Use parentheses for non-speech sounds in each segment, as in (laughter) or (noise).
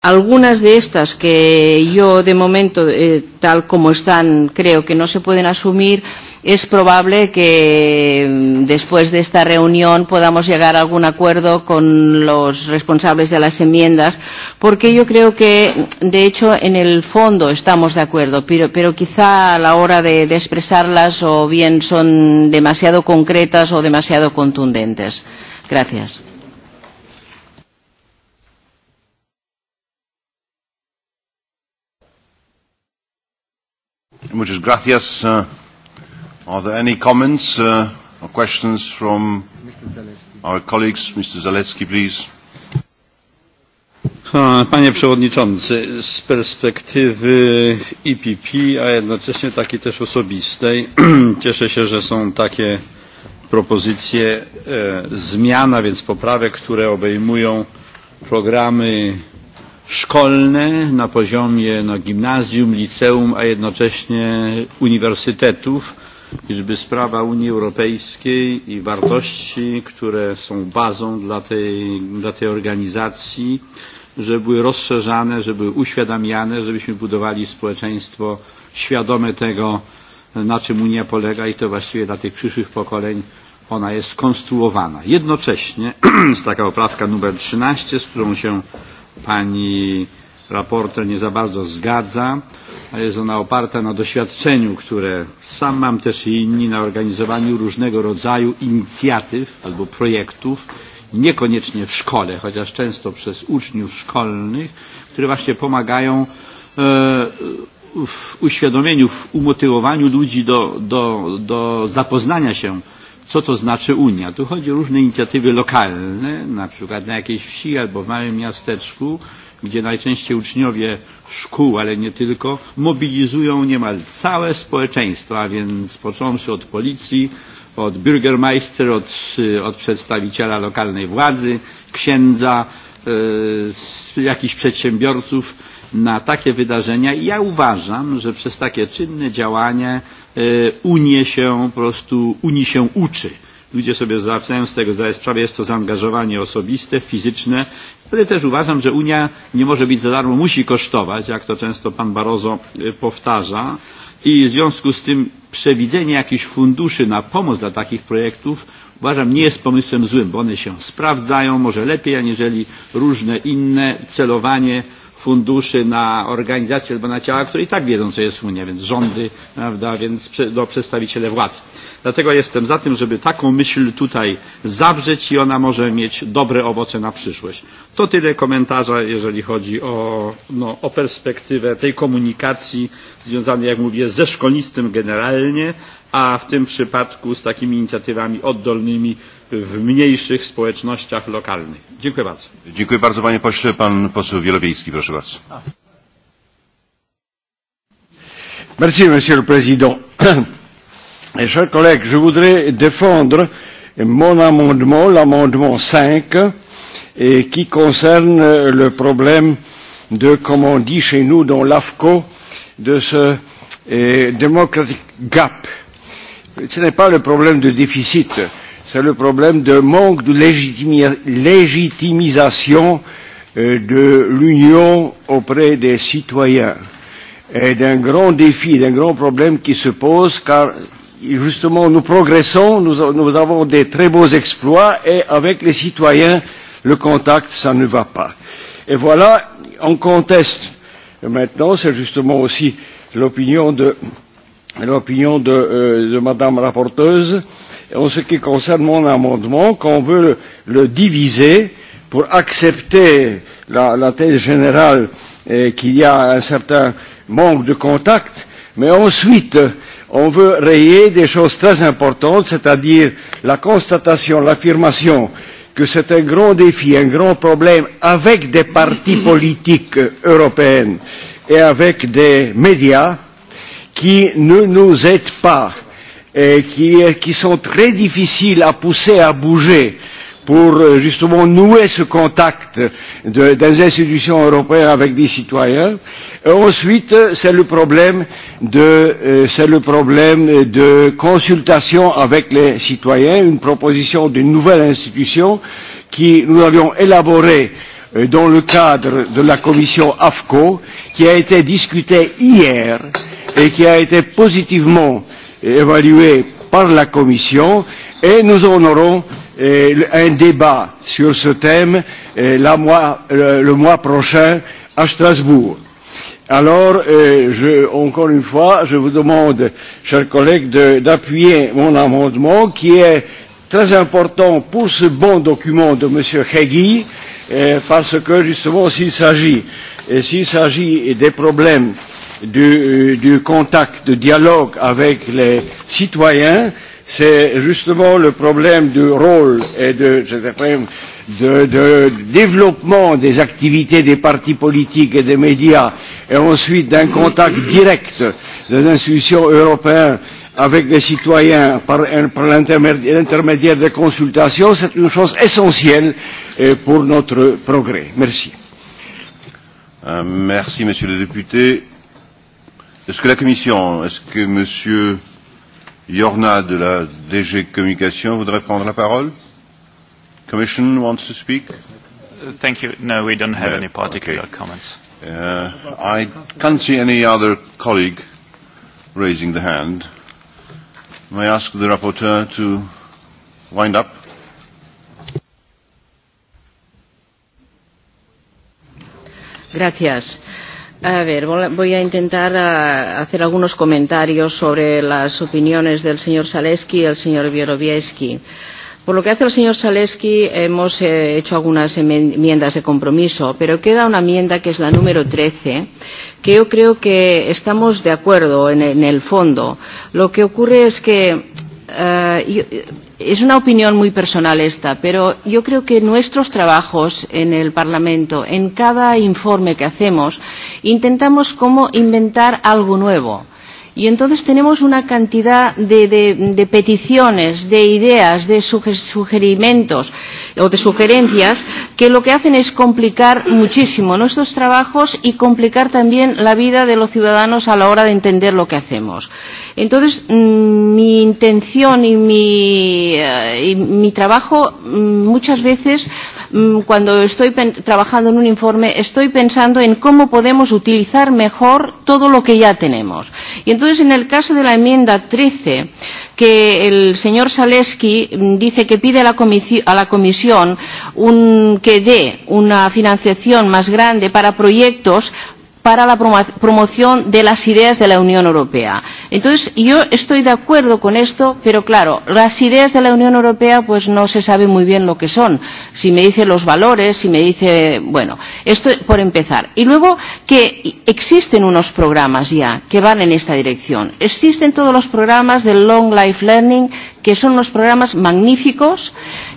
Algunas de estas que yo de momento, eh, tal como están, creo que no se pueden asumir, es probable que mm, después de esta reunión podamos llegar a algún acuerdo con los responsables de las enmiendas, porque yo creo que, de hecho, en el fondo estamos de acuerdo, pero, pero quizá a la hora de, de expresarlas o bien son demasiado concretas o demasiado contundentes. Gracias. Muchas gracias. Uh, are there any comments uh, or questions from our colleagues? Mr. Zalewski, please. Panie Przewodniczący, z perspektywy IPP, e a jednocześnie takiej też osobistej, (clears throat) cieszę się, że są takie propozycje e, zmian, a więc poprawek, które obejmują programy szkolne na poziomie no, gimnazjum, liceum, a jednocześnie uniwersytetów, iżby sprawa Unii Europejskiej i wartości, które są bazą dla tej, dla tej organizacji, żeby były rozszerzane, żeby były uświadamiane, żebyśmy budowali społeczeństwo świadome tego, na czym Unia polega i to właściwie dla tych przyszłych pokoleń ona jest konstruowana. Jednocześnie (clears throat) jest taka oprawka numer 13, z którą się pani raporter nie za bardzo zgadza, a jest ona oparta na doświadczeniu, które sam mam też i inni na organizowaniu różnego rodzaju inicjatyw albo projektów, niekoniecznie w szkole, chociaż często przez uczniów szkolnych, które właśnie pomagają e, w uświadomieniu, w umotywowaniu ludzi do, do, do zapoznania się co to znaczy Unia. Tu chodzi o różne inicjatywy lokalne, na przykład na jakiejś wsi albo w małym miasteczku, gdzie najczęściej uczniowie szkół, ale nie tylko, mobilizują niemal całe społeczeństwo, a więc począwszy od policji, od Bürgermeister, od, od przedstawiciela lokalnej władzy, księdza, yy, e, jakichś przedsiębiorców na takie wydarzenia i ja uważam, że przez takie czynne działanie E, Unię się po prostu, Unii się uczy. Ludzie sobie zdają z tego zdać sprawę, jest to zaangażowanie osobiste, fizyczne, ale też uważam, że Unia nie może być za darmo, musi kosztować, jak to często pan Barozo e, powtarza. I w związku z tym przewidzenie jakichś funduszy na pomoc dla takich projektów uważam nie jest pomysłem złym, bo one się sprawdzają może lepiej aniżeli różne inne celowanie funduszy na organizacje albo na ciała, które i tak wiedzą, co jest Unia, więc rządy, prawda, więc do przedstawiciele władz. Dlatego jestem za tym, żeby taką myśl tutaj zawrzeć i ona może mieć dobre owoce na przyszłość. To tyle komentarza, jeżeli chodzi o, no, o perspektywę tej komunikacji związanej, jak mówię, ze szkolnictwem generalnie, a w tym przypadku z takimi inicjatywami oddolnymi w mniejszych społecznościach lokalnych. Dziękuję bardzo. Dziękuję bardzo panie pośle. Pan poseł Wielowiejski, proszę bardzo. Merci, monsieur le président. Mes (coughs) chers collègues, je voudrais défendre mon amendement, l'amendement 5, et qui concerne le problème de, comme on dit chez nous dans l'AFCO, de ce eh, democratic gap. Ce n'est pas le problème de déficit, c'est le problème de manque de légitimisation euh, de l'Union auprès des citoyens et d'un grand défi, d'un grand problème qui se pose car justement nous progressons, nous, nous avons des très beaux exploits et avec les citoyens le contact ça ne va pas. Et voilà, on conteste maintenant, c'est justement aussi l'opinion de l'opinion de, euh, de Madame rapporteuse en ce qui concerne mon amendement, qu'on veut le, le diviser pour accepter la, la thèse générale et euh, qu'il y a un certain manque de contact, mais ensuite on veut rayer des choses très importantes, c'est-à-dire la constatation, l'affirmation que c'est un grand défi, un grand problème avec des partis politiques européennes et avec des médias qui ne nous aident pas, et qui, qui sont très difficiles à pousser à bouger pour euh, justement nouer ce contact de, des institutions européennes avec des citoyens. Et ensuite, c'est le problème de, euh, c'est le problème de consultation avec les citoyens, une proposition d'une nouvelle institution qui nous avions élaborée euh, dans le cadre de la commission AFCO, qui a été discutée hier. Euh, et qui a été positivement évalué par la Commission et nous en aurons eh, un débat sur ce thème eh, la mois, le, le mois prochain à Strasbourg. Alors, euh, je, encore une fois, je vous demande, chers collègues, d'appuyer mon amendement qui est très important pour ce bon document de M. Hegui, euh, parce que justement, s'il s'agit, eh, s'agit des problèmes euh, du, du contact, du dialogue avec les citoyens, c'est justement le problème du rôle et de, problème de, de développement des activités des partis politiques et des médias, et ensuite d'un contact direct des institutions européennes avec les citoyens par, par l'intermédiaire des consultations, c'est une chose essentielle euh, pour notre progrès. Merci. Euh, merci, Monsieur le député. Est-ce que la Commission, est-ce que M. Yorna de la DG Communication voudrait prendre la parole Commission wants to speak Thank you. No, we don't have yeah, any particular okay. comments. Uh, I can't see any other colleague raising the hand. May I ask the rapporteur to wind up? Gracias. A ver, voy a intentar a hacer algunos comentarios sobre las opiniones del señor Saleski y el señor Bierovieski. Por lo que hace el señor Saleski, hemos eh, hecho algunas enmiendas de compromiso, pero queda una enmienda que es la número 13, que yo creo que estamos de acuerdo en, el fondo. Lo que ocurre es que Uh, yo, es una opinión muy personal esta, pero yo creo que nuestros trabajos en el Parlamento, en cada informe que hacemos, intentamos como inventar algo nuevo. Y entonces tenemos una cantidad de, de, de peticiones, de ideas, de sugerimientos o de sugerencias que lo que hacen es complicar muchísimo nuestros trabajos y complicar también la vida de los ciudadanos a la hora de entender lo que hacemos. Entonces, mm, mi intención y mi, eh, y mi trabajo mm, muchas veces Mm, cuando estoy trabajando en un informe, estoy pensando en cómo podemos utilizar mejor todo lo que ya tenemos. Y entonces, en el caso de la enmienda 13, que el señor Saleski mm, dice que pide a la, comisión, a la comisión un, que dé una financiación más grande para proyectos para la promoción de las ideas de la Unión Europea. Entonces, yo estoy de acuerdo con esto, pero claro, las ideas de la Unión Europea pues no se sabe muy bien lo que son. Si me dice los valores, si me dice, bueno, esto por empezar. Y luego que existen unos programas ya que van en esta dirección. Existen todos los programas del Long Life Learning que son unos programas magníficos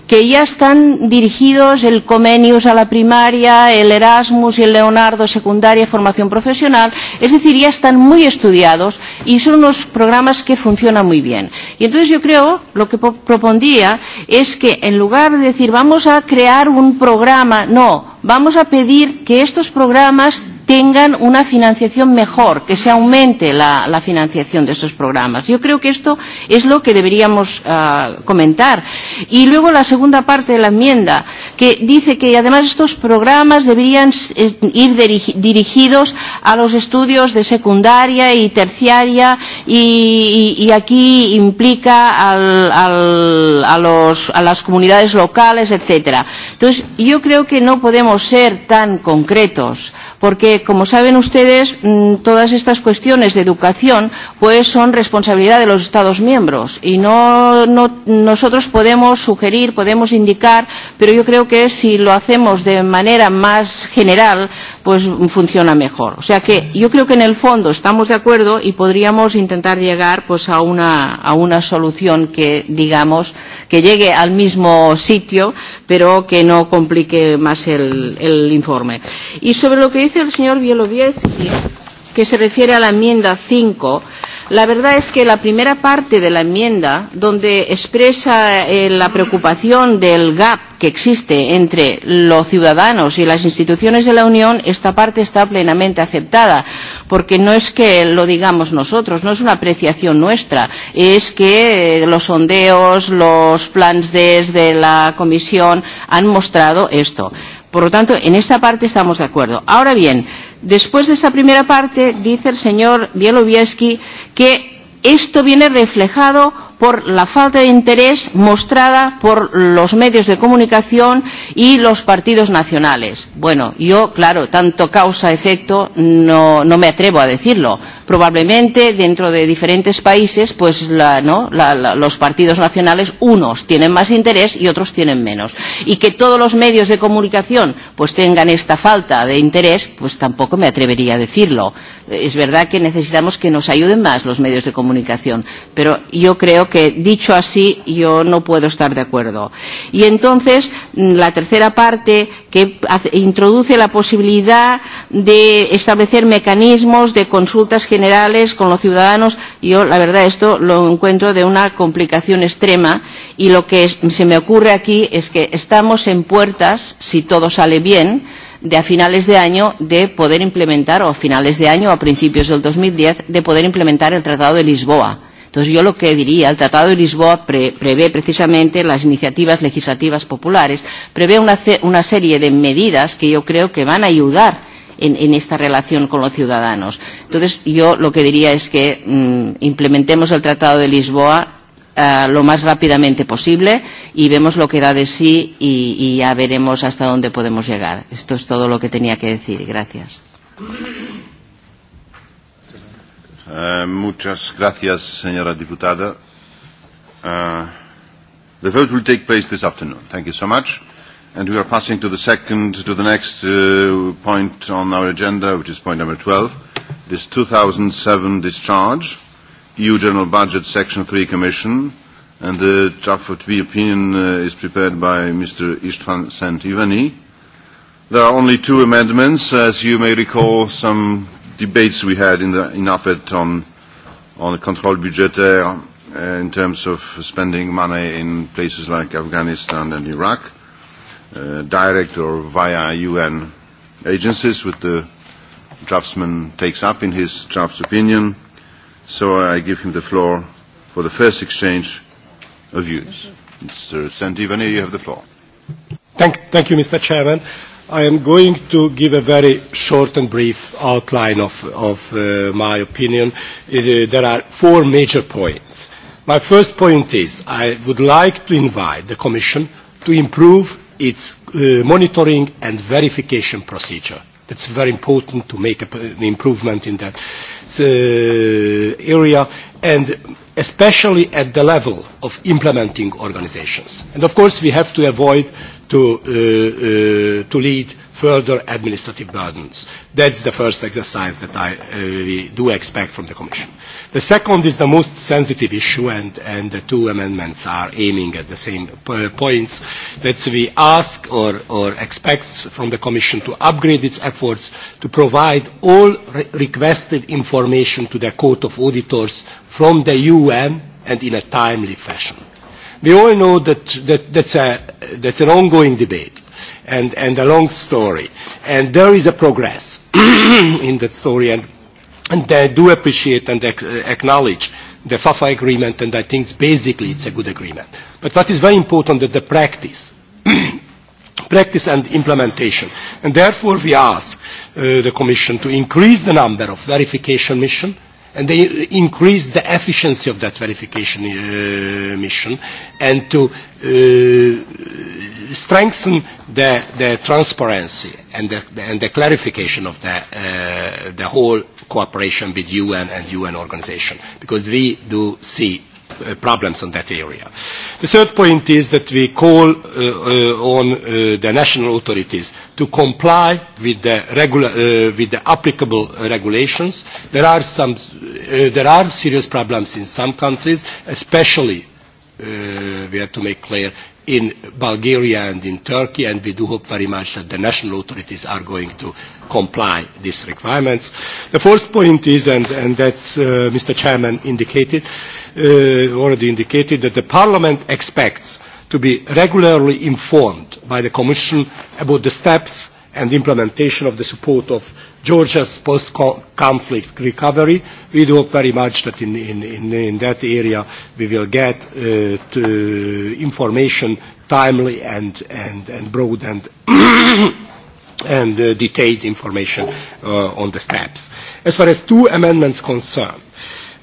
que ya están dirigidos el Comenius a la primaria, el Erasmus y el Leonardo secundaria, formación profesional, es decir, ya están muy estudiados y son unos programas que funcionan muy bien. Y entonces yo creo, lo que propondría es que en lugar de decir vamos a crear un programa, no, vamos a pedir que estos programas tengan una financiación mejor, que se aumente la, la financiación de esos programas. Yo creo que esto es lo que deberíamos uh, comentar. Y luego la segunda parte de la enmienda, que dice que además estos programas deberían eh, ir dirigidos a los estudios de secundaria y terciaria y, y, y aquí implica al, al, a, los, a las comunidades locales, etcétera. Entonces, yo creo que no podemos podemos ser tan concretos, porque, como saben ustedes, mm, todas estas cuestiones de educación pues, son responsabilidad de los Estados miembros y no, no, nosotros podemos sugerir, podemos indicar, pero yo creo que si lo hacemos de manera más general, pues funciona mejor. O sea que yo creo que en el fondo estamos de acuerdo y podríamos intentar llegar pues, a, una, a una solución que, digamos, que llegue al mismo sitio, pero que no complique más el, el, informe. Y sobre lo que dice el señor Bieloviesky, que se refiere a la enmienda 5, la verdad es que la primera parte de la enmienda, donde expresa eh, la preocupación del gap que existe entre los ciudadanos y las instituciones de la Unión, esta parte está plenamente aceptada, porque no es que lo digamos nosotros, no es una apreciación nuestra, es que eh, los sondeos, los plans de la Comisión han mostrado esto. Por lo tanto, en esta parte estamos de acuerdo. Ahora bien, después de esta primera parte, dice el señor Bielowieski que Esto viene reflejado por la falta de interés mostrada por los medios de comunicación y los partidos nacionales. Bueno, yo, claro, tanto causa-efecto no, no me atrevo a decirlo. Probablemente dentro de diferentes países, pues la, ¿no? la, la, los partidos nacionales, unos tienen más interés y otros tienen menos. Y que todos los medios de comunicación pues tengan esta falta de interés, pues tampoco me atrevería a decirlo Es verdad que necesitamos que nos ayuden más los medios de comunicación, pero yo creo que dicho así yo no puedo estar de acuerdo. Y entonces la tercera parte que introduce la posibilidad de establecer mecanismos de consultas generales con los ciudadanos, yo la verdad esto lo encuentro de una complicación extrema y lo que se me ocurre aquí es que estamos en puertas, si todo sale bien, de a finales de año de poder implementar, o a finales de año, a principios del 2010, de poder implementar el Tratado de Lisboa. Entonces yo lo que diría, el Tratado de Lisboa pre, prevé precisamente las iniciativas legislativas populares, prevé una, una serie de medidas que yo creo que van a ayudar en, en esta relación con los ciudadanos. Entonces, yo lo que diría es que mmm, implementemos el Tratado de Lisboa Eh, lo más rápidamente posible y vemos lo que da de sí y, y ya veremos hasta dónde podemos llegar. Esto es todo lo que tenía que decir. Gracias. Uh, muchas gracias, señora diputada. Uh, the vote will take place this afternoon. Thank you so much. And we are passing to the second, to the next uh, point on our agenda, which is point number 12, this 2007 discharge. EU General Budget Section 3 Commission and the draft of the opinion uh, is prepared by Mr. Istvan Santivani. There are only two amendments. As you may recall, some debates we had in, the, in AFET on, on the control budgetaire uh, in terms of spending money in places like Afghanistan and Iraq, uh, direct or via UN agencies, which the draftsman takes up in his draft opinion. So I give him the floor for the first exchange of views. Mr. Santivani, you have the floor. Thank, thank you, Mr. Chairman. I am going to give a very short and brief outline of, of uh, my opinion. It, uh, there are four major points. My first point is I would like to invite the Commission to improve its uh, monitoring and verification procedure It's very important to make a, an improvement in that uh, area, and especially at the level of implementing organizations. And of course, we have to avoid to, uh, uh, to lead further administrative burdens. That's the first exercise that I uh, do expect from the Commission. The second is the most sensitive issue, and, and the two amendments are aiming at the same points, that we ask or, or expect from the Commission to upgrade its efforts to provide all re requested information to the Court of Auditors from the UN and in a timely fashion. We all know that, that that's, a, that's an ongoing debate and, and a long story. And there is a progress (clears throat) in that story, and, and I do appreciate and acknowledge the FAFA agreement, and I think basically it's a good agreement. But what is very important is the practice. (clears throat) practice and implementation. And therefore we ask uh, the Commission to increase the number of verification missions and they increase the efficiency of that verification uh, mission and to uh, strengthen the, the transparency and the, the, and the clarification of the, uh, the whole cooperation with UN and UN organization because we do see Uh, problems in that area. The third point is that we call uh, uh, on uh, the national authorities to comply with the, regula uh, with the applicable uh, regulations. There are, some, uh, there are serious problems in some countries, especially uh, we have to make clear in Bulgaria and in Turkey, and we do hope very much that the national authorities are going to comply these requirements. The fourth point is, and, and that's uh, Mr. Chairman indicated, uh, already indicated, that the Parliament expects to be regularly informed by the Commission about the steps and implementation of the support of Georgia's post-conflict recovery. We do hope very much that in, in, in, in that area we will get uh, to information timely and, and, and broad and, (coughs) and uh, detailed information uh, on the steps. As far as two amendments concerned,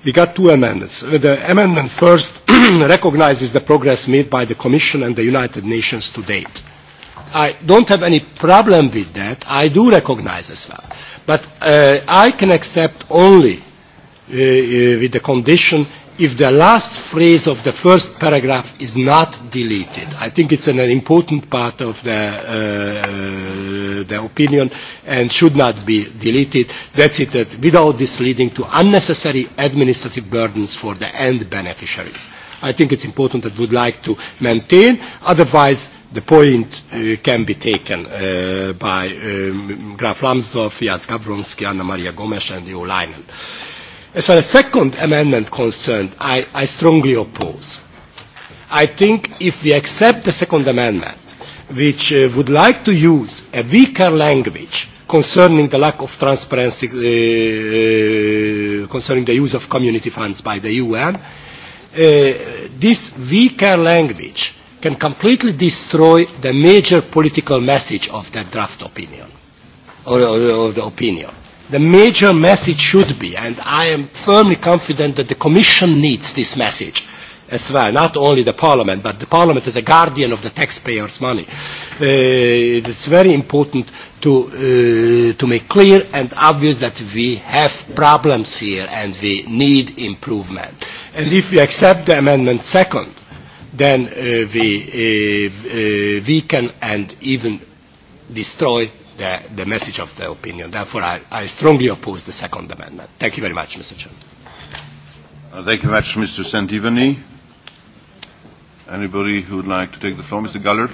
we got two amendments. Uh, the amendment first (coughs) recognizes the progress made by the Commission and the United Nations to date I don't have any problem with that. I do recognize as well. But uh, I can accept only uh, uh, with the condition if the last phrase of the first paragraph is not deleted. I think it's an, an important part of the, uh, uh, the opinion and should not be deleted. That's it, that without this leading to unnecessary administrative burdens for the end beneficiaries. I think it's important that we'd like to maintain. Otherwise, the point uh, can be taken uh, by um, Graf Lambsdorff, Jas Gavronsky, Anna Maria Gomes and Jo Leinen. As far as the second amendment concerned, I, I strongly oppose. I think if we accept the second amendment, which uh, would like to use a weaker language concerning the lack of transparency uh, uh concerning the use of community funds by the UN, uh, this weaker language can completely destroy the major political message of that draft opinion, or, or, or the opinion. The major message should be, and I am firmly confident that the Commission needs this message as well, not only the Parliament, but the Parliament is a guardian of the taxpayers' money. Uh, is very important to, uh, to make clear and obvious that we have problems here and we need improvement. And if we accept the amendment second, then uh, we, uh, uh, weaken and even destroy the, the message of the opinion. Therefore, I, I strongly oppose the Second Amendment. Thank you very much, Mr. Chairman. Uh, thank you very much, Mr. Santivani. Anybody who would like to take the floor? Mr. Galler?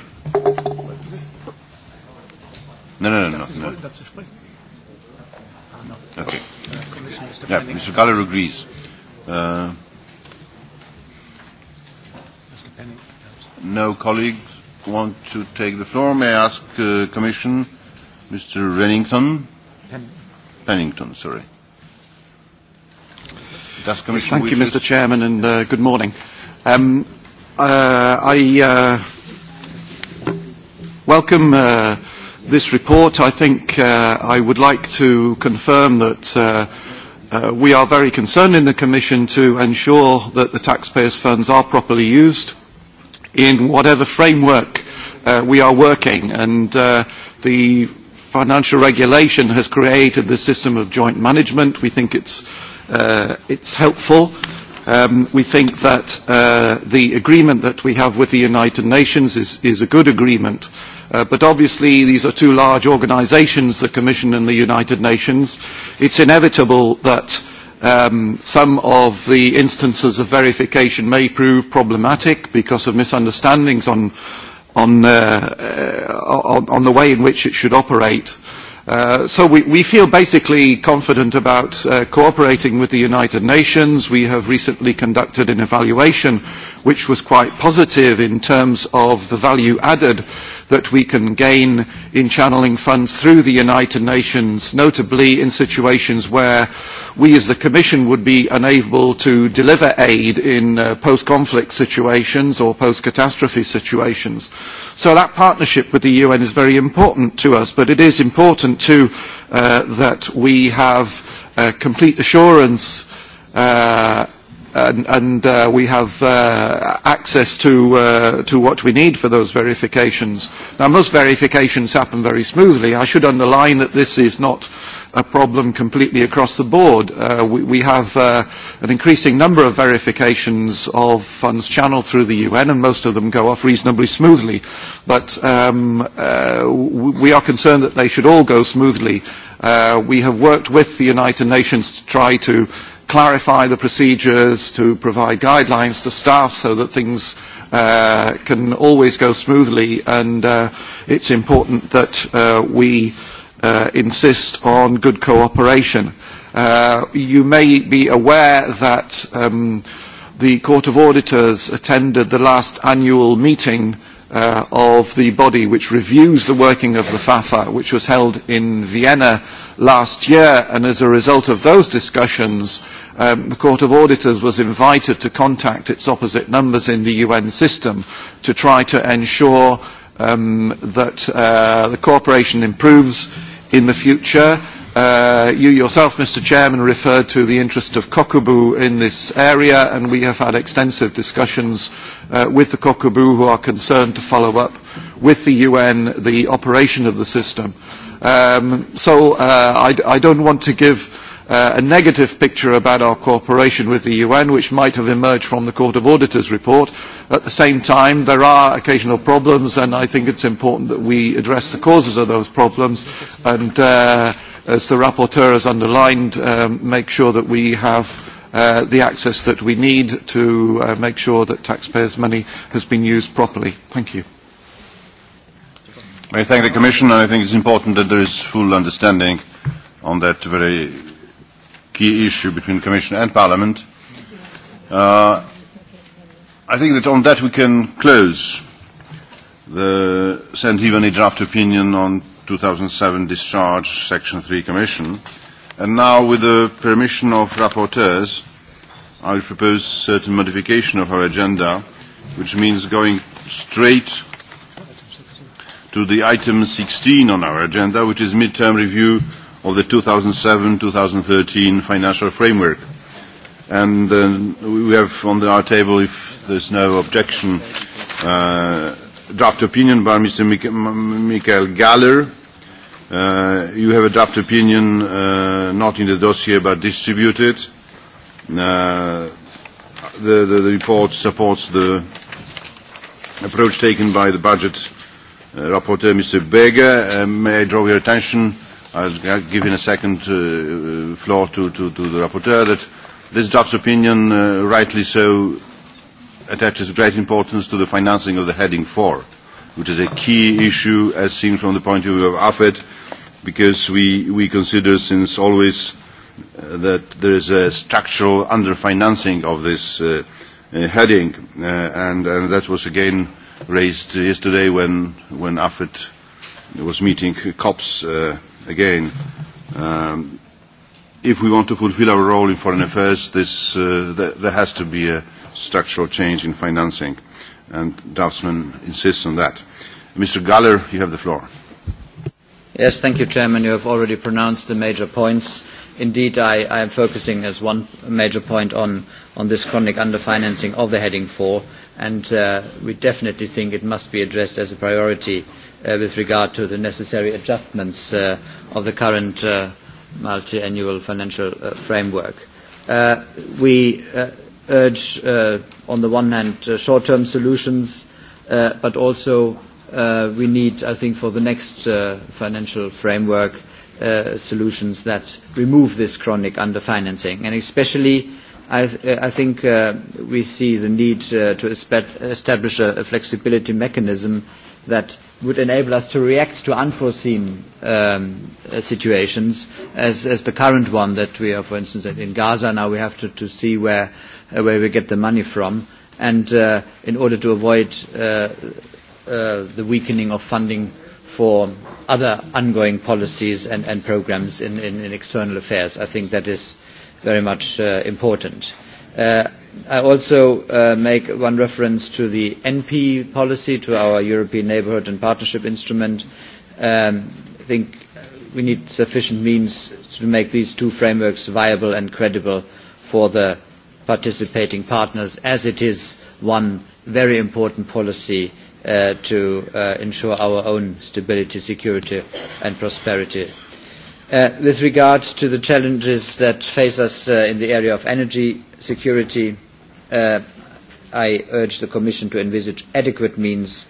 No, no, no, no. no. Okay. Yeah, Mr. Galler agrees. Uh, no colleagues want to take the floor. May I ask uh, Commission, Mr. Rennington? Pen Pennington, sorry. Does Commission Thank you, Mr. Chairman, and uh, good morning. Um, uh, I uh, welcome uh, this report. I think uh, I would like to confirm that uh, Uh, we are very concerned in the Commission to ensure that the taxpayers' funds are properly used in whatever framework uh, we are working. And uh, the financial regulation has created the system of joint management. We think it's, uh, it's helpful. Um, we think that uh, the agreement that we have with the United Nations is, is a good agreement. Uh, but obviously these are two large organizations, the Commission and the United Nations. It's inevitable that uh, um, some of the instances of verification may prove problematic because of misunderstandings on, on, uh, uh, on, on the way in which it should operate. Uh, so we, we feel basically confident about uh, cooperating with the United Nations. We have recently conducted an evaluation which was quite positive in terms of the value added that we can gain in channeling funds through the United Nations, notably in situations where we as the Commission would be unable to deliver aid in uh, post-conflict situations or post-catastrophe situations. So that partnership with the UN is very important to us, but it is important too uh, that we have uh, complete assurance uh, and, and uh, we have uh, access to, uh, to what we need for those verifications. Now, most verifications happen very smoothly. I should underline that this is not a problem completely across the board. Uh, we, we have uh, an increasing number of verifications of funds channeled through the UN, and most of them go off reasonably smoothly. But um, uh, we are concerned that they should all go smoothly. Uh, we have worked with the United Nations to try to uh, clarify the procedures, to provide guidelines to staff so that things uh, can always go smoothly and uh, it's important that uh, we uh, insist on good cooperation. Uh, you may be aware that um, the Court of Auditors attended the last annual meeting uh, of the body which reviews the working of the FAFA, which was held in Vienna last year and as a result of those discussions um, the Court of Auditors was invited to contact its opposite numbers in the UN system to try to ensure um, that uh, the cooperation improves in the future. Uh, you yourself, Mr. Chairman, referred to the interest of Kokubu in this area, and we have had extensive discussions uh, with the Kokubu who are concerned to follow up with the UN the operation of the system. Um, so uh, I, I don't want to give uh, a negative picture about our cooperation with the UN, which might have emerged from the Court of Auditors report. At the same time, there are occasional problems, and I think it's important that we address the causes of those problems, and uh, as the rapporteur has underlined, um, make sure that we have uh, the access that we need to uh, make sure that taxpayers' money has been used properly. Thank you. May I thank the Commission, and I think it's important that there is full understanding on that very key issue between Commission and Parliament. Uh, I think that on that we can close the St. Ivany draft opinion on 2007 discharge section 3 commission and now with the permission of rapporteurs I will propose certain modification of our agenda which means going straight to the item 16 on our agenda, which is midterm review of the 2007-2013 financial framework. And uh, we have on our table, if there's no objection, uh, draft opinion by Mr. Michael Galler. Uh, you have a draft opinion uh, not in the dossier but distributed. Uh, the, the, the report supports the approach taken by the budget uh, Rapporteur Mr. Berger. um, may I draw your attention? I'll give in a second uh, uh, floor to, to, to the Rapporteur that this draft opinion, uh, rightly so, attaches great importance to the financing of the Heading 4, which is a key issue as seen from the point of view of AFED, because we, we consider since always uh, that there is a structural underfinancing of this uh, uh, heading, uh, and, and that was again raised yesterday when, when AFET was meeting COPs uh, again. Um, if we want to fulfill our role in foreign affairs, this, uh, th there has to be a structural change in financing, and Draftsman insists on that. Mr. Galler, you have the floor. Yes, thank you, Chairman. You have already pronounced the major points. Indeed, I, I am focusing as one major point on, on this chronic underfinancing of the heading 4 and uh, we definitely think it must be addressed as a priority uh, with regard to the necessary adjustments uh, of the current uh, multi-annual financial uh, framework. Uh, we uh, urge, uh, on the one hand, uh, short-term solutions, uh, but also uh, we need, I think, for the next uh, financial framework, uh, solutions that remove this chronic underfinancing, and especially I, th uh, I think uh, we see the need uh, to establish a, a flexibility mechanism that would enable us to react to unforeseen um, uh, situations as, as the current one that we are, for instance, in Gaza now we have to, to see where, uh, where we get the money from and uh, in order to avoid uh, uh, the weakening of funding for other ongoing policies and, and programs in, in, in external affairs. I think that is very much uh, important. Uh, I also uh, make one reference to the NP policy, to our European Neighbourhood and Partnership Instrument. Um, I think we need sufficient means to make these two frameworks viable and credible for the participating partners, as it is one very important policy uh, to uh, ensure our own stability, security and prosperity Uh, with regard to the challenges that face us uh, in the area of energy security, uh, I urge the Commission to envisage adequate means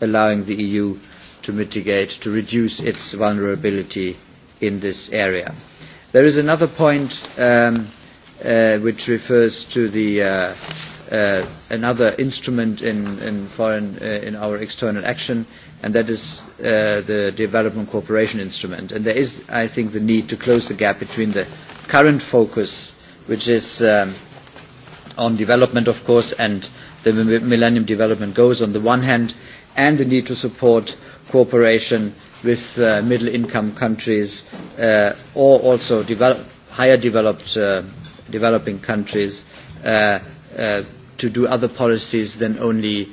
allowing the EU to mitigate, to reduce its vulnerability in this area. There is another point um, uh, which refers to the, uh, uh, another instrument in, in, foreign, uh, in our external action, and that is uh, the development cooperation instrument. And there is, I think, the need to close the gap between the current focus, which is um, on development, of course, and the Millennium Development Goals on the one hand, and the need to support cooperation with uh, middle-income countries uh, or also develop, higher developed uh, developing countries uh, uh, to do other policies than only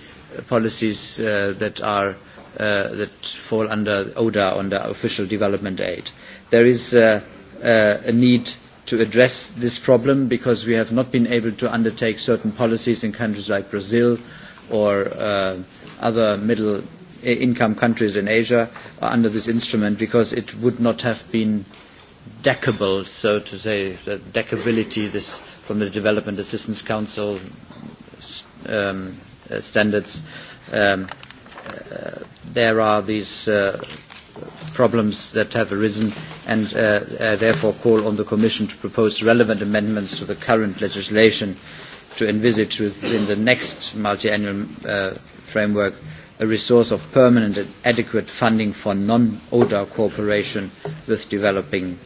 policies uh, that are uh, that fall under ODA, under official development aid. There is uh, uh, a need to address this problem because we have not been able to undertake certain policies in countries like Brazil or uh, other middle income countries in Asia under this instrument because it would not have been deckable, so to say, the deckability this, from the Development Assistance Council um, uh, standards um, uh, there are these uh, problems that have arisen and uh, uh, therefore call on the Commission to propose relevant amendments to the current legislation to envisage within the next multi-annual uh, framework a resource of permanent and adequate funding for non-ODA cooperation with developing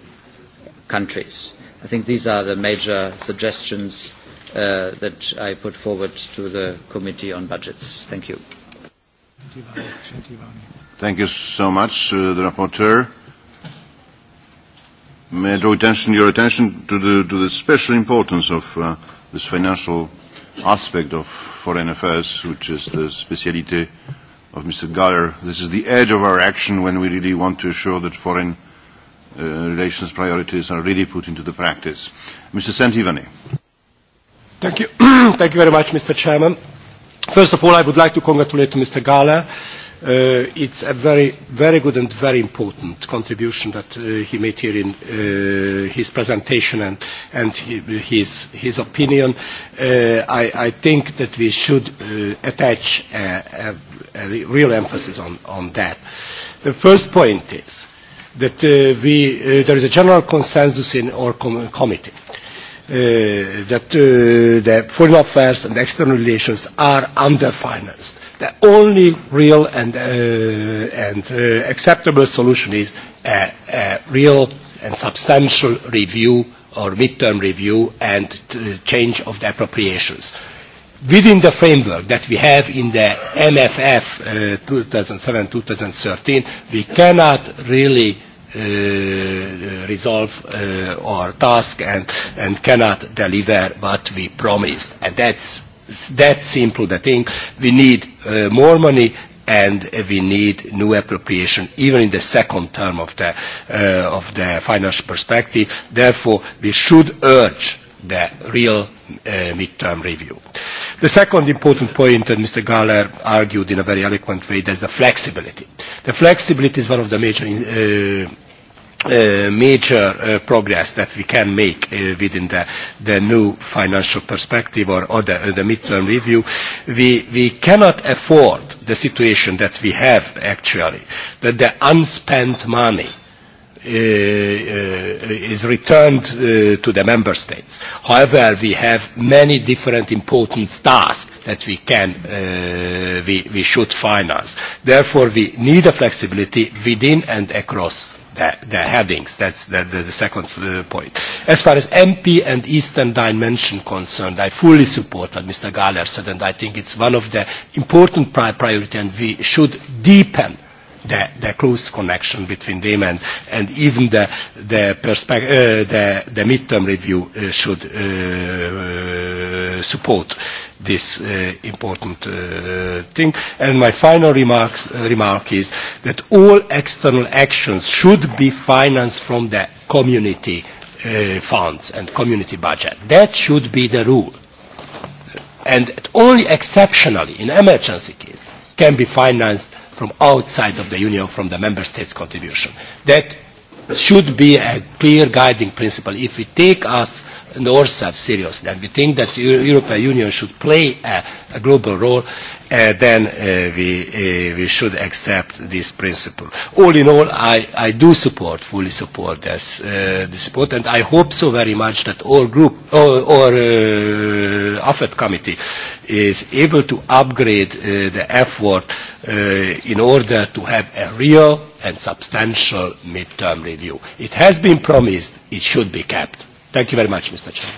countries. I think these are the major suggestions uh, that I put forward to the Committee on Budgets. Thank you. Thank you so much, uh, the rapporteur. May I draw attention, your attention to the, to the special importance of uh, this financial aspect of foreign affairs, which is the speciality of Mr. Galler. This is the edge of our action when we really want to assure that foreign uh, relations priorities are really put into the practice. Mr. Santivani. Thank you. (clears throat) Thank you very much, Mr. Chairman. First of all, I would like to congratulate Mr. Gala. Uh, it's a very, very good and very important contribution that uh, he made here in uh, his presentation and, and he, his, his opinion. Uh, I, I think that we should uh, attach a, a, a real emphasis on, on that. The first point is that uh, we, uh, there is a general consensus in our com committee uh, that uh, the foreign affairs and external relations are underfinanced. The only real and, uh, and uh, acceptable solution is a, a real and substantial review or midterm review and uh, change of the appropriations. Within the framework that we have in the MFF 2007-2013, uh, we cannot really uh, resolve uh, our task and, and cannot deliver what we promised. And that's that simple the thing. We need uh, more money and we need new appropriation even in the second term of the, uh, of the financial perspective. Therefore, we should urge the real uh, term review. The second important point that Mr. Galler argued in a very eloquent way is the flexibility. The flexibility is one of the major uh, uh, major uh, progress that we can make uh, within the, the new financial perspective or, or the, uh, the midterm review, we, we cannot afford the situation that we have actually, that the unspent money Uh, uh, is returned uh, to the member states. However, we have many different important tasks that we can, uh, we, we should finance. Therefore, we need a flexibility within and across the, the headings. That's the, the, the second uh, point. As far as MP and Eastern dimension concerned, I fully support what Mr. Galler said, and I think it's one of the important pri priority, and we should deepen the, the close connection between them and, and even the, the, uh, the, the midterm review uh, should uh, uh, support this uh, important uh, thing. And my final remarks, uh, remark is that all external actions should be financed from the community uh, funds and community budget. That should be the rule. And only exceptionally, in emergency case, can be financed from outside of the Union, from the Member States contribution. That should be a clear guiding principle. If we take us north seriously and we think that the European Union should play a, a global role, uh, then uh, we, uh, we should accept this principle. All in all, I, I do support, fully support this, uh, this support and I hope so very much that all group, or, uh, AFET committee is able to upgrade uh, the effort uh, in order to have a real and substantial midterm review. It has been promised, it should be kept. Thank you very much, Mr. Chair.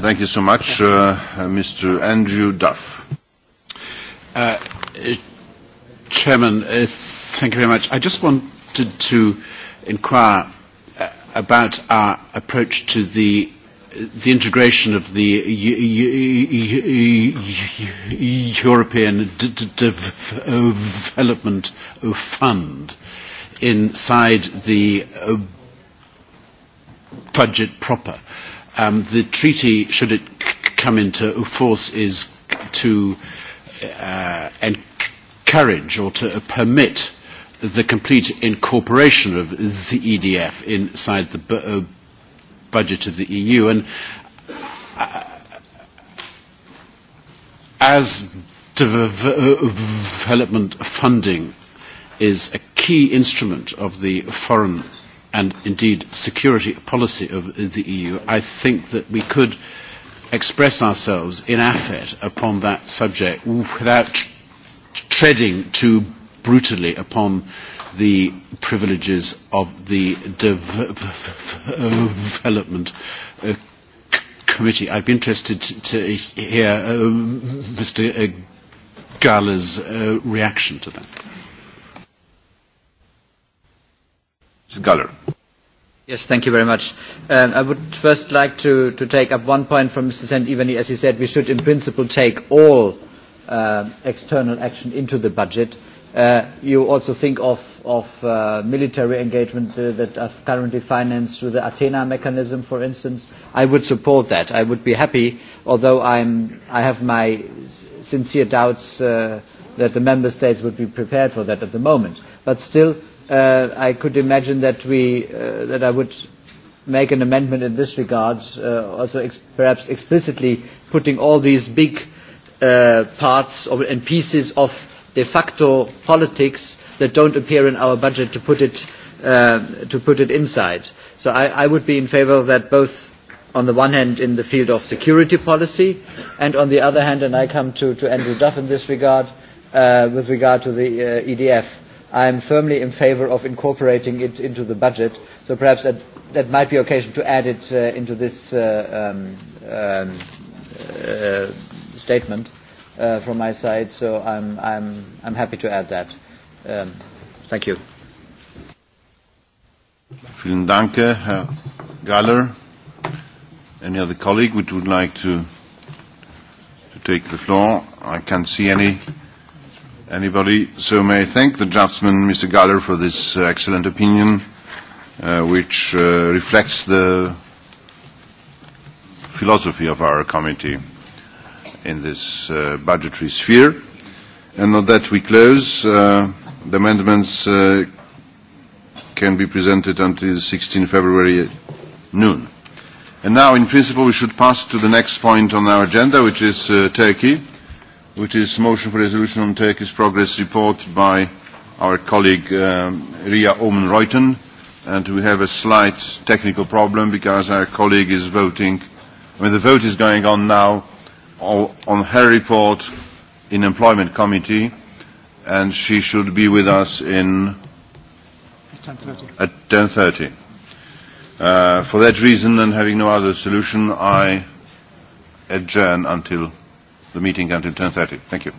Thank you so much, uh, Mr. Andrew Duff. Uh, Chairman, uh, thank you very much. I just wanted to inquire uh, about our approach to the the integration of the European Development Fund. Uh, inside the uh, budget proper. Um, the treaty, should it come into force, is to uh, encourage or to permit the complete incorporation of the EDF inside the bu uh, budget of the EU. And uh, as uh, development funding is a key instrument of the foreign and indeed security policy of the EU, I think that we could express ourselves in affect upon that subject without treading too brutally upon the privileges of the development uh, committee. I'd be interested to, hear uh, Mr. Gala's uh, reaction to that. Galler. Yes, thank you very much. Um, I would first like to, to take up one point from Mr. St. Evany. As he said, we should in principle take all uh, external action into the budget. Uh, you also think of, of uh, military engagement uh, that are currently financed through the Athena mechanism, for instance. I would support that. I would be happy, although I'm, I have my sincere doubts uh, that the member states would be prepared for that at the moment. But still, uh, I could imagine that, we, uh, that I would make an amendment in this regard, uh, also ex perhaps explicitly putting all these big uh, parts of, and pieces of de facto politics that don't appear in our budget to put it, uh, to put it inside. So I, I would be in favor of that both on the one hand in the field of security policy and on the other hand, and I come to, to Andrew Duff in this regard, uh, with regard to the uh, EDF I am firmly in favor of incorporating it into the budget, so perhaps that, that might be occasion to add it uh, into this uh, um, um, uh, statement uh, from my side, so I'm, I'm, I'm happy to add that. Um, thank you. Vielen Dank, Herr Galler. Any other colleague which would like to, to take the floor? I can't see any anybody. So may I thank the draftsman, Mr. Galler, for this uh, excellent opinion, uh, which uh, reflects the philosophy of our committee in this uh, budgetary sphere. And on that we close. Uh, the amendments uh, can be presented until 16 February noon. And now, in principle, we should pass to the next point on our agenda, which is uh, Turkey which is motion for resolution on Turkey's progress report by our colleague um, Ria Omen Reuten. And we have a slight technical problem because our colleague is voting. I mean, the vote is going on now on her report in employment committee and she should be with us in at 10.30. Uh, for that reason and having no other solution, I adjourn until the meeting until 10.30. Thank you.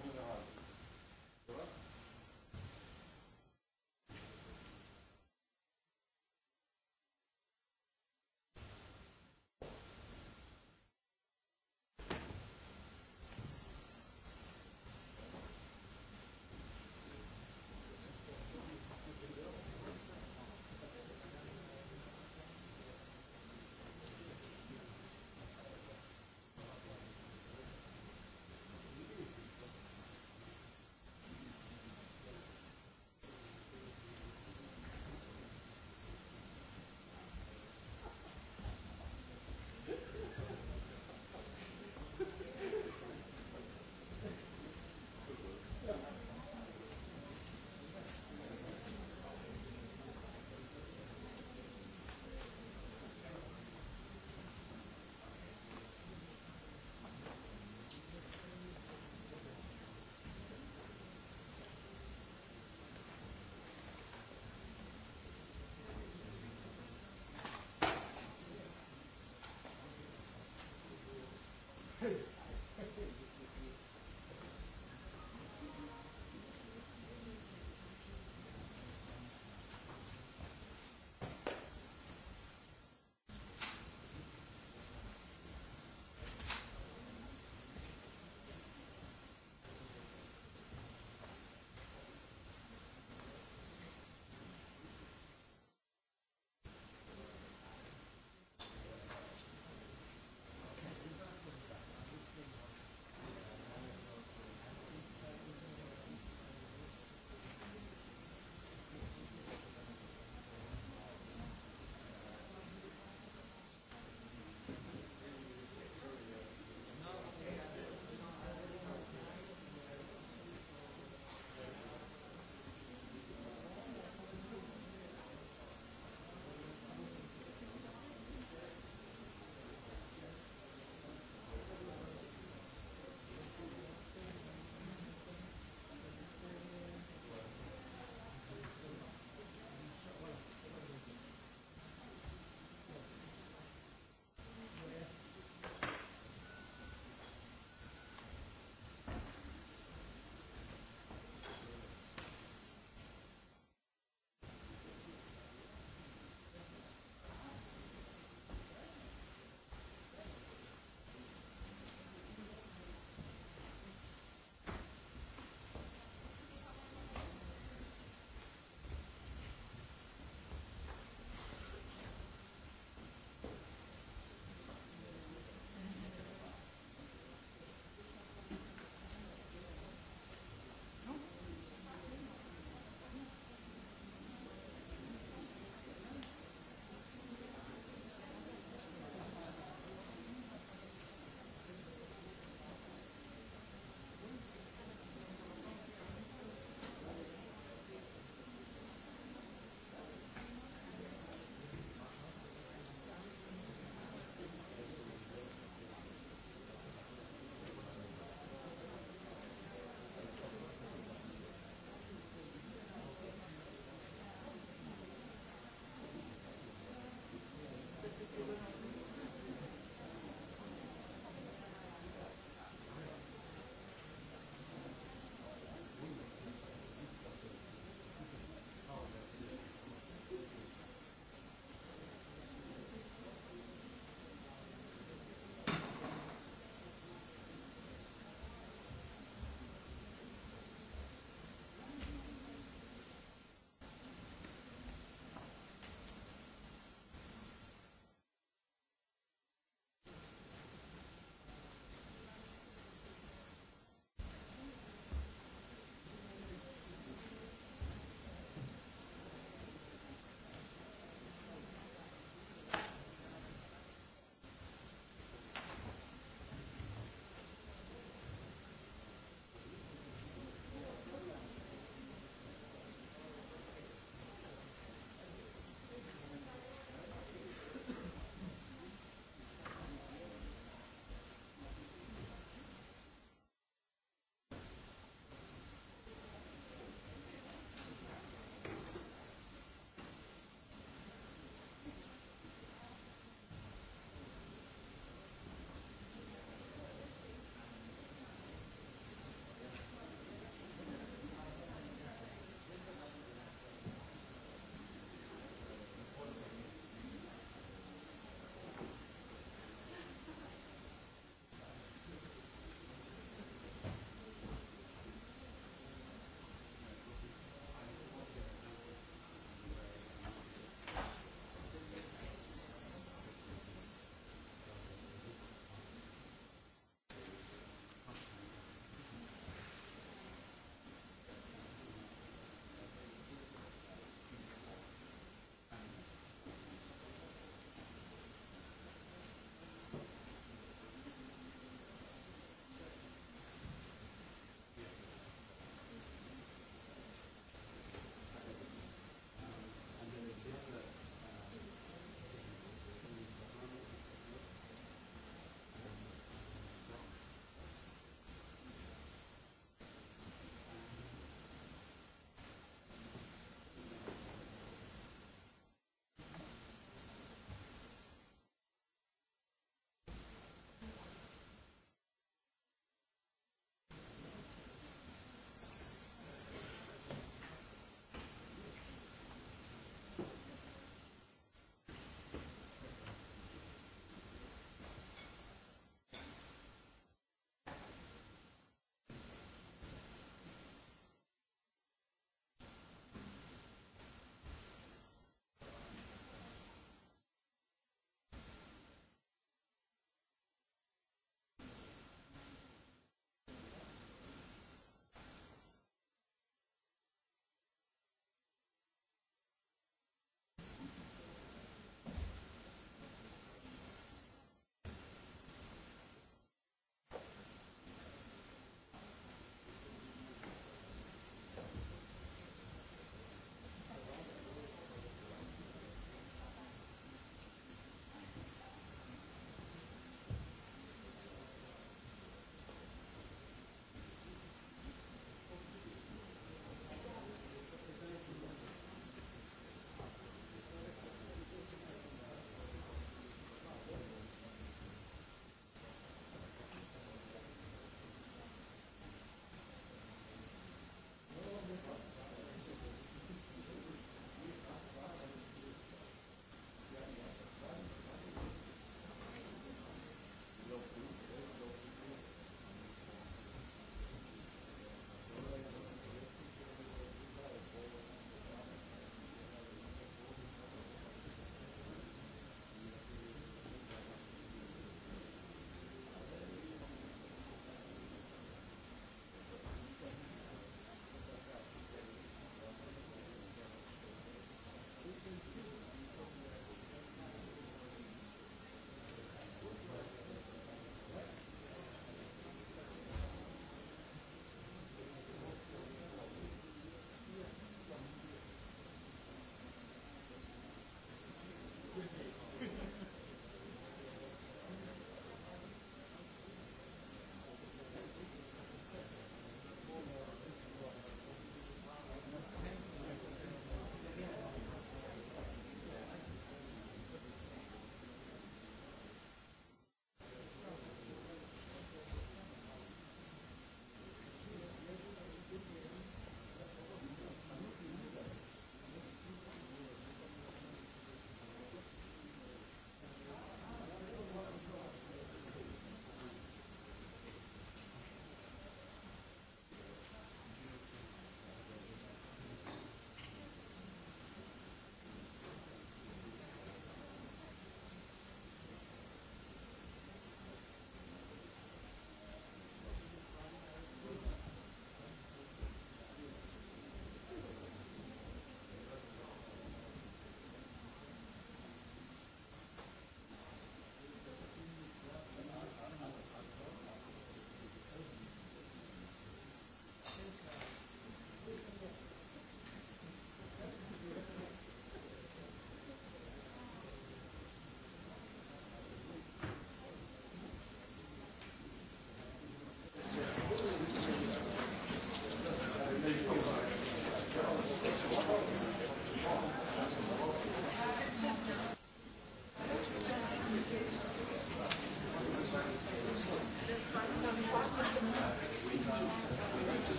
Thank you.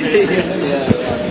yeah, yeah.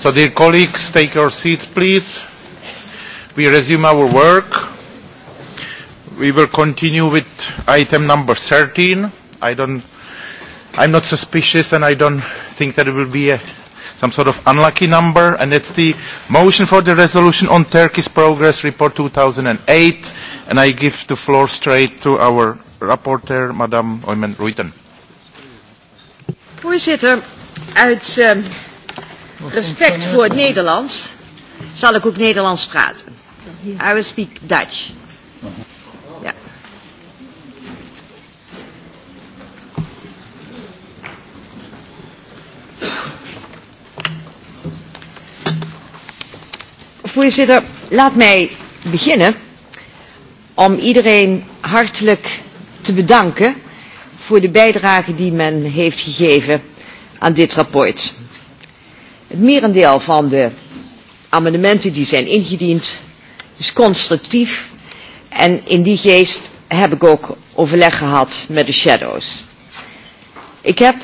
So dear colleagues, take your seats please. We resume our work. We will continue with item number 13. I don't, I'm not suspicious and I don't think that it will be a, some sort of unlucky number and it's the motion for the resolution on Turkey's progress report 2008 and I give the floor straight to our rapporteur, Madame Oymen-Ruiten. Voorzitter, uit Uh Respect voor het Nederlands zal ik ook Nederlands praten. I will speak Dutch. Ja. Voorzitter, laat mij beginnen om iedereen hartelijk te bedanken voor de bijdrage die men heeft gegeven aan dit rapport. Het merendeel van de amendementen die zijn ingediend is constructief en in die geest heb ik ook overleg gehad met de shadows. Ik heb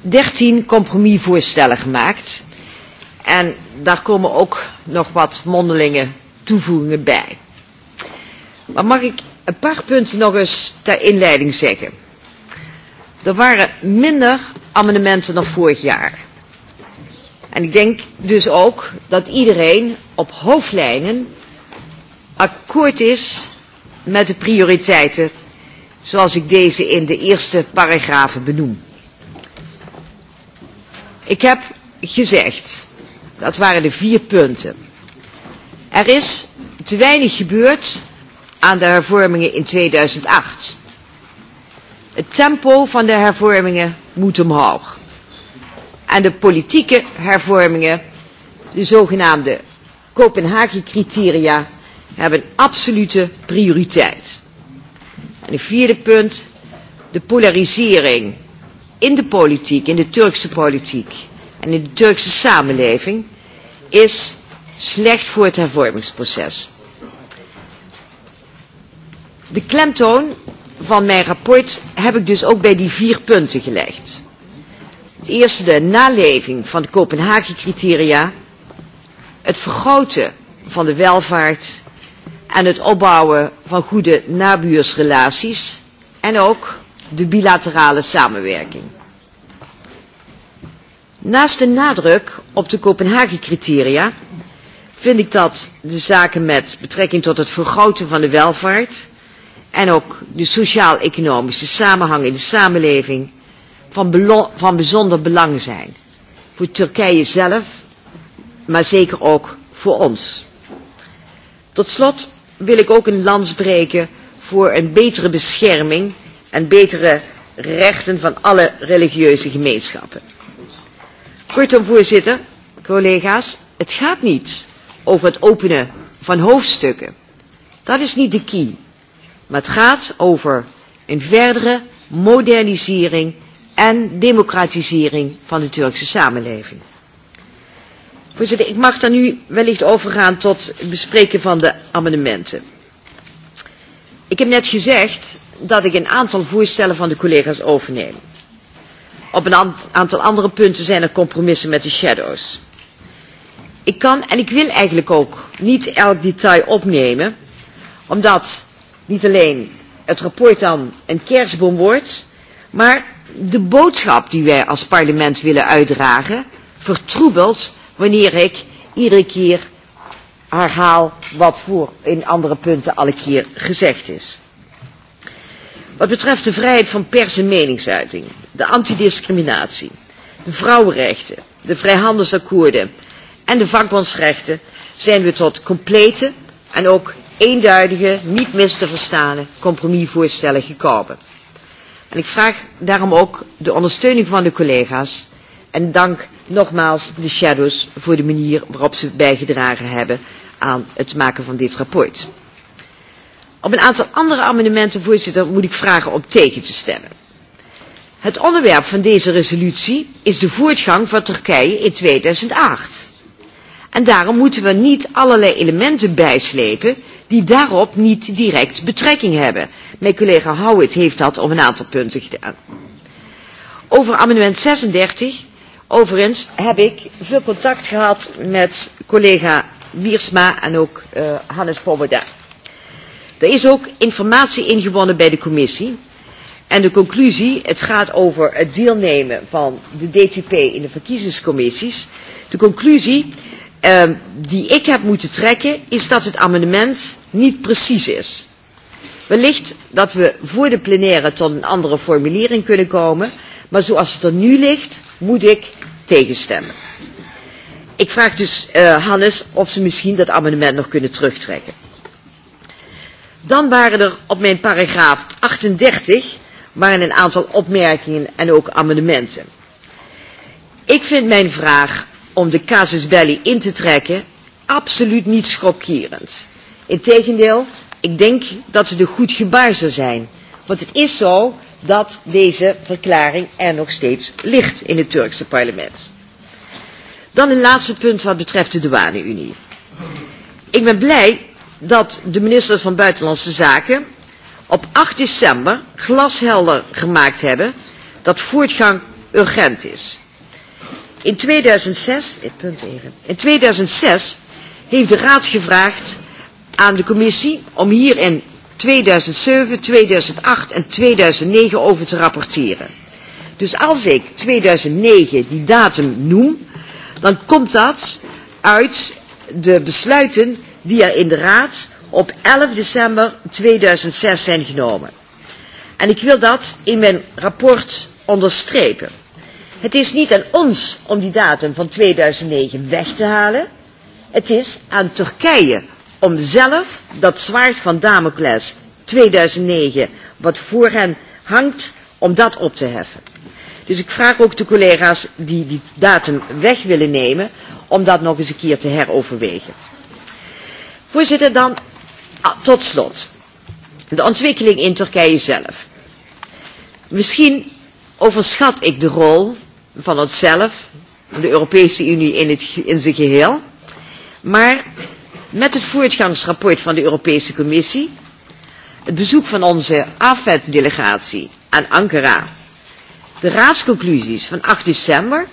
dertien compromisvoorstellen gemaakt en daar komen ook nog wat mondelingen toevoegingen bij. Maar mag ik een paar punten nog eens ter inleiding zeggen? Er waren minder amendementen dan vorig jaar. En ik denk dus ook dat iedereen op hoofdlijnen akkoord is met de prioriteiten zoals ik deze in de eerste paragrafen benoem. Ik heb gezegd, dat waren de vier punten. Er is te weinig gebeurd aan de hervormingen in 2008. Het tempo van de hervormingen moet omhoog aan de politieke hervormingen. De zogenaamde Kopenhagen-criteria hebben absolute prioriteit. En het vierde punt, de polarisering in de politiek, in de Turkse politiek en in de Turkse samenleving is slecht voor het hervormingsproces. De klemtoon van mijn rapport heb ik dus ook bij die vier punten gelegd. Het eerste de naleving van de Kopenhagen-criteria, het vergroten van de welvaart en het opbouwen van goede nabuursrelaties en ook de bilaterale samenwerking. Naast de nadruk op de Kopenhagen-criteria vind ik dat de zaken met betrekking tot het vergroten van de welvaart en ook de sociaal-economische samenhang in de samenleving van, van bijzonder belang zijn. Voor Turkije zelf, maar zeker ook voor ons. Tot slot wil ik ook een lans breken voor een betere bescherming en betere rechten van alle religieuze gemeenschappen. Kortom, voorzitter, collega's, het gaat niet over het openen van hoofdstukken. Dat is niet de key. Maar het gaat over een verdere modernisering en democratisering van de Turkse samenleving. Voorzitter, ik mag daar nu wellicht overgaan tot het bespreken van de amendementen. Ik heb net gezegd dat ik een aantal voorstellen van de collega's overneem. Op een aantal andere punten zijn er compromissen met de shadows. Ik kan en ik wil eigenlijk ook niet elk detail opnemen, omdat niet alleen het rapport dan een kerstboom wordt, maar de boodschap die wij als parlement willen uitdragen vertroebelt wanneer ik iedere keer herhaal wat voor in andere punten al een keer gezegd is. Wat betreft de vrijheid van pers en meningsuiting, de antidiscriminatie, de vrouwenrechten, de vrijhandelsakkoorden en de vakbondsrechten zijn we tot complete en ook eenduidige, niet mis te verstaande compromisvoorstellen gekomen. En ik vraag daarom ook de ondersteuning van de collega's en dank nogmaals de shadows voor de manier waarop ze bijgedragen hebben aan het maken van dit rapport. Op een aantal andere amendementen, voorzitter, moet ik vragen om tegen te stemmen. Het onderwerp van deze resolutie is de voortgang van Turkije in 2008. En daarom moeten we niet allerlei elementen bijslepen die daarop niet direct betrekking hebben. Mijn collega Howitt heeft dat op een aantal punten gedaan. Over amendement 36, overigens heb ik veel contact gehad met collega Wiersma en ook uh, Hannes Poboda. Er is ook informatie ingewonnen bij de commissie. En de conclusie, het gaat over het deelnemen van de DTP in de verkiezingscommissies. De conclusie uh, die ik heb moeten trekken is dat het amendement niet precies is. Wellicht dat we voor de plenaire tot een andere formulering kunnen komen, maar zoals het er nu ligt, moet ik tegenstemmen. Ik vraag dus uh, Hannes of ze misschien dat amendement nog kunnen terugtrekken. Dan waren er op mijn paragraaf 38 waren een aantal opmerkingen en ook amendementen. Ik vind mijn vraag om de casus belli in te trekken absoluut niet schokkerend. Integendeel, ik denk dat het een er goed gebaar zou zijn. Want het is zo dat deze verklaring er nog steeds ligt in het Turkse parlement. Dan een laatste punt wat betreft de douane-Unie. Ik ben blij dat de minister van Buitenlandse Zaken op 8 december glashelder gemaakt hebben dat voortgang urgent is. In 2006, eh, punt even, in 2006 heeft de Raad gevraagd aan de commissie om hier in 2007, 2008 en 2009 over te rapporteren. Dus als ik 2009 die datum noem, dan komt dat uit de besluiten die er in de Raad op 11 december 2006 zijn genomen. En ik wil dat in mijn rapport onderstrepen. Het is niet aan ons om die datum van 2009 weg te halen. Het is aan Turkije om zelf dat zwaard van Damocles 2009 wat voor hen hangt, om dat op te heffen. Dus ik vraag ook de collega's die die datum weg willen nemen, om dat nog eens een keer te heroverwegen. Voorzitter, dan ah, tot slot. De ontwikkeling in Turkije zelf. Misschien overschat ik de rol van onszelf, de Europese Unie in, het, in zijn geheel, maar met het voortgangsrapport van de Europese Commissie, het bezoek van onze AFET-delegatie aan Ankara, de raadsconclusies van 8 december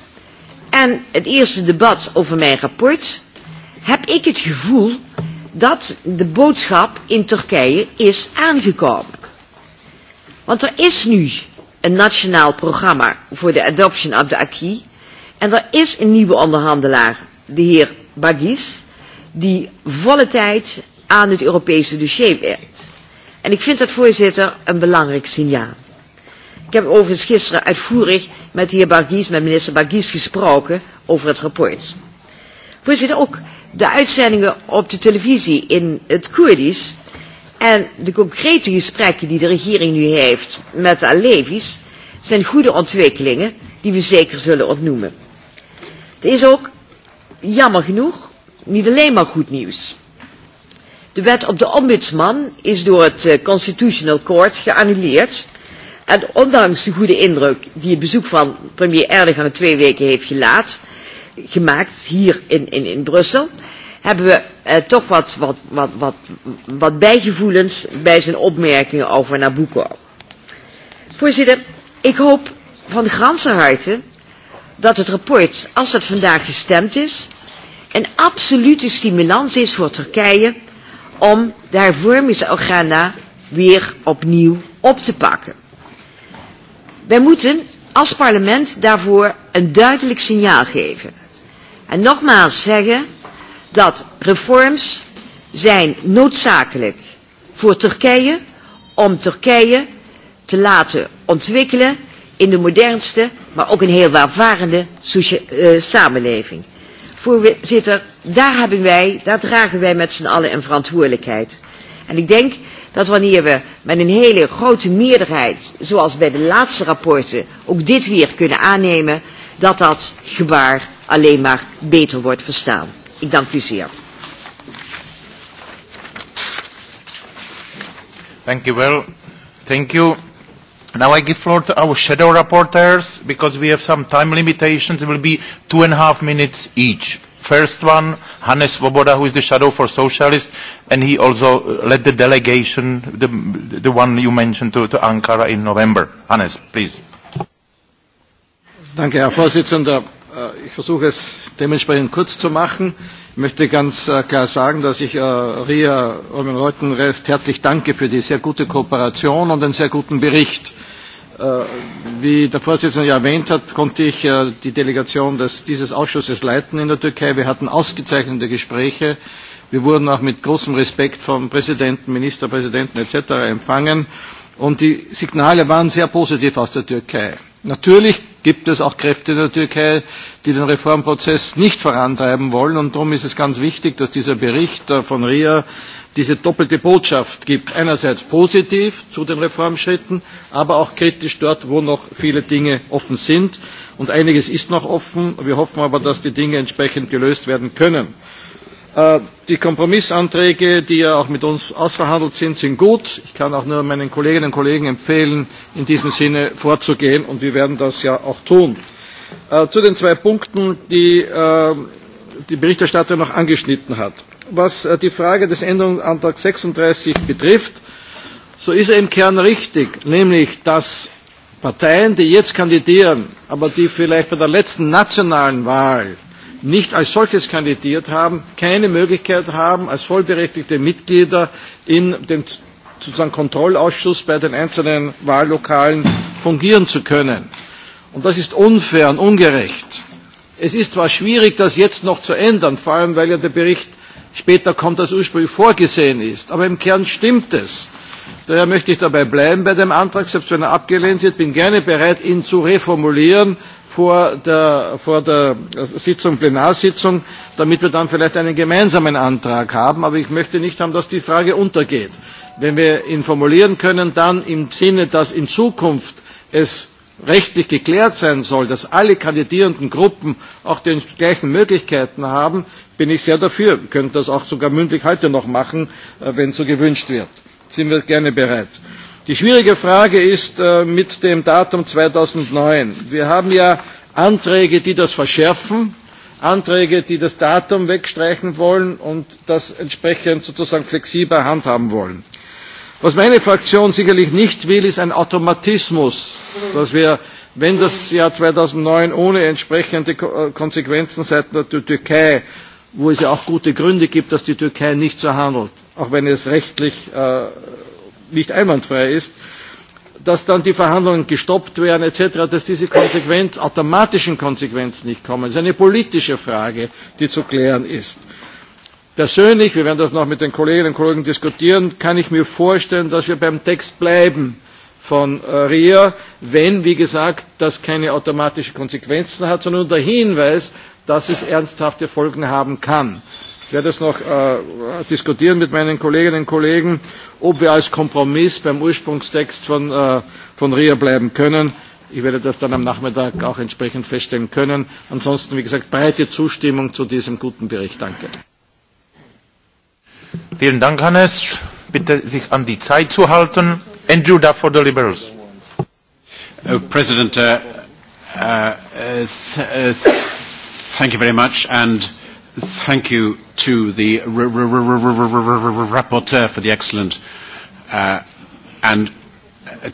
en het eerste debat over mijn rapport, heb ik het gevoel dat de boodschap in Turkije is aangekomen. Want er is nu een nationaal programma voor de adoption of the acquis en er is een nieuwe onderhandelaar, de heer Bagis, die volle tijd aan het Europese dossier werkt. En ik vind dat, voorzitter, een belangrijk signaal. Ik heb overigens gisteren uitvoerig met de heer Bargies, met minister Bargies gesproken over het rapport. Voorzitter, ook de uitzendingen op de televisie in het Koerdisch en de concrete gesprekken die de regering nu heeft met de Alevis zijn goede ontwikkelingen die we zeker zullen ontnoemen. Het er is ook, jammer genoeg, niet alleen maar goed nieuws. De wet op de ombudsman is door het uh, Constitutional Court geannuleerd. En ondanks de goede indruk die het bezoek van premier Erdogan twee weken heeft gelaat, gemaakt hier in, in, in Brussel, hebben we eh, toch wat, wat, wat, wat, wat bijgevoelens bij zijn opmerkingen over Nabucco. Voorzitter, ik hoop van de ganse harte dat het rapport, als het vandaag gestemd is, een absolute stimulans is voor Turkije om de hervormingsagenda weer opnieuw op te pakken. Wij moeten als parlement daarvoor een duidelijk signaal geven. En nogmaals zeggen dat reforms zijn noodzakelijk voor Turkije om Turkije te laten ontwikkelen in de modernste, maar ook een heel welvarende eh, samenleving. Voorzitter, daar hebben wij, daar dragen wij met z'n allen een verantwoordelijkheid. En ik denk dat wanneer we met een hele grote meerderheid, zoals bij de laatste rapporten, ook dit weer kunnen aannemen, dat dat gebaar alleen maar beter wordt verstaan. Ik dank u zeer. Thank you well. Thank you. Now I give floor to our shadow rapporteurs because we have some time limitations. It will be two and a half minutes each. First one, Hannes Svoboda, who is the shadow for Socialists, and he also led the delegation, the, the one you mentioned, to, to Ankara in November. Hannes, please. Thank you, Herr Vorsitzender. Äh, ich versuche es dementsprechend kurz zu machen. Ich möchte ganz äh, klar sagen, dass ich äh, Ria Reuten recht herzlich danke für die sehr gute Kooperation und den sehr guten Bericht. Wie der Vorsitzende ja erwähnt hat, konnte ich die Delegation des, dieses Ausschusses leiten in der Türkei. Wir hatten ausgezeichnete Gespräche. Wir wurden auch mit großem Respekt vom Präsidenten, Ministerpräsidenten etc. empfangen. Und die Signale waren sehr positiv aus der Türkei. Natürlich gibt es auch Kräfte in der Türkei, die den Reformprozess nicht vorantreiben wollen. Und darum ist es ganz wichtig, dass dieser Bericht äh, von RIA diese doppelte Botschaft gibt. Einerseits positiv zu den Reformschritten, aber auch kritisch dort, wo noch viele Dinge offen sind. Und einiges ist noch offen. Wir hoffen aber, dass die Dinge entsprechend gelöst werden können. Äh, die Kompromissanträge, die ja auch mit uns ausverhandelt sind, sind gut. Ich kann auch nur meinen Kolleginnen und Kollegen empfehlen, in diesem Sinne vorzugehen und wir werden das ja auch tun. Äh, zu den zwei Punkten, die äh, die Berichterstatterin noch angeschnitten hat. Was die Frage des Änderungsantrags 36 betrifft, so ist er im Kern richtig, nämlich dass Parteien, die jetzt kandidieren, aber die vielleicht bei der letzten nationalen Wahl nicht als solches kandidiert haben, keine Möglichkeit haben, als vollberechtigte Mitglieder in dem sozusagen Kontrollausschuss bei den einzelnen Wahllokalen fungieren zu können. Und das ist unfair und ungerecht. Es ist zwar schwierig, das jetzt noch zu ändern, vor allem weil ja der Bericht später kommt, als ursprünglich vorgesehen ist, aber im Kern stimmt es. Daher möchte ich dabei bleiben bei dem Antrag, selbst wenn er abgelehnt wird, bin gerne bereit, ihn zu reformulieren, vor der, vor der Sitzung, Plenarsitzung, damit wir dann vielleicht einen gemeinsamen Antrag haben. Aber ich möchte nicht haben, dass die Frage untergeht. Wenn wir ihn formulieren können, dann im Sinne, dass in Zukunft es rechtlich geklärt sein soll, dass alle kandidierenden Gruppen auch die gleichen Möglichkeiten haben, bin ich sehr dafür. Wir können das auch sogar mündlich heute noch machen, äh, wenn so gewünscht wird. Sind wir gerne bereit. Die schwierige Frage ist äh, mit dem Datum 2009. Wir haben ja Anträge, die das verschärfen, Anträge, die das Datum wegstreichen wollen und das entsprechend sozusagen flexibler handhaben wollen. Was meine Fraktion sicherlich nicht will, ist ein Automatismus, dass wir, wenn das Jahr 2009 ohne entsprechende äh, Konsequenzen seitens der Türkei, wo es ja auch gute Gründe gibt, dass die Türkei nicht so handelt, auch wenn es rechtlich äh, nicht einwandfrei ist, dass dann die Verhandlungen gestoppt werden etc., dass diese Konsequenz, automatischen Konsequenzen nicht kommen. Es ist eine politische Frage, die zu klären ist. Persönlich, wir werden das noch mit den Kolleginnen und Kollegen diskutieren, kann ich mir vorstellen, dass wir beim Text bleiben von äh, RIA, wenn, wie gesagt, das keine automatischen Konsequenzen hat, sondern der Hinweis, dass es ernsthafte Folgen haben kann. Ich werde es noch äh, diskutieren mit meinen Kolleginnen und Kollegen, ob wir als Kompromiss beim Ursprungstext von, äh, von RIA bleiben können. Ich werde das dann am Nachmittag auch entsprechend feststellen können. Ansonsten, wie gesagt, breite Zustimmung zu diesem guten Bericht. Danke. Vielen Dank, Hannes. Bitte, sich an die Zeit zu halten. Andrew Duff for the Liberals. Uh, President, uh, uh, uh, uh thank you very much. And Thank you to the rapporteur for the excellent uh, and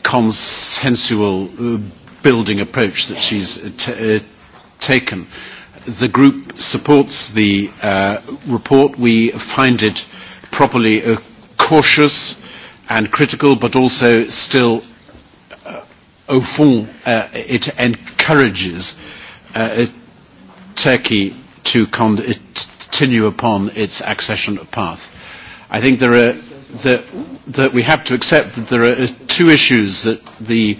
consensual uh, building approach that she's uh, t uh, taken. The group supports the uh, report. We find it properly uh, cautious and critical, but also still, uh, au fond, uh, it encourages uh, Turkey to continue upon its accession path. I think there are, that, that we have to accept that there are two issues that the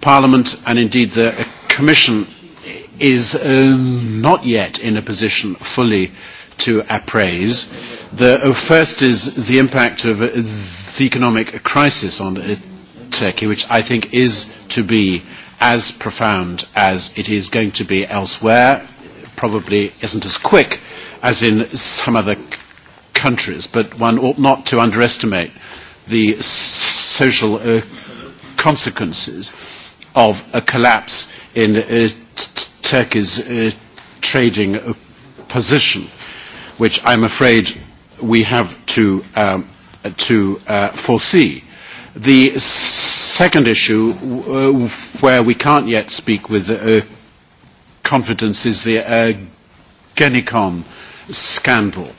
Parliament and indeed the Commission is um, not yet in a position fully to appraise. The uh, first is the impact of uh, the economic crisis on uh, Turkey, which I think is to be as profound as it is going to be elsewhere probably isn't as quick as in some other countries, but one ought not to underestimate the social uh, consequences of a collapse in uh, Turkey's uh, trading uh, position, which I'm afraid we have to, um, to uh, foresee. The second issue, uh, where we can't yet speak with uh, confidence is the uh, Genicom scandal.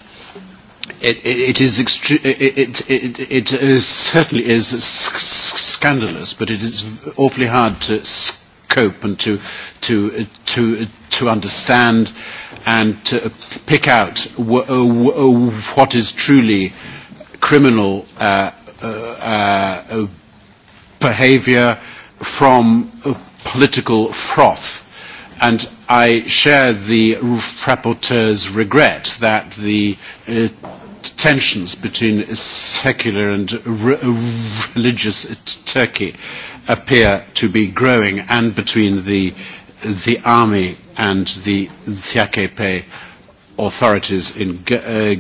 It, it, it is extre- it, it, it, it is, certainly is scandalous, but it is awfully hard to cope and to, to, to, to understand and to pick out w- w- what is truly criminal uh, uh, uh, behavior from political froth And I share the rapporteur's regret that the uh, tensions between secular and re religious Turkey appear to be growing and between the, the army and the, AKP authorities in go uh,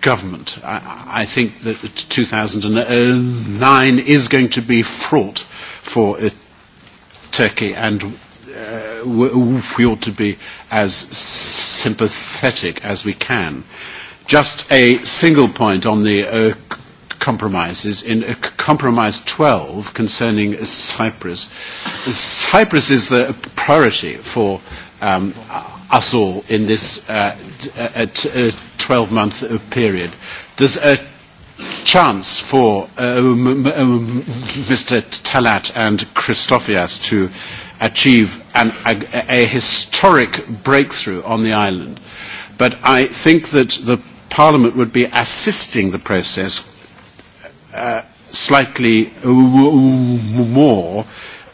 government. I, I think that 2009 is going to be fraught for uh, Turkey and uh, we ought to be as sympathetic as we can. Just a single point on the uh, compromises. In uh, Compromise 12 concerning uh, Cyprus, Cyprus is the priority for um, us all in this 12-month uh, uh, uh, period. There's a chance for uh, um, Mr. Talat and Christofias to achieve an, a, a historic breakthrough on the island. But I think that the Parliament would be assisting the process uh, slightly more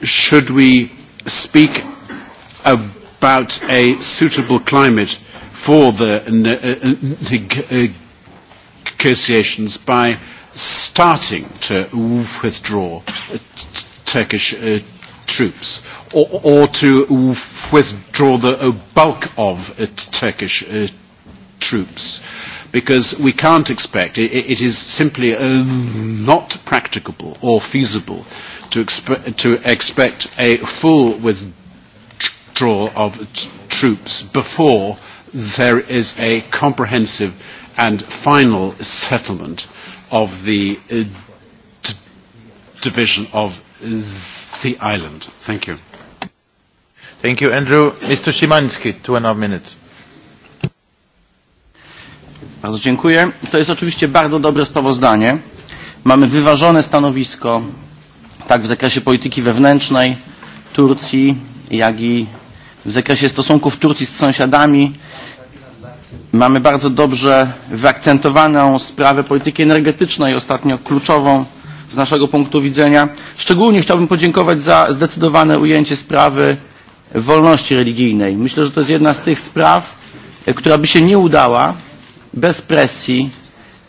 should we speak about a suitable climate for the uh, negotiations by starting to withdraw Turkish uh, troops or, or to withdraw the uh, bulk of uh, Turkish uh, troops because we can't expect, it, it is simply uh, not practicable or feasible to, expe to expect a full withdrawal of t troops before there is a comprehensive and final settlement of the uh, division of uh, the island. Thank you. Thank you, Andrew. Mr. Szymanski, two and a half minutes. Bardzo dziękuję. To jest oczywiście bardzo dobre sprawozdanie. Mamy wyważone stanowisko tak w zakresie polityki wewnętrznej Turcji, jak i w zakresie stosunków Turcji z sąsiadami. Mamy bardzo dobrze wyakcentowaną sprawę polityki energetycznej, ostatnio kluczową z naszego punktu widzenia. Szczególnie chciałbym podziękować za zdecydowane ujęcie sprawy wolności religijnej. Myślę, że to jest jedna z tych spraw, e, która by się nie udała bez presji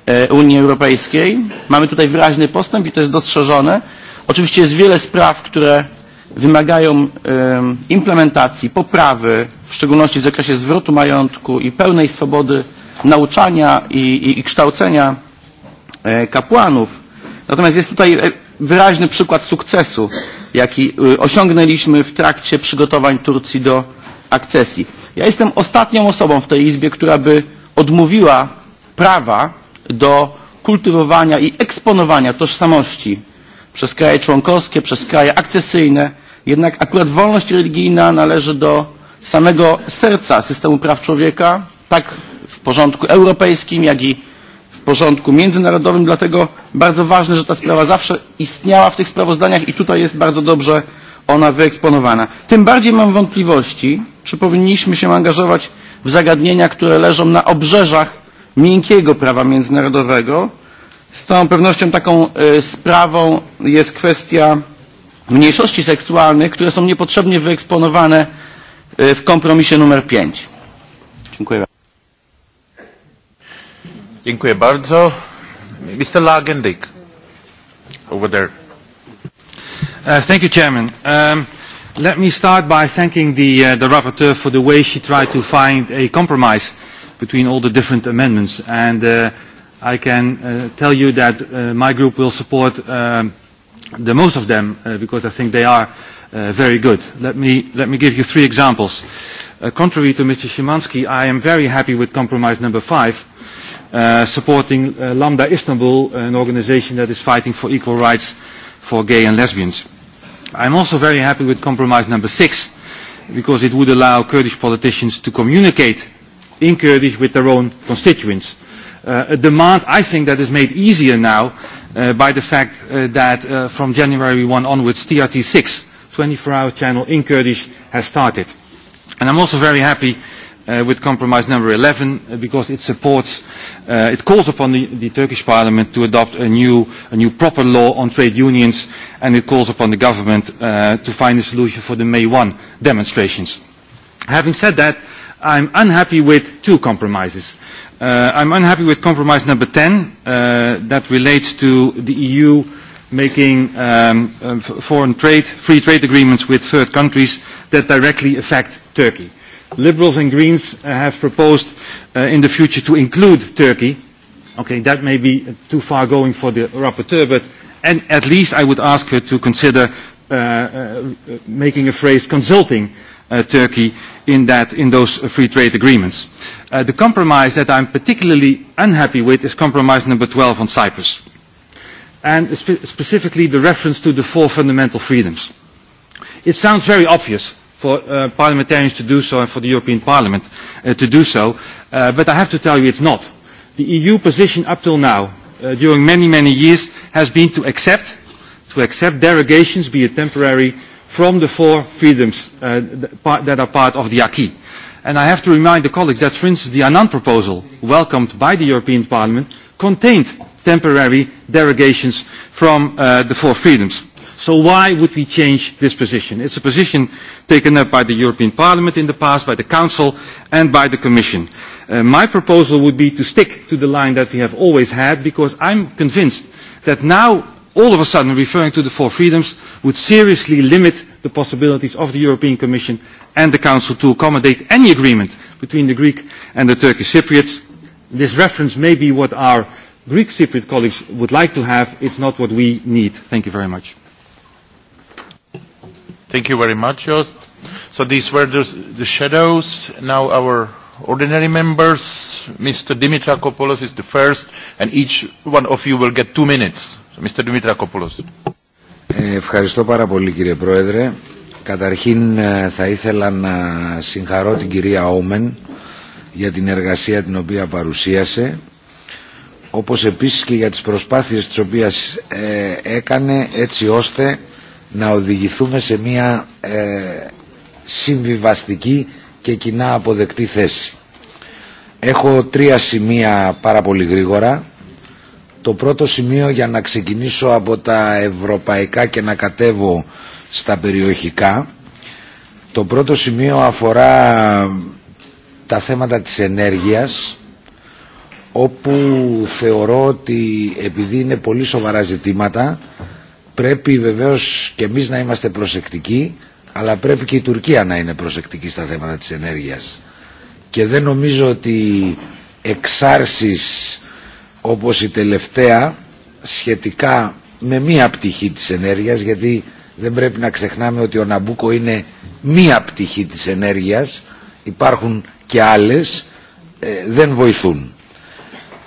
e, Unii Europejskiej. Mamy tutaj wyraźny postęp i to jest dostrzeżone. Oczywiście jest wiele spraw, które wymagają implementacji, poprawy, w szczególności w zakresie zwrotu majątku i pełnej swobody nauczania i, i, i kształcenia e, kapłanów. Natomiast jest tutaj e, wyraźny przykład sukcesu, jaki osiągnęliśmy w trakcie przygotowań Turcji do akcesji. Ja jestem ostatnią osobą w tej Izbie, która by odmówiła prawa do kultywowania i eksponowania tożsamości przez kraje członkowskie, przez kraje akcesyjne. Jednak akurat wolność religijna należy do samego serca systemu praw człowieka, tak w porządku europejskim, jak i porządku międzynarodowym, dlatego bardzo ważne, że ta sprawa zawsze istniała w tych sprawozdaniach i tutaj jest bardzo dobrze ona wyeksponowana. Tym bardziej mam wątpliwości, czy powinniśmy się angażować w zagadnienia, które leżą na obrzeżach miękkiego prawa międzynarodowego. Z całą pewnością taką y, e, sprawą jest kwestia mniejszości seksualnych, które są niepotrzebnie wyeksponowane y, e, w kompromisie numer 5. Dziękuję. Dziękuję bardzo. Mr. Lagendijk. over there. Uh, thank you, Chairman. Um, let me start by thanking the, uh, the rapporteur for the way she tried to find a compromise between all the different amendments. And uh, I can uh, tell you that uh, my group will support um, the most of them uh, because I think they are uh, very good. Let me, let me give you three examples. Uh, contrary to Mr. Szymanski, I am very happy with compromise number five uh, supporting uh, Lambda Istanbul, uh, an organization that is fighting for equal rights for gay and lesbians. I'm also very happy with compromise number six, because it would allow Kurdish politicians to communicate in Kurdish with their own constituents. Uh, a demand, I think, that is made easier now uh, by the fact uh, that uh, from January 1 onwards, TRT6, 24-hour channel in Kurdish, has started. And I'm also very happy uh, with compromise number 11 uh, because it supports, uh, it calls upon the, the Turkish parliament to adopt a new, a new proper law on trade unions and it calls upon the government uh, to find a solution for the May 1 demonstrations. Having said that, I'm unhappy with two compromises. Uh, I'm unhappy with compromise number 10 uh, that relates to the EU making um, um, foreign trade, free trade agreements with third countries that directly affect Turkey. Liberals and Greens uh, have proposed uh, in the future to include Turkey. Okay, that may be uh, too far going for the rapporteur, but and at least I would ask her to consider uh, uh, making a phrase consulting uh, Turkey in, that, in those free trade agreements. Uh, the compromise that I'm particularly unhappy with is compromise number 12 on Cyprus, and spe specifically the reference to the four fundamental freedoms. It sounds very obvious, for uh, parliamentarians to do so and for the European Parliament uh, to do so. Uh, but I have to tell you it's not. The EU position up till now, uh, during many, many years, has been to accept, to accept derogations, be it temporary, from the four freedoms uh, that are part of the acquis. And I have to remind the colleagues that, for instance, the Annan proposal, welcomed by the European Parliament, contained temporary derogations from uh, the four freedoms. So why would we change this position? It's a position taken up by the European Parliament in the past, by the Council and by the Commission. Uh, my proposal would be to stick to the line that we have always had because I'm convinced that now all of a sudden referring to the four freedoms would seriously limit the possibilities of the European Commission and the Council to accommodate any agreement between the Greek and the Turkish Cypriots. This reference may be what our Greek Cypriot colleagues would like to have. It's not what we need. Thank you very much. Thank you very much, Jost. So these were the, the shadows. Now our ordinary members, Mr. Dimitrakopoulos is the first, and each one of you will get two minutes. So Mr. Dimitrakopoulos. Ευχαριστώ πάρα πολύ κύριε Πρόεδρε. Καταρχήν θα ήθελα να συγχαρώ την κυρία Όμεν για την εργασία την οποία παρουσίασε όπως επίσης και για τις προσπάθειες τις οποίες ε, έκανε έτσι ώστε να οδηγηθούμε σε μια ε, συμβιβαστική και κοινά αποδεκτή θέση. Έχω τρία σημεία πάρα πολύ γρήγορα. Το πρώτο σημείο για να ξεκινήσω από τα ευρωπαϊκά και να κατέβω στα περιοχικά. Το πρώτο σημείο αφορά τα θέματα της ενέργειας όπου θεωρώ ότι επειδή είναι πολύ σοβαρά ζητήματα Πρέπει βεβαίως και εμείς να είμαστε προσεκτικοί, αλλά πρέπει και η Τουρκία να είναι προσεκτική στα θέματα της ενέργειας. Και δεν νομίζω ότι εξάρσεις όπως η τελευταία σχετικά με μία πτυχή της ενέργειας, γιατί δεν πρέπει να ξεχνάμε ότι ο Ναμπούκο είναι μία πτυχή της ενέργειας, υπάρχουν και άλλες, ε, δεν βοηθούν.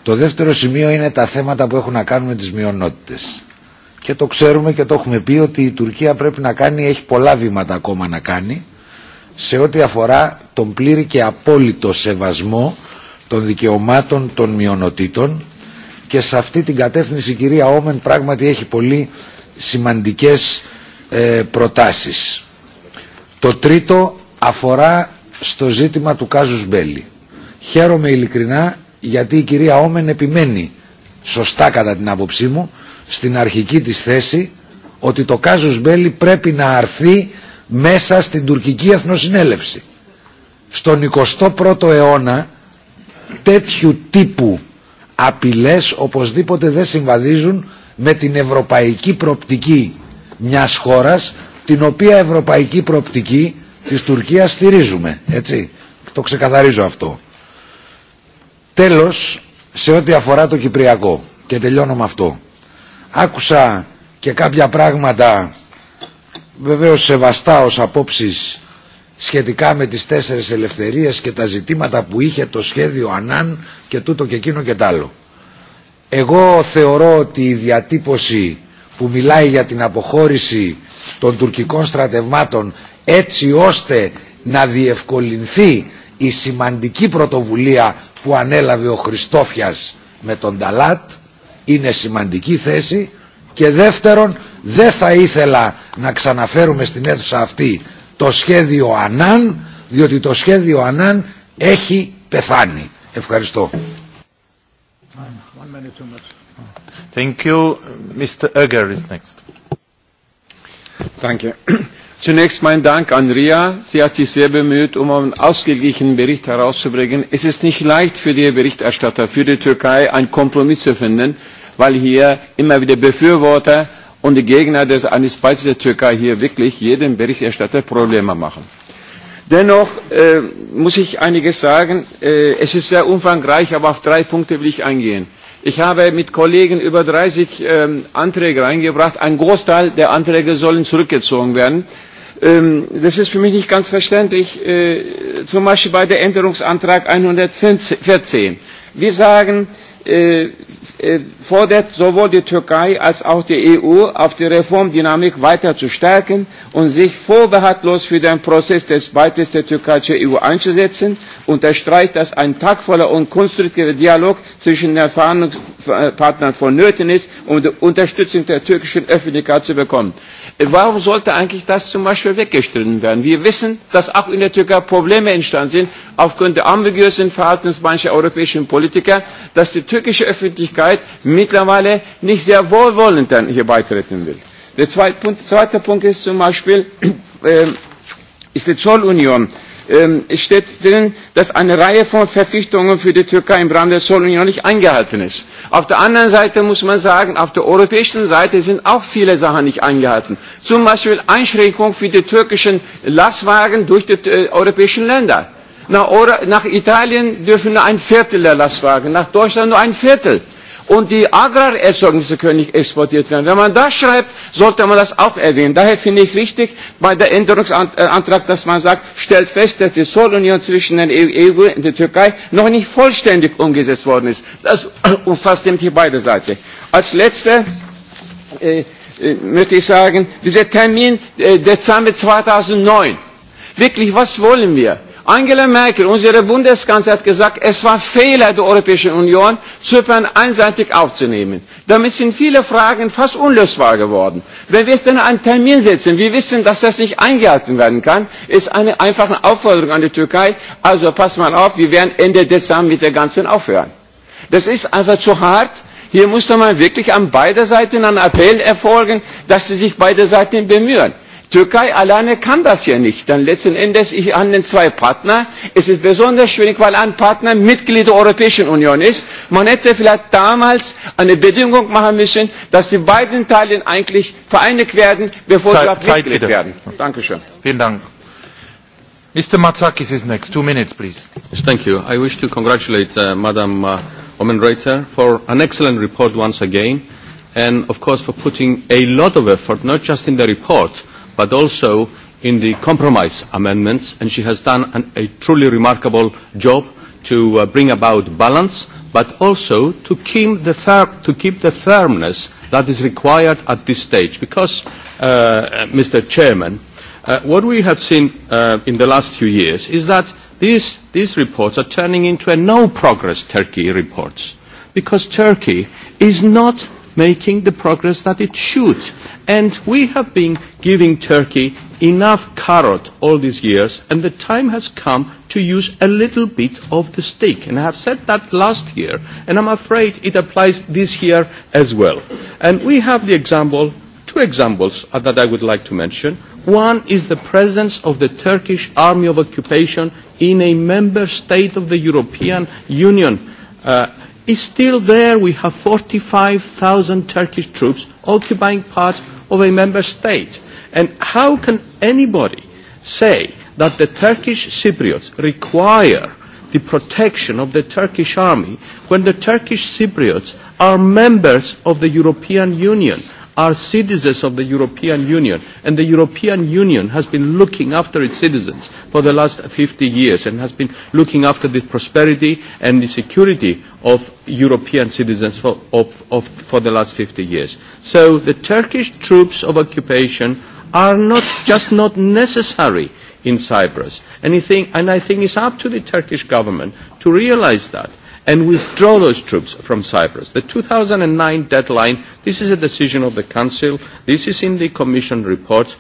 Το δεύτερο σημείο είναι τα θέματα που έχουν να κάνουν με τις μειονότητες και το ξέρουμε και το έχουμε πει ότι η Τουρκία πρέπει να κάνει, έχει πολλά βήματα ακόμα να κάνει σε ό,τι αφορά τον πλήρη και απόλυτο σεβασμό των δικαιωμάτων των μειονοτήτων και σε αυτή την κατεύθυνση η κυρία Όμεν πράγματι έχει πολύ σημαντικές ε, προτάσεις. Το τρίτο αφορά στο ζήτημα του Κάζους Μπέλη. Χαίρομαι ειλικρινά γιατί η κυρία Όμεν επιμένει σωστά κατά την άποψή μου στην αρχική της θέση ότι το κάζους Μπέλη πρέπει να αρθεί μέσα στην τουρκική εθνοσυνέλευση. Στον 21ο αιώνα τέτοιου τύπου απειλές οπωσδήποτε δεν συμβαδίζουν με την ευρωπαϊκή προοπτική μιας χώρας την οποία ευρωπαϊκή προοπτική της Τουρκίας στηρίζουμε. Έτσι, το ξεκαθαρίζω αυτό. Τέλος, σε ό,τι αφορά το Κυπριακό και τελειώνω με αυτό. Άκουσα και κάποια πράγματα βεβαίως σεβαστά ως απόψεις σχετικά με τις τέσσερις ελευθερίες και τα ζητήματα που είχε το σχέδιο Ανάν και τούτο και εκείνο και τ' άλλο. Εγώ θεωρώ ότι η διατύπωση που μιλάει για την αποχώρηση των τουρκικών στρατευμάτων έτσι ώστε να διευκολυνθεί η σημαντική πρωτοβουλία που ανέλαβε ο Χριστόφιας με τον Ταλάτ είναι σημαντική θέση και δεύτερον δεν θα ήθελα να ξαναφέρουμε στην αίθουσα αυτή το σχέδιο Ανάν διότι το σχέδιο Ανάν έχει πεθάνει. Ευχαριστώ. Thank you. Mr. Egger is next. Thank you. (clears throat) Zunächst mein Dank an Ria. Sie hat sich sehr bemüht, um einen ausgeglichenen Bericht herauszubringen. Es ist nicht leicht für die Berichterstatter, für die Türkei einen Kompromiss zu finden, weil hier immer wieder Befürworter und die Gegner des eines der Türkei hier wirklich jedem Berichterstatter Probleme machen. Dennoch äh, muss ich einiges sagen. Äh, es ist sehr umfangreich, aber auf drei Punkte will ich eingehen. Ich habe mit Kollegen über 30 ähm, Anträge reingebracht. Ein Großteil der Anträge sollen zurückgezogen werden Ähm, das ist für mich nicht ganz verständlich, äh, zum Beispiel bei der Änderungsantrag 114. Wir sagen, äh, äh, fordert sowohl die Türkei als auch die EU auf die Reformdynamik weiter zu stärken und sich vorbehaltlos für den Prozess des Beitritts der Türkei zur EU einzusetzen, unterstreicht, dass ein taktvoller und konstruktiver Dialog zwischen den Verhandlungspartnern vonnöten ist, um die Unterstützung der türkischen Öffentlichkeit zu bekommen. Warum sollte eigentlich das zum Beispiel weggestritten werden? Wir wissen, dass auch in der Türkei Probleme entstanden sind aufgrund der ambiguösen Verhaltens mancher europäischen Politiker, dass die türkische Öffentlichkeit mittlerweile nicht sehr wohlwollend dann hier beitreten will. Der zweite Punkt, zweite Punkt ist zum Beispiel (clears throat) äh, ist die Zollunion ähm, steht drin, dass eine Reihe von Verpflichtungen für die Türkei im Rahmen der Zollunion nicht eingehalten ist. Auf der anderen Seite muss man sagen, auf der europäischen Seite sind auch viele Sachen nicht eingehalten. Zum Beispiel Einschränkungen für die türkischen Lastwagen durch die äh, europäischen Länder. Nach, nach Italien dürfen nur ein Viertel der Lastwagen, nach Deutschland nur ein Viertel und die Agrarerzeugnisse können nicht exportiert werden. Wenn man das schreibt, sollte man das auch erwähnen. Daher finde ich richtig bei der Änderungsantrag, dass man sagt, stellt fest, dass die Zollunion zwischen der EU und der Türkei noch nicht vollständig umgesetzt worden ist. Das (coughs) umfasst nämlich beide Seiten. Als letzte äh, äh, möchte ich sagen, dieser Termin äh, Dezember 2009. Wirklich, was wollen wir? Angela Merkel, unsere Bundeskanzlerin, hat gesagt, es war Fehler der Europäischen Union, Zypern einseitig aufzunehmen. Damit sind viele Fragen fast unlösbar geworden. Wenn wir es denn einen Termin setzen, wir wissen, dass das nicht eingehalten werden kann, ist eine einfache Aufforderung an die Türkei, also pass mal auf, wir werden Ende Dezember mit der ganzen aufhören. Das ist einfach zu hart. Hier musste man wirklich an beider Seiten einen Appell erfolgen, dass sie sich beide Seiten bemühen. Türkei alleine kann das ja nicht. Dann letzten Endes ich an den zwei Partner. Es ist besonders schwierig, weil ein Partner Mitglied der Europäischen Union ist. Man hätte vielleicht damals eine Bedingung machen müssen, dass die beiden Teilen eigentlich vereinigt werden, bevor Zeit, sie auch Mitglied Zeit, werden. Dankeschön. Vielen Dank. Mr. Matsakis is next. Two minutes, please. Yes, thank you. I wish to congratulate uh, Madam uh, Omenreiter for an excellent report once again and, of course, for putting a lot of effort, not just in the report, but also in the compromise amendments, and she has done an, a truly remarkable job to uh, bring about balance, but also to keep, the to keep the firmness that is required at this stage. Because, uh, uh Mr. Chairman, uh, what we have seen uh, in the last few years is that these, these reports are turning into a no-progress Turkey reports, because Turkey is not making the progress that it should. And we have been giving Turkey enough carrot all these years, and the time has come to use a little bit of the stick. And I have said that last year, and I'm afraid it applies this year as well. And we have the example, two examples uh, that I would like to mention. One is the presence of the Turkish Army of Occupation in a member state of the European Union uh, is still there. We have 45,000 Turkish troops occupying part of a member state. And how can anybody say that the Turkish Cypriots require the protection of the Turkish army when the Turkish Cypriots are members of the European Union? are citizens of the European Union. And the European Union has been looking after its citizens for the last 50 years and has been looking after the prosperity and the security of European citizens for, of, of, for the last 50 years. So the Turkish troops of occupation are not, just not necessary in Cyprus. And I, think, and I think it's up to the Turkish government to realize that and withdraw those troops from Cyprus. The 2009 deadline, this is a decision of the Council, this is in the Commission report.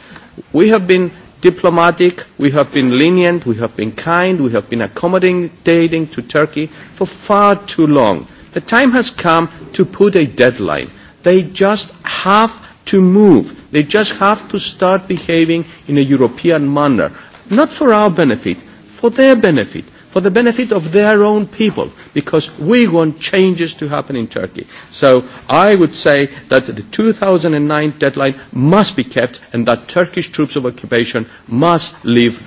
We have been diplomatic, we have been lenient, we have been kind, we have been accommodating to Turkey for far too long. The time has come to put a deadline. They just have to move. They just have to start behaving in a European manner. Not for our benefit, for their benefit for the benefit of their own people because we want changes to happen in Turkey. So I would say that the 2009 deadline must be kept and that Turkish troops of occupation must leave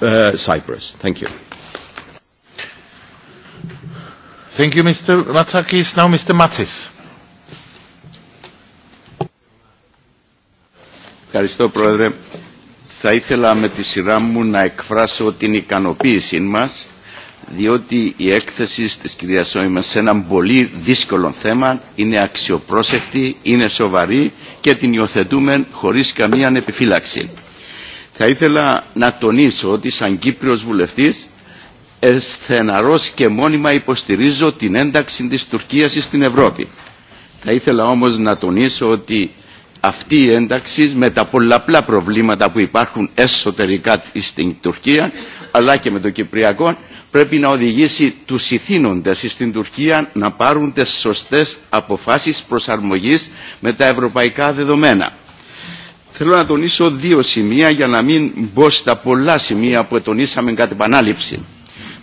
uh, Cyprus. Thank you. Thank you, Mr. Matsakis. Now, Mr. Matsis. Ευχαριστώ, Πρόεδρε. Θα ήθελα με τη σειρά μου να εκφράσω την ικανοποίησή μας διότι η έκθεση της κυρία Σόιμα σε έναν πολύ δύσκολο θέμα είναι αξιοπρόσεκτη, είναι σοβαρή και την υιοθετούμε χωρίς καμία επιφύλαξη. Θα ήθελα να τονίσω ότι σαν Κύπριος βουλευτής εσθεναρός και μόνιμα υποστηρίζω την ένταξη της Τουρκίας στην Ευρώπη. Θα ήθελα όμως να τονίσω ότι αυτή η ένταξη με τα πολλαπλά προβλήματα που υπάρχουν εσωτερικά στην Τουρκία αλλά και με το Κυπριακό πρέπει να οδηγήσει του ηθήνοντε στην Τουρκία να πάρουν τι σωστέ αποφάσει προσαρμογή με τα ευρωπαϊκά δεδομένα. Θέλω να τονίσω δύο σημεία για να μην μπω στα πολλά σημεία που τονίσαμε κατά επανάληψη.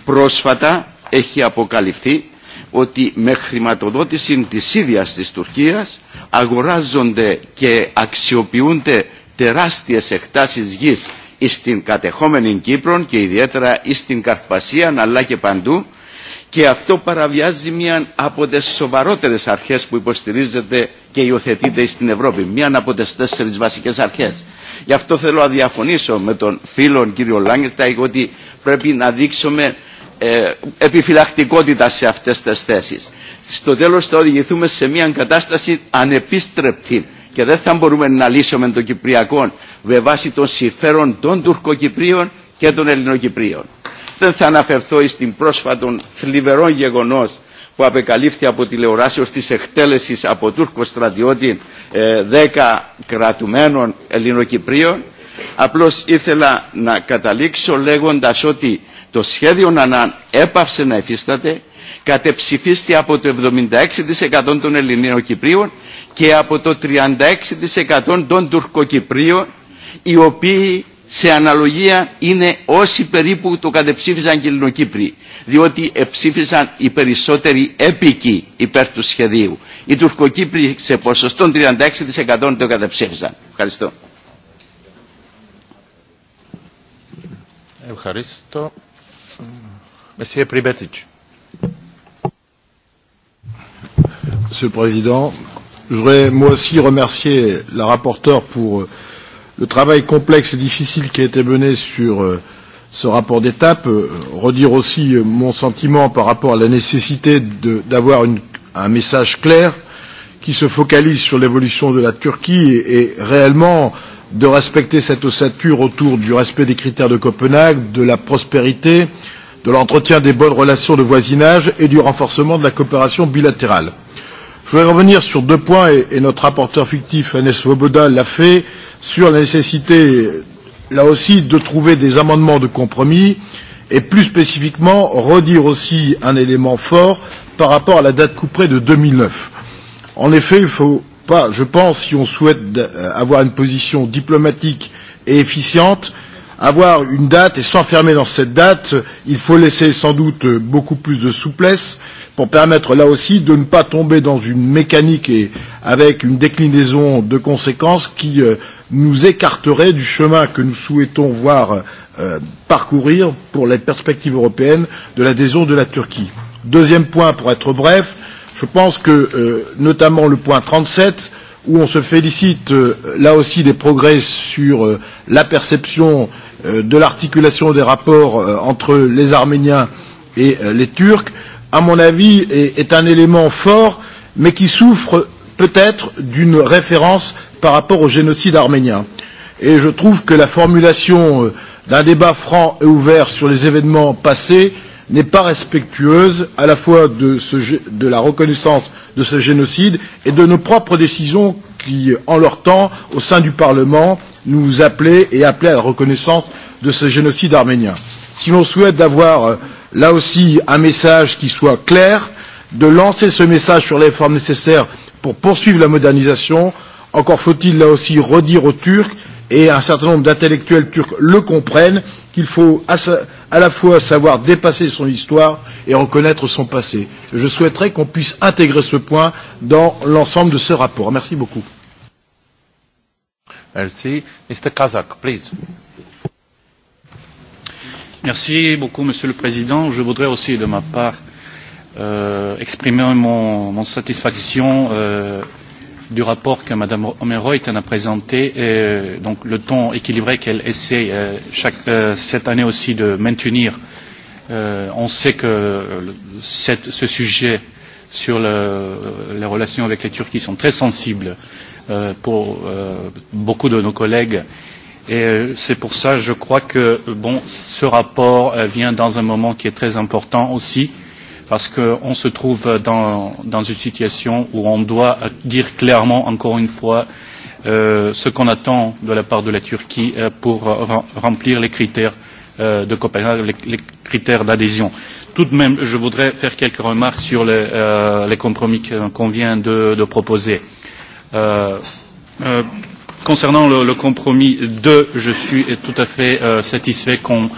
Πρόσφατα έχει αποκαλυφθεί ότι με χρηματοδότηση της ίδιας της Τουρκίας αγοράζονται και αξιοποιούνται τεράστιες εκτάσεις γης στην κατεχόμενη Κύπρο και ιδιαίτερα στην Καρπασία αλλά και παντού και αυτό παραβιάζει μια από τι σοβαρότερε αρχέ που υποστηρίζεται και υιοθετείται στην Ευρώπη, μια από τι τέσσερι βασικέ αρχέ. Γι' αυτό θέλω να διαφωνήσω με τον φίλο κύριο Λάγκερταϊκ ότι πρέπει να δείξουμε ε, επιφυλακτικότητα σε αυτέ τι θέσει. Στο τέλο, θα οδηγηθούμε σε μια κατάσταση ανεπίστρεπτη και δεν θα μπορούμε να λύσουμε τον Κυπριακό με βάση των συμφέρων των Τουρκοκυπρίων και των Ελληνοκυπρίων. Δεν θα αναφερθώ στην πρόσφατον θλιβερό γεγονός που απεκαλύφθη από τηλεοράσεως της εκτέλεσης από Τούρκο στρατιώτη ε, 10 κρατουμένων Ελληνοκυπρίων. Απλώς ήθελα να καταλήξω λέγοντας ότι το σχέδιο να έπαυσε να υφίσταται κατεψηφίστηκε από το 76% των Ελληνίων κυπρίων και από το 36% των Τουρκοκυπρίων, οι οποίοι σε αναλογία είναι όσοι περίπου το κατεψήφισαν και Ελληνοκύπροι, διότι εψήφισαν οι περισσότεροι έπικοι υπέρ του σχεδίου. Οι Τουρκοκύπροι σε ποσοστό 36% το κατεψήφισαν. Ευχαριστώ. Ευχαριστώ. Μεσίε Πριμπέτσιτς. Monsieur le Président. Je voudrais moi aussi remercier la rapporteure pour euh, le travail complexe et difficile qui a été mené sur euh, ce rapport d'étape, euh, redire aussi mon sentiment par rapport à la nécessité d'avoir un message clair qui se focalise sur l'évolution de la Turquie et, et réellement de respecter cette ossature autour du respect des critères de Copenhague, de la prospérité, de l'entretien des bonnes relations de voisinage et du renforcement de la coopération bilatérale. Je voudrais revenir sur deux points, et, et notre rapporteur fictif, Anès Svoboda, l'a fait, sur la nécessité, là aussi, de trouver des amendements de compromis, et plus spécifiquement, redire aussi un élément fort par rapport à la date couperée de 2009. En effet, il faut pas, je pense, si on souhaite euh, avoir une position diplomatique et efficiente, avoir une date et s'enfermer dans cette date, il faut laisser sans doute beaucoup plus de souplesse, euh, pour permettre là aussi de ne pas tomber dans une mécanique et avec une déclinaison de conséquences qui euh, nous écarterait du chemin que nous souhaitons voir euh, parcourir pour la perspective européenne de l'adhésion de la Turquie. Deuxième point, pour être bref, je pense que euh, notamment le point 37, où on se félicite euh, là aussi des progrès sur euh, la perception euh, de l'articulation des rapports euh, entre les Arméniens et euh, les Turcs, euh, à mon avis, est, est un élément fort, mais qui souffre peut-être d'une référence par rapport au génocide arménien. Et je trouve que la formulation euh, d'un débat franc et ouvert sur les événements passés n'est pas respectueuse à la fois de, ce, de la reconnaissance de ce génocide et de nos propres décisions qui, euh, en leur temps, au sein du Parlement, nous appelaient et appelaient à la reconnaissance de ce génocide arménien. Si l'on souhaite euh, là aussi un message qui soit clair, de lancer ce message sur les réformes nécessaires pour poursuivre la modernisation. Encore faut-il là aussi redire aux Turcs, et un certain nombre d'intellectuels turcs le comprennent, qu'il faut à la fois savoir dépasser son histoire et reconnaître son passé. Je souhaiterais qu'on puisse intégrer ce point dans l'ensemble de ce rapport. Merci beaucoup. Merci. Mr. Kazak, please. Merci beaucoup, Monsieur le Président. Je voudrais aussi, de ma part, euh, exprimer mon, mon satisfaction euh, du rapport que Mme Omeroyten a présenté, et, euh, donc le ton équilibré qu'elle essaie euh, chaque, euh, cette année aussi de maintenir. Euh, on sait que cette, ce sujet sur le, les relations avec les Turquies sont très sensibles euh, pour euh, beaucoup de nos collègues Et euh, c'est pour ça, je crois que bon, ce rapport euh, vient dans un moment qui est très important aussi, parce qu'on se trouve dans, dans une situation où on doit dire clairement, encore une fois, euh, ce qu'on attend de la part de la Turquie euh, pour remplir les critères euh, de Copenhague, les, les critères d'adhésion. Tout de même, je voudrais faire quelques remarques sur les, euh, les compromis qu'on vient de, de proposer. Euh, euh, concernant le, le compromis 2, je suis tout à fait euh, satisfait qu'on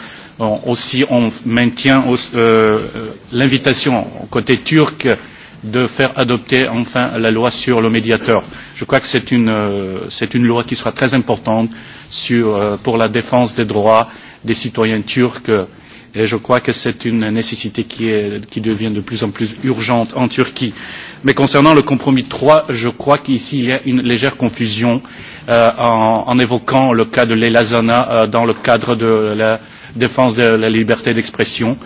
aussi on maintient euh, euh, l'invitation au côté turc de faire adopter enfin la loi sur le médiateur. Je crois que c'est une, euh, une loi qui sera très importante sur, euh, pour la défense des droits des citoyens turcs. Euh, Et je crois que c'est une nécessité qui, est, qui devient de plus en plus urgente en Turquie. Mais concernant le compromis 3, je crois qu'ici il y a une légère confusion euh, en, en évoquant le cas de l'Elazana euh, dans le cadre de la défense de la liberté d'expression.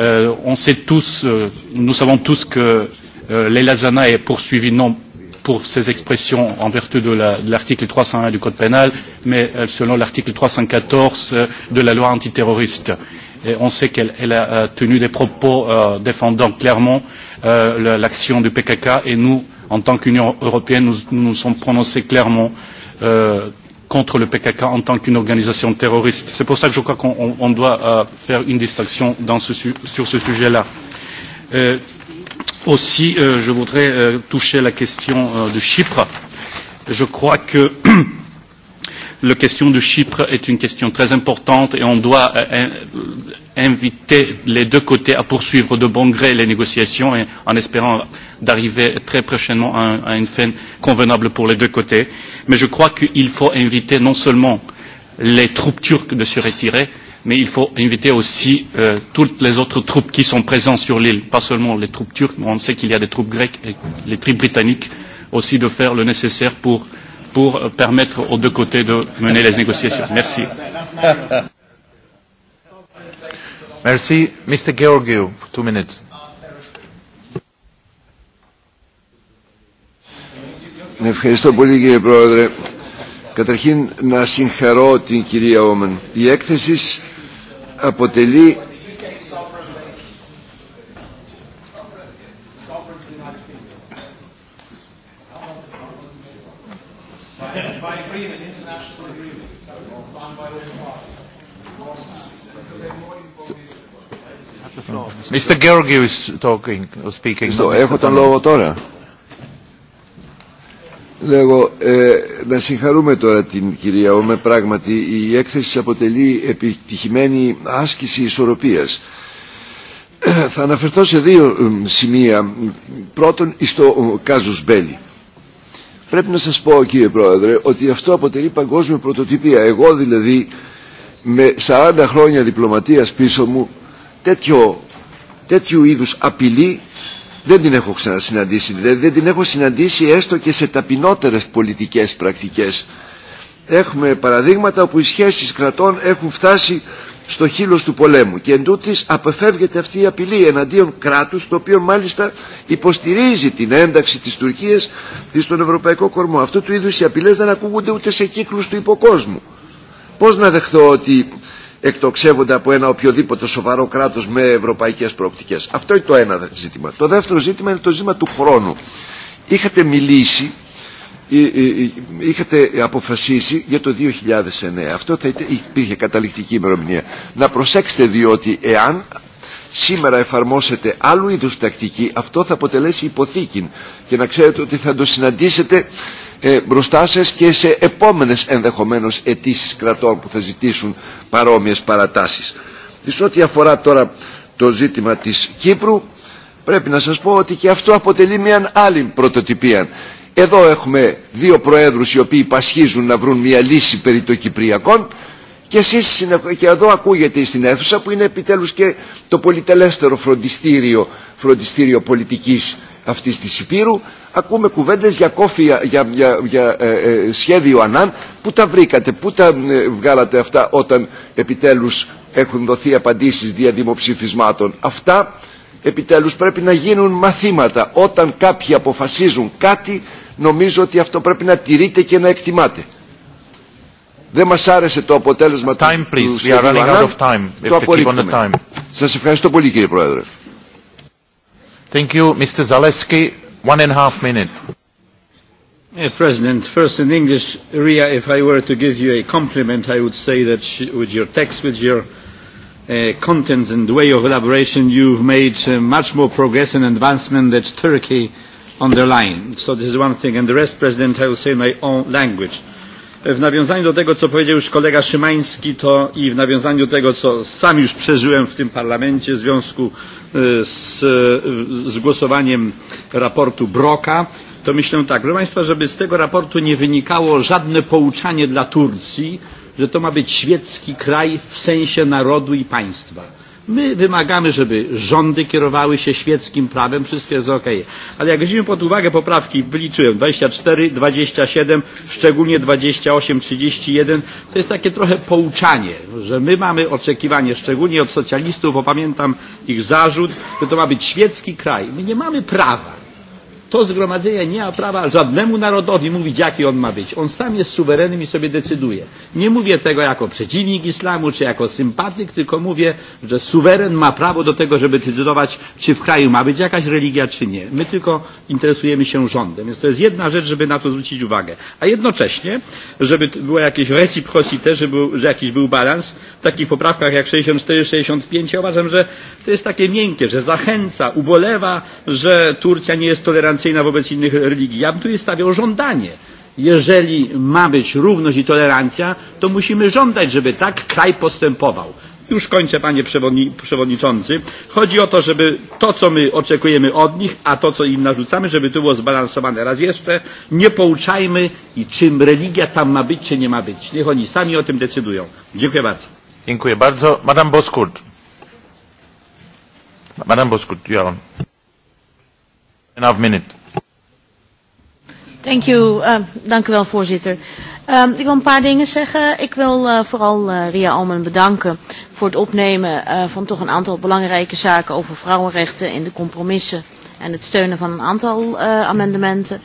Euh, on sait tous, euh, nous savons tous que euh, l'Elazana est poursuivi non pour ses expressions en vertu de l'article la, de 301 du Code pénal, mais euh, selon l'article 314 euh, de la loi antiterroriste et on sait qu'elle a tenu des propos euh, défendant clairement euh, l'action du PKK et nous, en tant qu'Union européenne, nous nous sommes prononcés clairement euh, contre le PKK en tant qu'une organisation terroriste. C'est pour ça que je crois qu'on doit euh, faire une distinction dans ce, sur ce sujet-là. Euh, aussi, euh, je voudrais euh, toucher la question euh, de Chypre. Je crois que (clears throat) La question de Chypre est une question très importante et on doit euh, euh, inviter les deux côtés à poursuivre de bon gré les négociations et, en espérant d'arriver très prochainement à, à une fin convenable pour les deux côtés. Mais je crois qu'il faut inviter non seulement les troupes turques de se retirer, mais il faut inviter aussi euh, toutes les autres troupes qui sont présentes sur l'île, pas seulement les troupes turques, mais on sait qu'il y a des troupes grecques et les troupes britanniques aussi de faire le nécessaire pour pour euh, permettre aux deux côtés de mener les négociations. Merci. (laughs) Merci. Mr. Georgiou, two minutes. Ευχαριστώ πολύ κύριε Πρόεδρε. Καταρχήν να συγχαρώ την κυρία Όμεν. Η έκθεση αποτελεί Mr. Georgiou is talking, or speaking. So, έχω τον λόγο τώρα. Λέγω, ε, να συγχαρούμε τώρα την κυρία Όμε, πράγματι η έκθεση αποτελεί επιτυχημένη άσκηση ισορροπίας. Θα αναφερθώ σε δύο σημεία. Πρώτον, στο κάζους Μπέλη. Πρέπει να σας πω, κύριε Πρόεδρε, ότι αυτό αποτελεί παγκόσμια πρωτοτυπία. Εγώ δηλαδή, με 40 χρόνια διπλωματίας πίσω μου, τέτοιο τέτοιου είδους απειλή δεν την έχω ξανασυναντήσει. Δηλαδή δεν την έχω συναντήσει έστω και σε ταπεινότερες πολιτικές πρακτικές. Έχουμε παραδείγματα όπου οι σχέσεις κρατών έχουν φτάσει στο χείλος του πολέμου και εντούτοις αποφεύγεται αυτή η απειλή εναντίον κράτους το οποίο μάλιστα υποστηρίζει την ένταξη της Τουρκίας στον Ευρωπαϊκό Κορμό. Αυτού του είδους οι απειλές δεν ακούγονται ούτε σε κύκλους του υποκόσμου. Πώς να δεχθώ ότι εκτοξεύονται από ένα οποιοδήποτε σοβαρό κράτος με ευρωπαϊκές προοπτικές. Αυτό είναι το ένα ζήτημα. Το δεύτερο ζήτημα είναι το ζήτημα του χρόνου. Είχατε μιλήσει, είχατε αποφασίσει για το 2009. Αυτό θα υπήρχε καταληκτική ημερομηνία. Να προσέξετε διότι εάν σήμερα εφαρμόσετε άλλου είδους τακτική, αυτό θα αποτελέσει υποθήκη και να ξέρετε ότι θα το συναντήσετε ε, μπροστά σα και σε επόμενε ενδεχομένω αιτήσει κρατών που θα ζητήσουν παρόμοιε παρατάσει. Σε ό,τι αφορά τώρα το ζήτημα τη Κύπρου, πρέπει να σα πω ότι και αυτό αποτελεί μια άλλη πρωτοτυπία. Εδώ έχουμε δύο προέδρου οι οποίοι πασχίζουν να βρουν μια λύση περί των Κυπριακών και, εσείς, και εδώ ακούγεται στην αίθουσα που είναι επιτέλους και το πολυτελέστερο φροντιστήριο, φροντιστήριο πολιτικής αυτής της Υπήρου ακούμε κουβέντες για, κόφια, για, για, για ε, σχέδιο Ανάν. που τα βρήκατε, που τα ε, βγάλατε αυτά όταν επιτέλους έχουν δοθεί απαντήσεις δια δημοψηφισμάτων. Αυτά επιτέλους πρέπει να γίνουν μαθήματα. Όταν κάποιοι αποφασίζουν κάτι, νομίζω ότι αυτό πρέπει να τηρείται και να εκτιμάται. Δεν μας άρεσε το αποτέλεσμα time, του, please. το απορρίπτουμε. Σας ευχαριστώ πολύ κύριε Πρόεδρε. Thank you, Mr. Zaleski. One and a half minute. Yeah, President, first in English, Ria, if I were to give you a compliment, I would say that she, with your text, with your uh, content and way of elaboration, you've made uh, much more progress and advancement than Turkey underlined. So this is one thing. And the rest, President, I will say in my own language. W nawiązaniu do tego, co powiedział już kolega Szymański, to i w nawiązaniu do tego, co sam już przeżyłem w tym parlamencie w związku z, z głosowaniem raportu Broka, to myślę tak, proszę Państwa, żeby z tego raportu nie wynikało żadne pouczanie dla Turcji, że to ma być świecki kraj w sensie narodu i państwa My wymagamy, żeby rządy kierowały się świeckim prawem, wszystko jest ok. Ale jak weźmiemy pod uwagę poprawki, wyliczyłem 24, 27, szczególnie 28, 31, to jest takie trochę pouczanie, że my mamy oczekiwanie, szczególnie od socjalistów, bo pamiętam ich zarzut, że to ma być świecki kraj. My nie mamy prawa to zgromadzenie nie ma prawa żadnemu narodowi mówić, jaki on ma być. On sam jest suwerennym i sobie decyduje. Nie mówię tego jako przeciwnik islamu, czy jako sympatyk, tylko mówię, że suweren ma prawo do tego, żeby decydować, czy w kraju ma być jakaś religia, czy nie. My tylko interesujemy się rządem. Więc to jest jedna rzecz, żeby na to zwrócić uwagę. A jednocześnie, żeby było jakieś reciprocity, żeby był, że jakiś był balans, w takich poprawkach jak 64-65 ja uważam, że to jest takie miękkie, że zachęca, ubolewa, że Turcja nie jest tolerancyjna tolerancyjna wobec innych religii. Ja bym tu stawiał żądanie. Jeżeli ma być równość i tolerancja, to musimy żądać, żeby tak kraj postępował. Już kończę, panie przewodni przewodniczący. Chodzi o to, żeby to, co my oczekujemy od nich, a to, co im narzucamy, żeby to było zbalansowane. Raz jeszcze, nie pouczajmy, i czym religia tam ma być, czy nie ma być. Niech oni sami o tym decydują. Dziękuję bardzo. Dziękuję bardzo. Madame Boskurt. Madame Boskurt, ja half minute. Thank you. uh, dank u wel, voorzitter. Um, ik wil een paar dingen zeggen. Ik wil uh, vooral uh, Ria Almen bedanken voor het opnemen uh, van toch een aantal belangrijke zaken over vrouwenrechten in de compromissen en het steunen van een aantal uh, amendementen.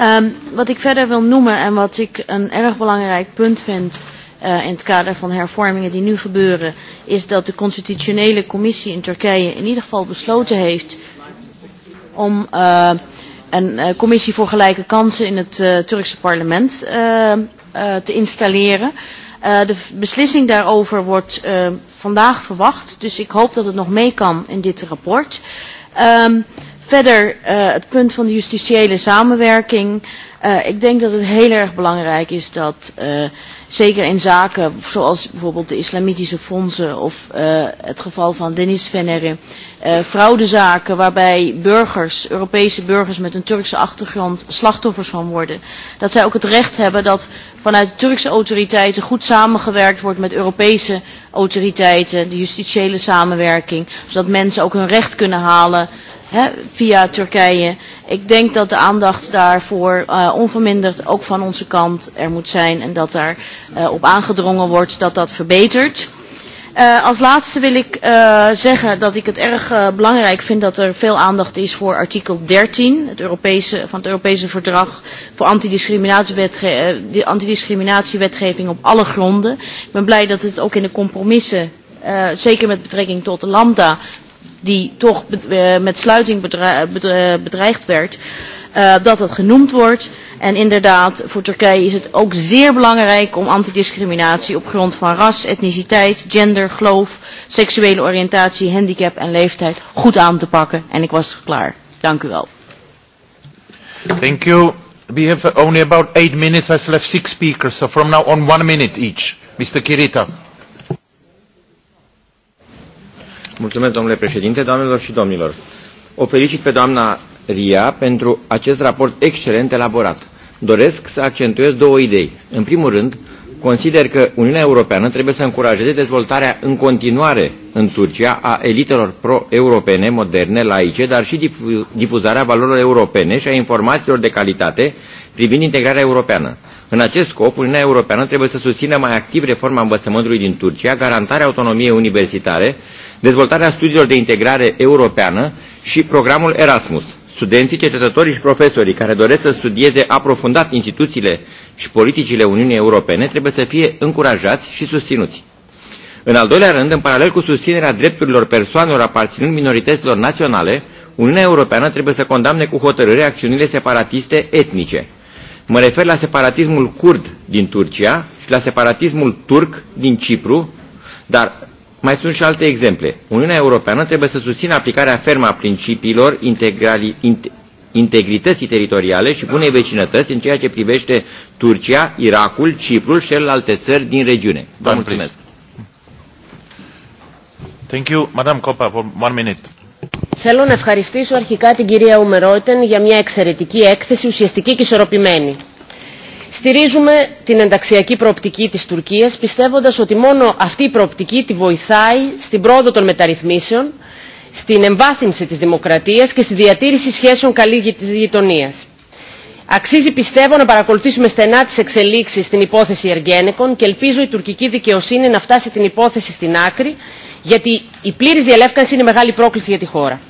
Um, wat ik verder wil noemen en wat ik een erg belangrijk punt vind uh, in het kader van hervormingen die nu gebeuren, is dat de constitutionele commissie in Turkije in ieder geval besloten heeft om uh, een uh, commissie voor gelijke kansen in het uh, Turkse parlement uh, uh, te installeren. Uh, de beslissing daarover wordt uh, vandaag verwacht, dus ik hoop dat het nog mee kan in dit rapport. Um, verder uh, het punt van de justitiële samenwerking. Uh, ik denk dat het heel erg belangrijk is dat, uh, zeker in zaken zoals bijvoorbeeld de islamitische fondsen of uh, het geval van Denis Venere, uh, fraudezaken waarbij burgers, Europese burgers met een Turkse achtergrond slachtoffers van worden, dat zij ook het recht hebben dat vanuit de Turkse autoriteiten goed samengewerkt wordt met Europese autoriteiten, de justitiële samenwerking, zodat mensen ook hun recht kunnen halen hè, via Turkije. Ik denk dat de aandacht daarvoor uh, onverminderd ook van onze kant er moet zijn en dat daar uh, op aangedrongen wordt dat dat verbetert. Uh, als laatste wil ik uh, zeggen dat ik het erg uh, belangrijk vind dat er veel aandacht is voor artikel 13 het Europese, van het Europese Verdrag voor antidiscriminatiewetge antidiscriminatiewetgeving op alle gronden. Ik ben blij dat het ook in de compromissen, uh, zeker met betrekking tot de lambda, die toch eh, met sluiting bedreigd werd, eh, dat dat genoemd wordt. En inderdaad, voor Turkije is het ook zeer belangrijk om antidiscriminatie op grond van ras, etniciteit, gender, geloof, seksuele oriëntatie, handicap en leeftijd goed aan te pakken. En ik was klaar. Dank u wel. Thank you. We have only about eight minutes. I still have six speakers, so from now on one minute each. Mr. Kirita. Mulțumesc, domnule președinte, doamnelor și domnilor. O felicit pe doamna Ria pentru acest raport excelent elaborat. Doresc să accentuez două idei. În primul rând, consider că Uniunea Europeană trebuie să încurajeze dezvoltarea în continuare în Turcia a elitelor pro-europene moderne, laice, dar și difuzarea valorilor europene și a informațiilor de calitate privind integrarea europeană. În acest scop, Uniunea Europeană trebuie să susțină mai activ reforma învățământului din Turcia, garantarea autonomiei universitare dezvoltarea studiilor de integrare europeană și programul Erasmus. Studenții, cercetătorii și profesorii care doresc să studieze aprofundat instituțiile și politicile Uniunii Europene trebuie să fie încurajați și susținuți. În al doilea rând, în paralel cu susținerea drepturilor persoanelor aparținând minorităților naționale, Uniunea Europeană trebuie să condamne cu hotărâre acțiunile separatiste etnice. Mă refer la separatismul kurd din Turcia și la separatismul turc din Cipru, dar Mai sunt și alte exemple. Uniunea Europeană trebuie să susțină aplicarea fermă a principiilor integrali, inte, integrității teritoriale și bunei vecinătăți în ceea ce privește Turcia, Irakul, Ciprul și celelalte țări din regiune. Vă Dan, mulțumesc. Thank you. Madame Copa, for one minute. Θέλω να ευχαριστήσω αρχικά την κυρία Ουμερόιτεν για μια εξαιρετική έκθεση, ουσιαστική και ισορροπημένη. Στηρίζουμε την ενταξιακή προοπτική της Τουρκίας πιστεύοντας ότι μόνο αυτή η προοπτική τη βοηθάει στην πρόοδο των μεταρρυθμίσεων, στην εμβάθυνση της δημοκρατίας και στη διατήρηση σχέσεων καλή γειτονίας. Αξίζει πιστεύω να παρακολουθήσουμε στενά τις εξελίξεις στην υπόθεση Εργένικων και ελπίζω η τουρκική δικαιοσύνη να φτάσει την υπόθεση στην άκρη γιατί η πλήρης διαλεύκανση είναι μεγάλη πρόκληση για τη χώρα.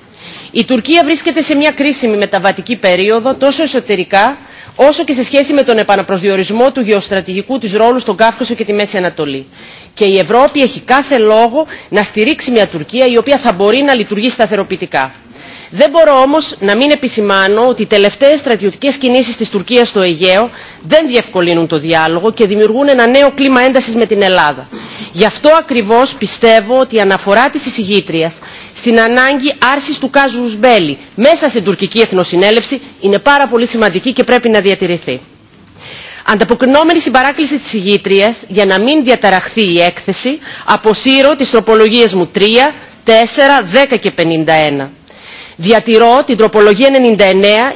Η Τουρκία βρίσκεται σε μια κρίσιμη μεταβατική περίοδο τόσο εσωτερικά όσο και σε σχέση με τον επαναπροσδιορισμό του γεωστρατηγικού της ρόλου στον Κάφκασο και τη Μέση Ανατολή. Και η Ευρώπη έχει κάθε λόγο να στηρίξει μια Τουρκία η οποία θα μπορεί να λειτουργεί σταθεροποιητικά. Δεν μπορώ όμω να μην επισημάνω ότι οι τελευταίε στρατιωτικέ κινήσει τη Τουρκία στο Αιγαίο δεν διευκολύνουν το διάλογο και δημιουργούν ένα νέο κλίμα ένταση με την Ελλάδα. Γι' αυτό ακριβώ πιστεύω ότι η αναφορά τη εισηγήτρια στην ανάγκη άρση του κάζου Μπέλη μέσα στην τουρκική εθνοσυνέλευση είναι πάρα πολύ σημαντική και πρέπει να διατηρηθεί. Ανταποκρινόμενη στην παράκληση τη ηγήτριας για να μην διαταραχθεί η έκθεση, αποσύρω τι τροπολογίε μου 3, 4, 10 και 51. Διατηρώ την τροπολογία 99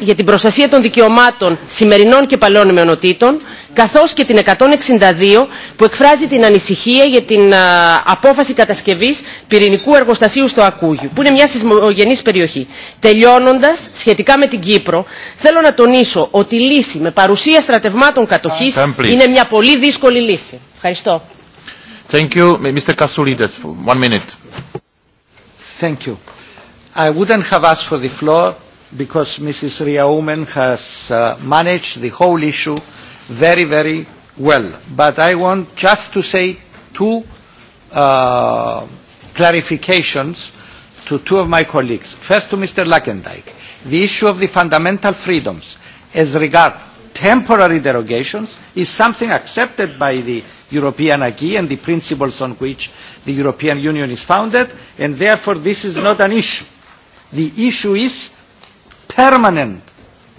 για την προστασία των δικαιωμάτων σημερινών και παλαιών μεονοτήτων, καθώς και την 162 που εκφράζει την ανησυχία για την α, απόφαση κατασκευής πυρηνικού εργοστασίου στο Ακούγιο, που είναι μια σεισμογενής περιοχή. Τελειώνοντας, σχετικά με την Κύπρο, θέλω να τονίσω ότι η λύση με παρουσία στρατευμάτων κατοχής uh, είναι μια πολύ δύσκολη λύση. Ευχαριστώ. Thank you, Mr. Kasoulidis, one minute. Thank you. I wouldn't have asked for the floor because Mrs. Ria has uh, managed the whole issue very, very well. But I want just to say two uh, clarifications to two of my colleagues. First to Mr. Lackendijk. The issue of the fundamental freedoms as regard temporary derogations is something accepted by the European acquis and the principles on which the European Union is founded, and therefore this is not an issue The issue is permanent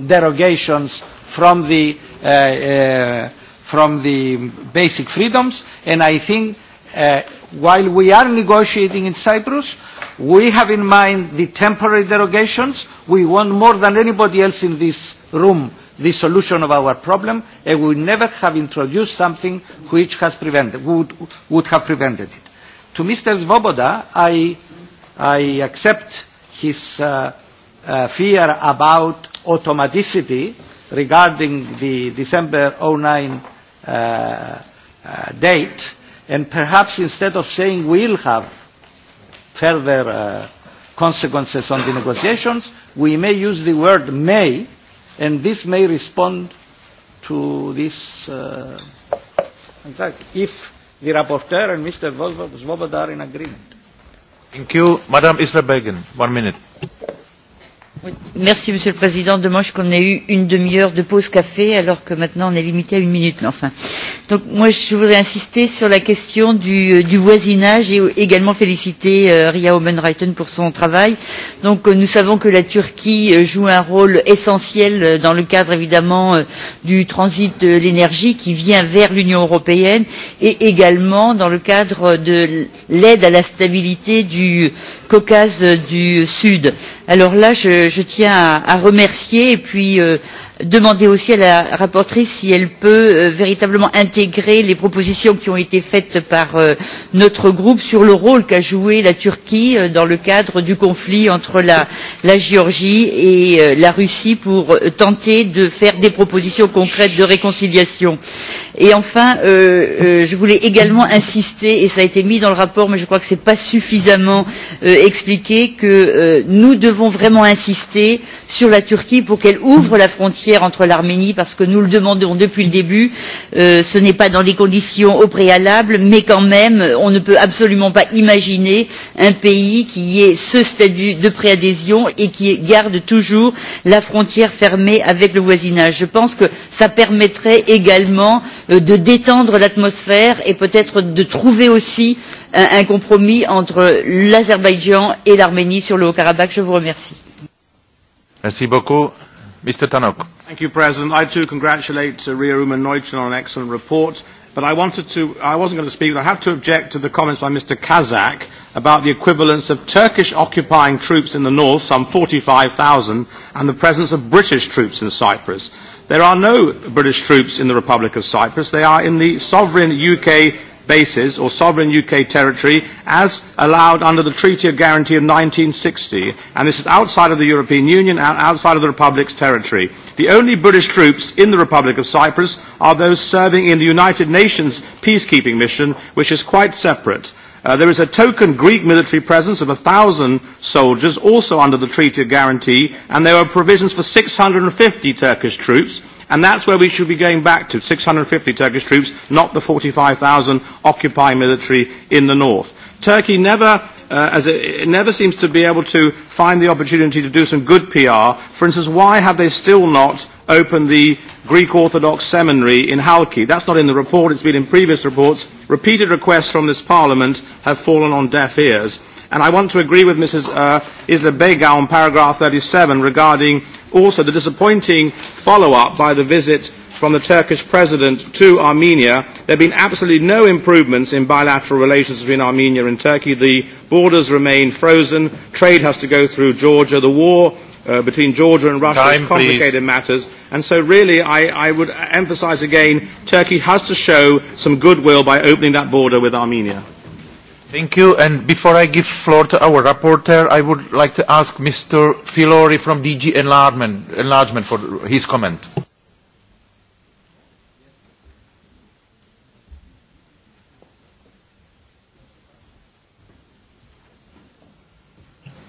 derogations from the, uh, uh, from the basic freedoms, and I think uh, while we are negotiating in Cyprus, we have in mind the temporary derogations. We want more than anybody else in this room the solution of our problem, and we never have introduced something which has prevented, would, would have prevented it. To Mr. Svoboda, I, I accept his uh, uh, fear about automaticity regarding the December 09 uh, uh, date, and perhaps instead of saying we'll have further uh, consequences on the negotiations, we may use the word may, and this may respond to this uh, if the rapporteur and Mr. Svoboda are in agreement. Thank you. Madam Isra Begin, one minute. Merci, Monsieur le Président. Dommage qu'on ait eu une demi-heure de pause café, alors que maintenant on est limité à une minute. Mais enfin. Donc, moi, je voudrais insister sur la question du, euh, du voisinage et également féliciter euh, Ria Omenreiten pour son travail. Donc, euh, nous savons que la Turquie euh, joue un rôle essentiel euh, dans le cadre, évidemment, euh, du transit de l'énergie qui vient vers l'Union européenne et également dans le cadre de l'aide à la stabilité du Caucase du Sud. Alors là, je je tiens à, à remercier et puis euh, demander aussi à la rapporteure si elle peut euh, véritablement intégrer les propositions qui ont été faites par euh, notre groupe sur le rôle qu'a joué la Turquie euh, dans le cadre du conflit entre la, la Géorgie et euh, la Russie pour euh, tenter de faire des propositions concrètes de réconciliation. Et enfin, euh, euh, je voulais également insister, et ça a été mis dans le rapport, mais je crois que ce n'est pas suffisamment euh, expliqué, que euh, nous devons vraiment insister insister sur la Turquie pour qu'elle ouvre la frontière entre l'Arménie, parce que nous le demandons depuis le début. Euh, ce n'est pas dans les conditions au préalable, mais quand même, on ne peut absolument pas imaginer un pays qui ait ce statut de préadhésion et qui garde toujours la frontière fermée avec le voisinage. Je pense que ça permettrait également euh, de détendre l'atmosphère et peut-être de trouver aussi un, un compromis entre l'Azerbaïdjan et l'Arménie sur le Haut-Karabakh. Je vous remercie. Merci beaucoup. Mr. Tanok. Thank you, President. I too congratulate uh, Ria Ruman Neutron on an excellent report. But I wanted to, I wasn't going to speak, but I have to object to the comments by Mr. Kazak about the equivalence of Turkish occupying troops in the north, some 45,000, and the presence of British troops in Cyprus. There are no British troops in the Republic of Cyprus. They are in the sovereign UK bases or sovereign UK territory as allowed under the Treaty of Guarantee of 1960, and this is outside of the European Union and outside of the Republic's territory. The only British troops in the Republic of Cyprus are those serving in the United Nations peacekeeping mission, which is quite separate. Uh, there is a token Greek military presence of 1,000 soldiers, also under the Treaty of Guarantee, and there are provisions for 650 Turkish troops, And that's where we should be going back to, 650 Turkish troops, not the 45,000 occupying military in the north. Turkey never uh, as it, it never seems to be able to find the opportunity to do some good PR. For instance, why have they still not opened the Greek Orthodox Seminary in Halki? That's not in the report, it's been in previous reports. Repeated requests from this Parliament have fallen on deaf ears. And I want to agree with Mrs. Uh, Isla Bega on paragraph 37 regarding also the disappointing follow-up by the visit from the Turkish president to Armenia. There have been absolutely no improvements in bilateral relations between Armenia and Turkey. The borders remain frozen. Trade has to go through Georgia. The war uh, between Georgia and Russia Time, is complicated please. matters. And so really I, I would emphasize again, Turkey has to show some goodwill by opening that border with Armenia. Thank you. And before I give floor to our rapporteur, I would like to ask Mr. Filori from DG Enlargement, Enlargement for his comment.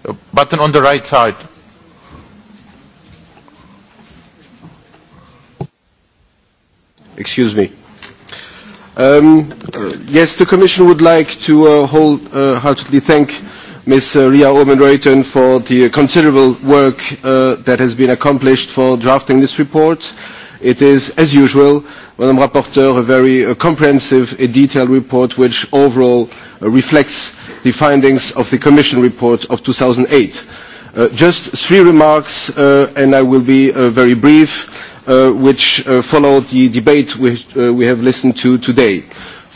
The button on the right side. Excuse me. Um, uh, yes, the Commission would like to uh, wholeheartedly uh, thank Ms. Uh, Ria Omen-Reuten for the considerable work uh, that has been accomplished for drafting this report. It is, as usual, Madam Rapporteur, a very uh, comprehensive and detailed report which overall uh, reflects the findings of the Commission report of 2008. Uh, just three remarks, uh, and I will be uh, very brief uh, which uh, followed the debate which uh, we have listened to today.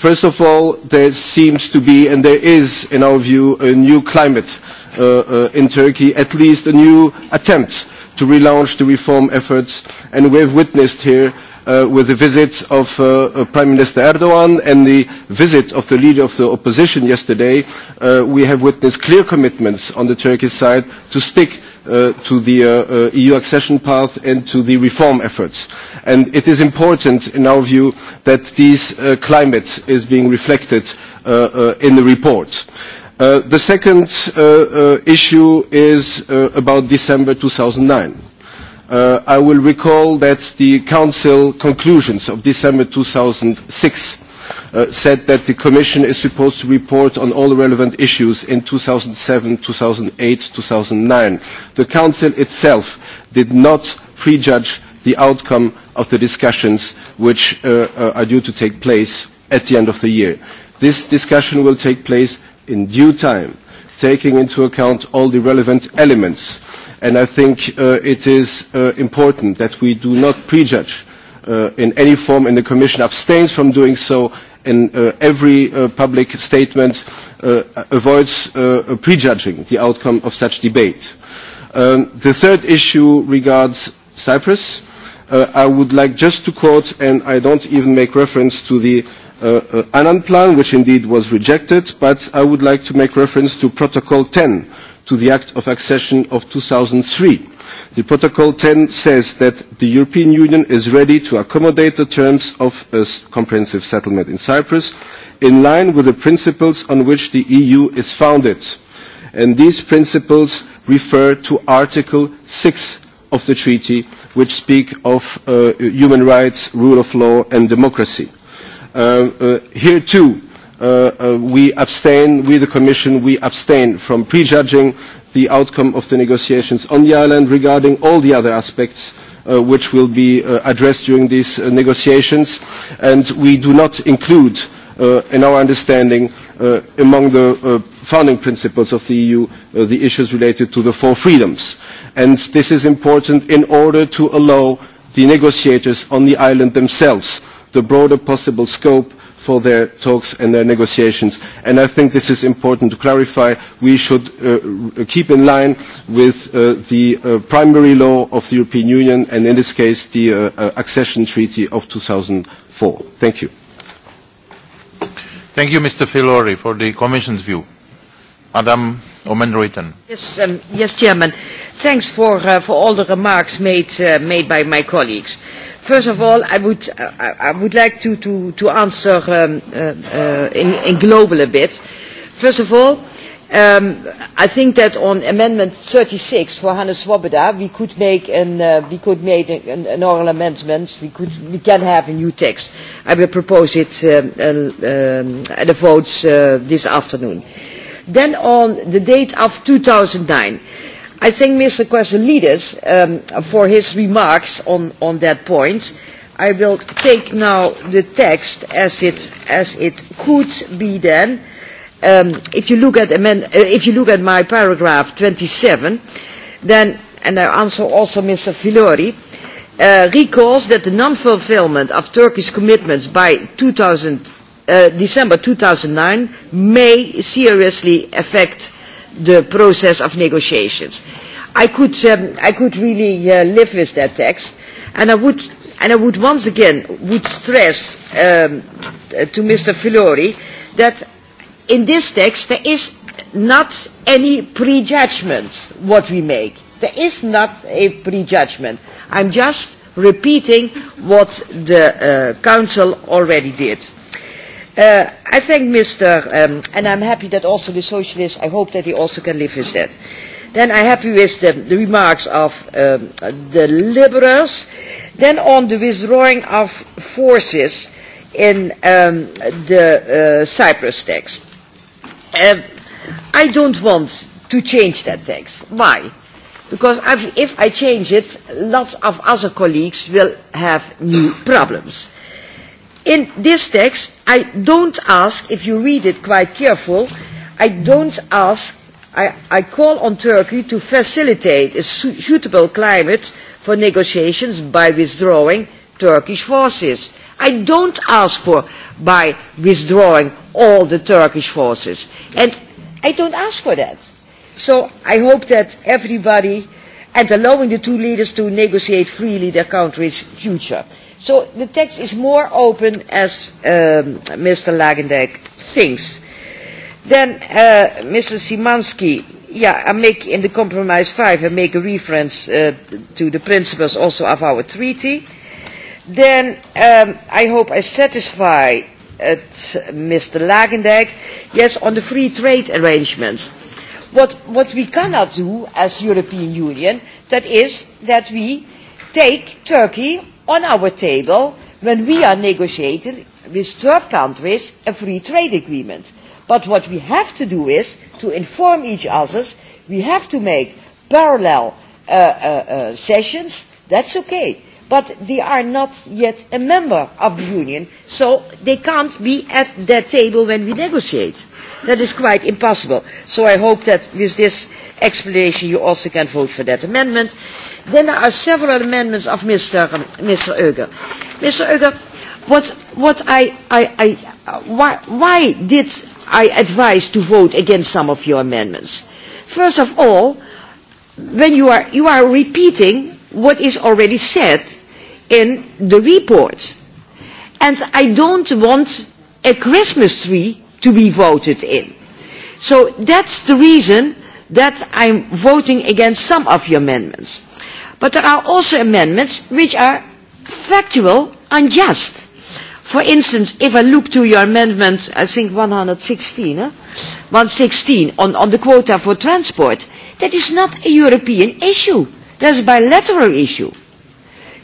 First of all, there seems to be, and there is, in our view, a new climate uh, uh, in Turkey, at least a new attempt to relaunch the reform efforts, and we have witnessed here uh, with the visits of uh, uh Prime Minister Erdogan and the visit of the leader of the opposition yesterday, uh, we have witnessed clear commitments on the Turkish side to stick uh, to the uh, uh, EU accession path and to the reform efforts. And it is important, in our view, that this uh, climate is being reflected uh, uh, in the report. Uh, the second uh, uh, issue is uh, about December 2009. Uh, I will recall that the Council conclusions of December 2006 uh, said that the Commission is supposed to report on all the relevant issues in 2007, 2008, 2009. The Council itself did not prejudge the outcome of the discussions which uh, uh, are due to take place at the end of the year. This discussion will take place in due time, taking into account all the relevant elements. And I think uh, it is uh, important that we do not prejudge uh, in any form and the Commission abstains from doing so and uh, every uh, public statement uh, avoids uh, prejudging the outcome of such debate. Um, the third issue regards Cyprus. Uh, I would like just to quote, and I don't even make reference to the uh, uh, Annan plan, which indeed was rejected, but I would like to make reference to Protocol 10 to the Act of Accession of 2003 The Protocol 10 says that the European Union is ready to accommodate the terms of a comprehensive settlement in Cyprus in line with the principles on which the EU is founded. And these principles refer to Article 6 of the treaty, which speak of uh, human rights, rule of law and democracy. Uh, uh, here too, uh, uh, we abstain, we the Commission, we abstain from prejudging the outcome of the negotiations on the island regarding all the other aspects uh, which will be uh, addressed during these uh, negotiations and we do not include uh, in our understanding uh, among the uh, founding principles of the EU uh, the issues related to the four freedoms and this is important in order to allow the negotiators on the island themselves the broader possible scope for their talks and their negotiations. And I think this is important to clarify. We should uh, keep in line with uh, the uh, primary law of the European Union and in this case the uh, uh, accession treaty of 2004. Thank you. Thank you, Mr. Filori, for the Commission's view. Madam Omen-Ruiten. Yes, um, yes, Chairman. Thanks for, uh, for all the remarks made, uh, made by my colleagues. First of all, I would, I, I would like to, to, to answer um, uh, uh, in, in global a bit. First of all, um, I think that on Amendment 36 for Hannes Swoboda, we could make an, uh, we could make an, an oral amendment. We, could, we can have a new text. I will propose it um, uh, um, at the votes uh, this afternoon. Then on the date of 2009. I thank Mr. Kwasilidis um, for his remarks on, on that point. I will take now the text as it, as it could be then. Um, if, you look at amend, uh, if you look at my paragraph 27, then, and I answer also Mr. Filori, uh, recalls that the non-fulfillment of Turkey's commitments by 2000, uh, December 2009 may seriously affect the process of negotiations. I could, um, I could really uh, live with that text, and I would, and I would once again would stress um, to Mr. Filori that in this text there is not any prejudgment what we make. There is not a prejudgment. I'm just repeating what the uh, Council already did. Uh, I thank Mr. Um, and I'm happy that also the Socialists I hope that he also can live with that. Then I'm happy with the, the remarks of um, the liberals. Then on the withdrawing of forces in um, the uh, Cyprus text. Um, I don't want to change that text. Why? Because I've, if I change it, lots of other colleagues will have new problems. In this text, I don't ask, if you read it quite careful, I don't ask, I, I call on Turkey to facilitate a su suitable climate for negotiations by withdrawing Turkish forces. I don't ask for by withdrawing all the Turkish forces. And I don't ask for that. So I hope that everybody, and allowing the two leaders to negotiate freely their country's future. So the text is more open as um, Mr. Lagendijk thinks. Then uh, Mr. Simansky, yeah, I make in the compromise five, I make a reference uh, to the principles also of our treaty. Then um, I hope I satisfy at uh, Mr. Lagendijk, yes, on the free trade arrangements. What, what we cannot do as European Union, that is that we take Turkey on our table when we are negotiating with third countries a free trade agreement. But what we have to do is to inform each other, we have to make parallel uh, uh, uh, sessions, that's okay. But they are not yet a member of the union, so they can't be at that table when we negotiate. That is quite impossible. So I hope that with this explanation you also can vote for that amendment. Then there are several amendments of Mr. Mr. Uger. Mr. Uger, what, what I, I, I, why, why did I advise to vote against some of your amendments? First of all, when you are, you are repeating what is already said in the report. And I don't want a Christmas tree to be voted in. So that's the reason that I'm voting against some of your amendments. But there are also amendments which are factual unjust. For instance, if I look to your amendment, I think 116, eh? 116 on, on the quota for transport, that is not a European issue. That's a bilateral issue.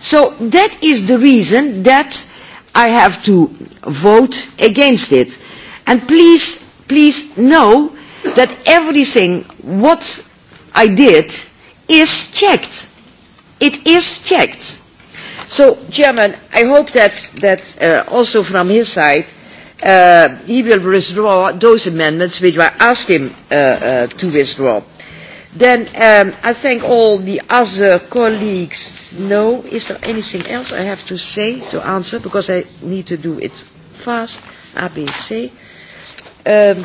So that is the reason that I have to vote against it. And please, please know that everything what I did is checked it is checked. So, Chairman, I hope that, that uh, also from his side, uh, he will withdraw those amendments which I asked him uh, uh, to withdraw. Then um, I thank all the other colleagues. No, is there anything else I have to say, to answer, because I need to do it fast, ABC. Um,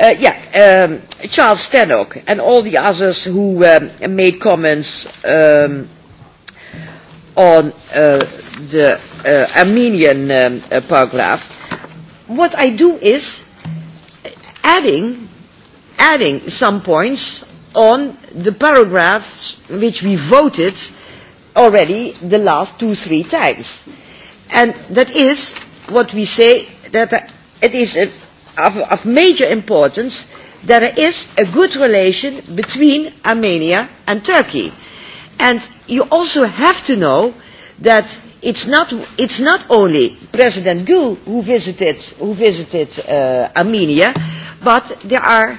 Uh, yeah, um, Charles Stenock and all the others who um, made comments um, on uh, the uh, Armenian um, uh, paragraph, what I do is adding, adding some points on the paragraphs which we voted already the last two, three times. And that is what we say that it is a of, of major importance there is a good relation between Armenia and Turkey. And you also have to know that it's not, it's not only President Gül who visited, who visited uh, Armenia, but there are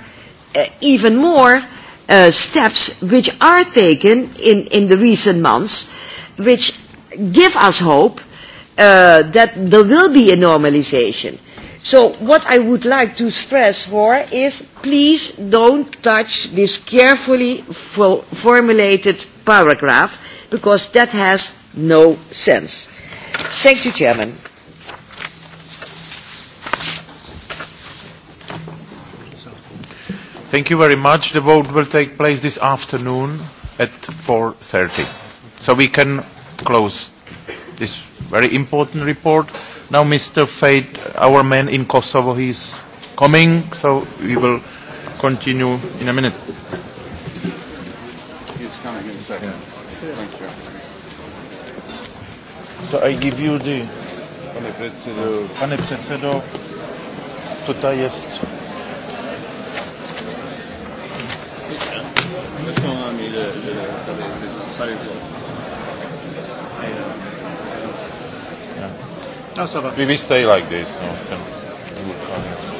uh, even more uh, steps which are taken in, in the recent months, which give us hope uh, that there will be a normalization. So what I would like to stress for is please don't touch this carefully fo formulated paragraph because that has no sense. Thank you, Chairman. Thank you very much. The vote will take place this afternoon at 4.30. So we can close this very important report. Now Mr. Fade, our man in Kosovo, he's coming, so we will continue in a minute. He's coming in a second. Yeah. Thank you. So I give you the... Pane předsedo. Pane předsedo, toto je... Teď mám i tady, tady, No, We, we stay like this. No?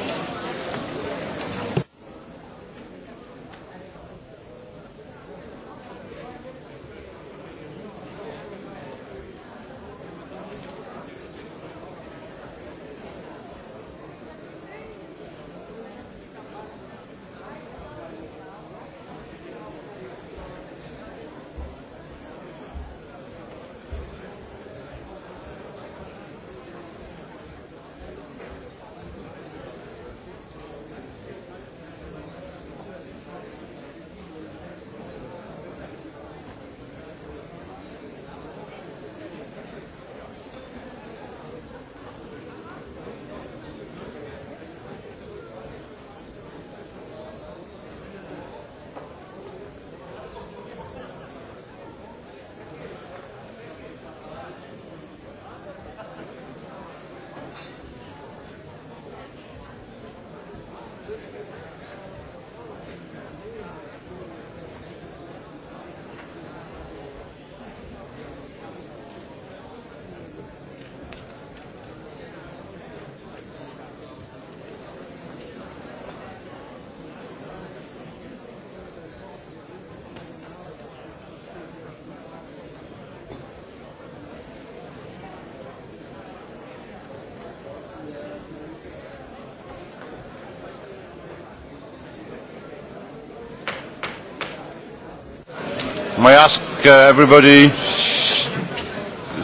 May I ask uh, everybody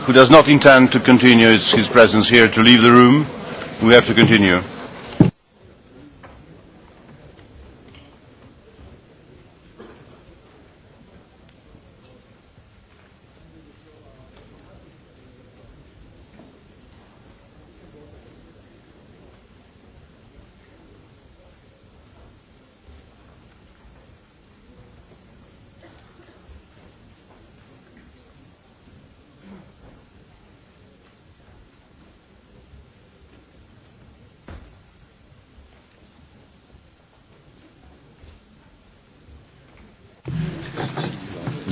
who does not intend to continue his presence here to leave the room? We have to continue.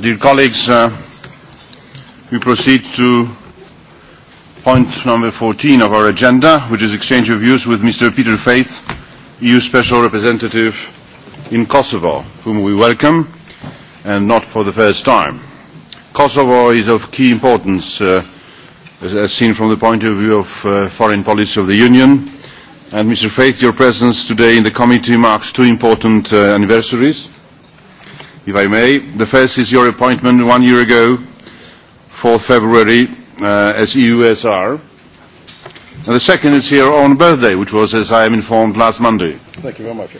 dear colleagues, uh, we proceed to point number 14 of our agenda, which is exchange of views with Mr. Peter Faith, EU Special Representative in Kosovo, whom we welcome, and not for the first time. Kosovo is of key importance, uh, as seen from the point of view of uh, foreign policy of the Union, and Mr. Faith, your presence today in the committee marks two important uh, anniversaries if I may. The first is your appointment one year ago, 4th February, uh, as EUSR. And the second is your own birthday, which was, as I am informed, last Monday. Thank you very much.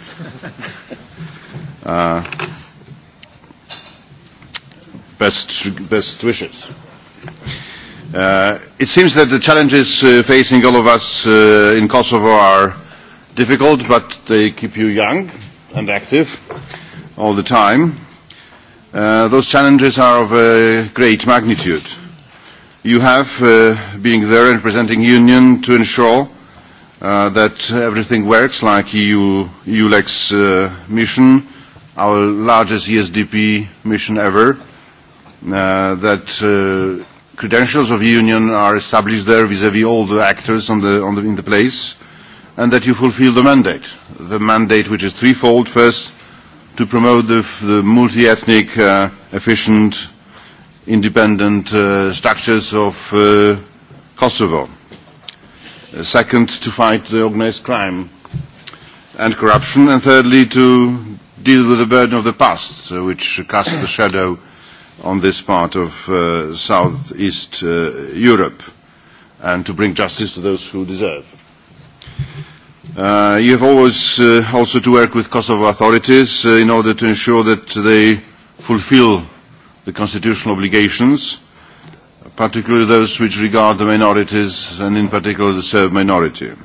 (laughs) uh, best, best wishes. Uh, it seems that the challenges uh, facing all of us uh, in Kosovo are difficult, but they keep you young and active all the time. Uh, those challenges are of uh, great magnitude. You have, uh, being there and representing Union, to ensure uh, that everything works like EU, EULEX uh, mission, our largest ESDP mission ever, uh, that uh, credentials of Union are established there vis-à-vis -vis all the actors on the, on the, in the place, and that you fulfill the mandate. The mandate which is threefold. First, to promote the, the multi-ethnic, uh, efficient, independent uh, structures of uh, Kosovo. Uh, second, to fight the organized crime and corruption. And thirdly, to deal with the burden of the past, uh, which casts the shadow on this part of uh, Southeast uh, Europe, and to bring justice to those who deserve. Uh, you have always uh, also to work with Kosovo authorities uh, in order to ensure that they fulfill the constitutional obligations, particularly those which regard the minorities and in particular the Serb minority. At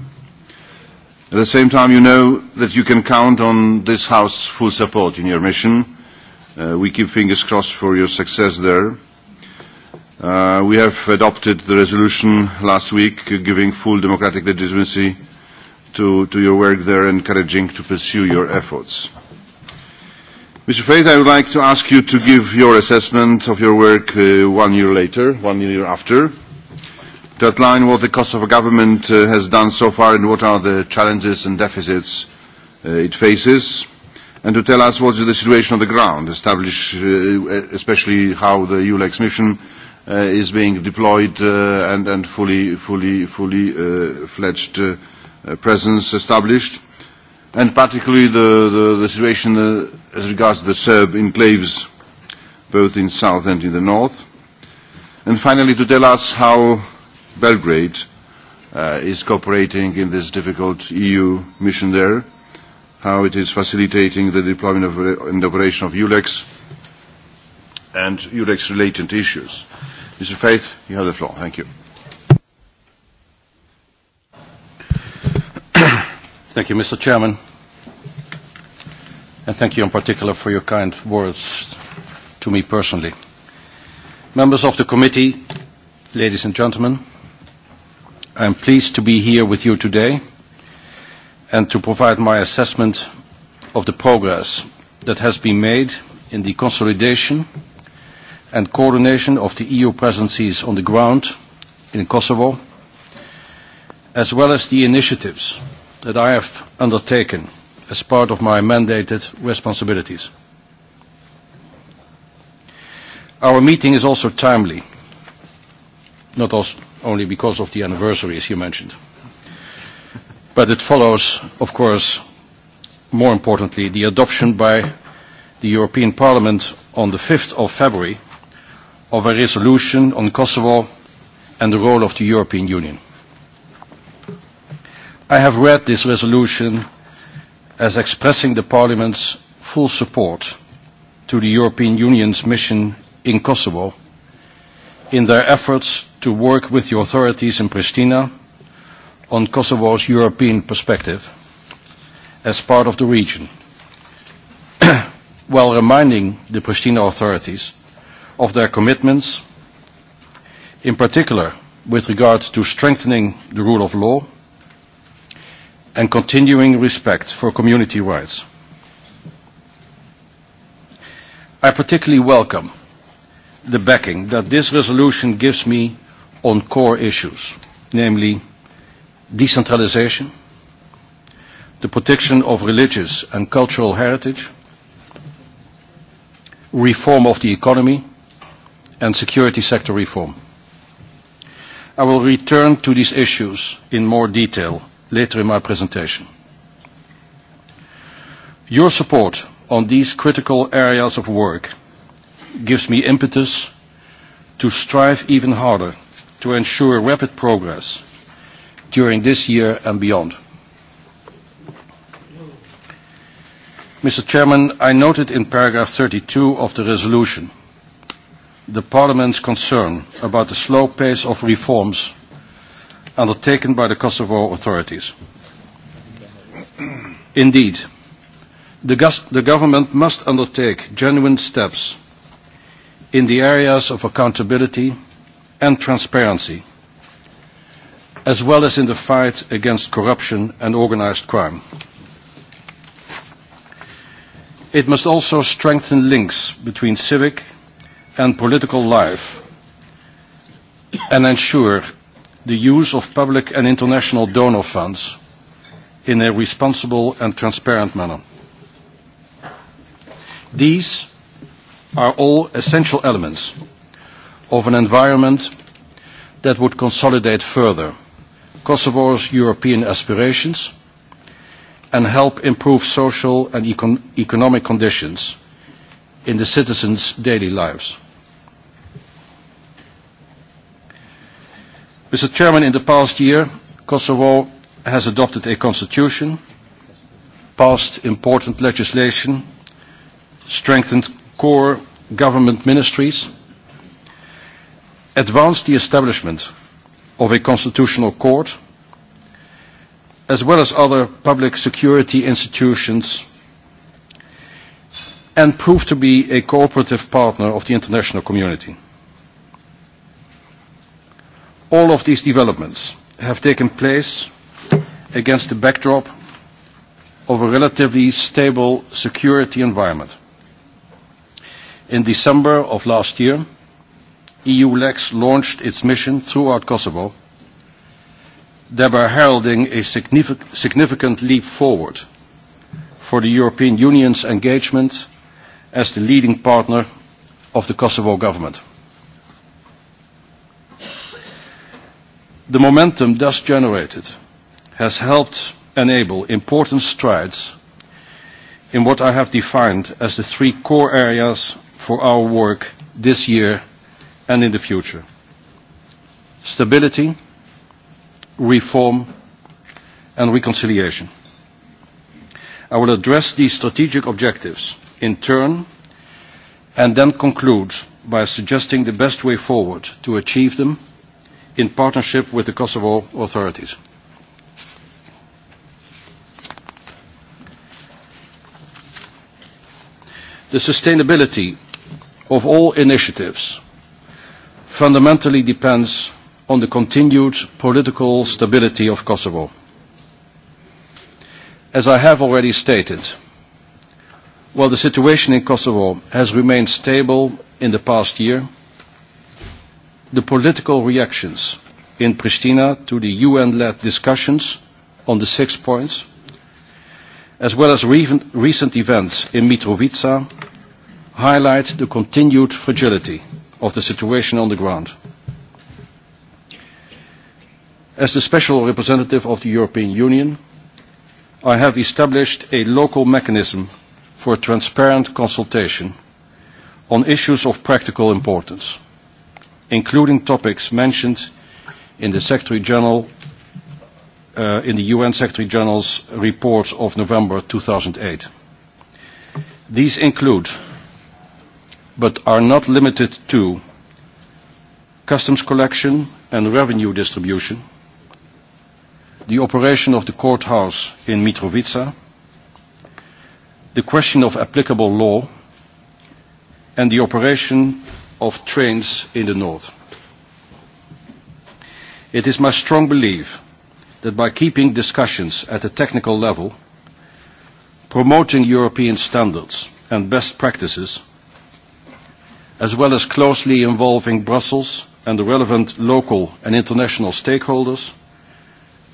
the same time, you know that you can count on this House's full support in your mission. Uh, we keep fingers crossed for your success there. Uh, we have adopted the resolution last week uh, giving full democratic legitimacy to, to your work there, encouraging to pursue your efforts. Mr. Faith, I would like to ask you to give your assessment of your work uh, one year later, one year after, to outline what the Kosovo government uh, has done so far and what are the challenges and deficits uh, it faces, and to tell us what is the situation on the ground, establish uh, e, especially how the ULEX mission uh, is being deployed uh, and, and fully, fully, fully uh, fledged uh, uh, presence established, and particularly the, the, the situation uh, as regards the Serb enclaves, both in south and in the north. And finally, to tell us how Belgrade uh, is cooperating in this difficult EU mission there, how it is facilitating the deployment of, and operation of ULEX and ULEX-related issues. Mr. Faith, you have the floor. Thank you. Thank you, Mr. Chairman. And thank you in particular for your kind words to me personally. Members of the committee, ladies and gentlemen, I am pleased to be here with you today and to provide my assessment of the progress that has been made in the consolidation and coordination of the EU presidencies on the ground in Kosovo, as well as the initiatives that I have undertaken as part of my mandated responsibilities. Our meeting is also timely, not also only because of the anniversary, as you mentioned, but it follows, of course, more importantly, the adoption by the European Parliament on the 5th of February of a resolution on Kosovo and the role of the European Union. I have read this resolution as expressing the Parliament's full support to the European Union's mission in Kosovo in their efforts to work with the authorities in Pristina on Kosovo's European perspective as part of the region, (clears throat) while reminding the Pristina authorities of their commitments, in particular with regard to strengthening the rule of law, and continuing respect for community rights. I particularly welcome the backing that this resolution gives me on core issues, namely decentralization, the protection of religious and cultural heritage, reform of the economy, and security sector reform. I will return to these issues in more detail later in my presentation. Your support on these critical areas of work gives me impetus to strive even harder to ensure rapid progress during this year and beyond. Mr. Chairman, I noted in paragraph 32 of the resolution the Parliament's concern about the slow pace of reforms undertaken by the Kosovo authorities. (clears throat) Indeed, the, the government must undertake genuine steps in the areas of accountability and transparency, as well as in the fight against corruption and organized crime. It must also strengthen links between civic and political life and ensure the use of public and international donor funds in a responsible and transparent manner. These are all essential elements of an environment that would consolidate further Kosovo's European aspirations and help improve social and econ economic conditions in the citizens' daily lives. Mr. Chairman, in the past year, Kosovo has adopted a constitution, passed important legislation, strengthened core government ministries, advanced the establishment of a constitutional court, as well as other public security institutions, and proved to be a cooperative partner of the international community. All of these developments have taken place against the backdrop of a relatively stable security environment. In December of last year, EULEX launched its mission throughout Kosovo, thereby heralding a significant, significant leap forward for the European Union's engagement as the leading partner of the Kosovo government. The momentum thus generated has helped enable important strides in what I have defined as the three core areas for our work this year and in the future. Stability, reform and reconciliation. I will address these strategic objectives in turn and then conclude by suggesting the best way forward to achieve them in partnership with the Kosovo authorities. The sustainability of all initiatives fundamentally depends on the continued political stability of Kosovo. As I have already stated, while the situation in Kosovo has remained stable in the past year, the political reactions in Pristina to the UN-led discussions on the six points, as well as re recent events in Mitrovica, highlight the continued fragility of the situation on the ground. As the Special Representative of the European Union, I have established a local mechanism for transparent consultation on issues of practical importance including topics mentioned in the Secretary General uh, in the UN Secretary General's report of November 2008. These include, but are not limited to, customs collection and revenue distribution, the operation of the courthouse in Mitrovica, the question of applicable law, and the operation of trains in the north. It is my strong belief that by keeping discussions at a technical level, promoting European standards and best practices, as well as closely involving Brussels and the relevant local and international stakeholders,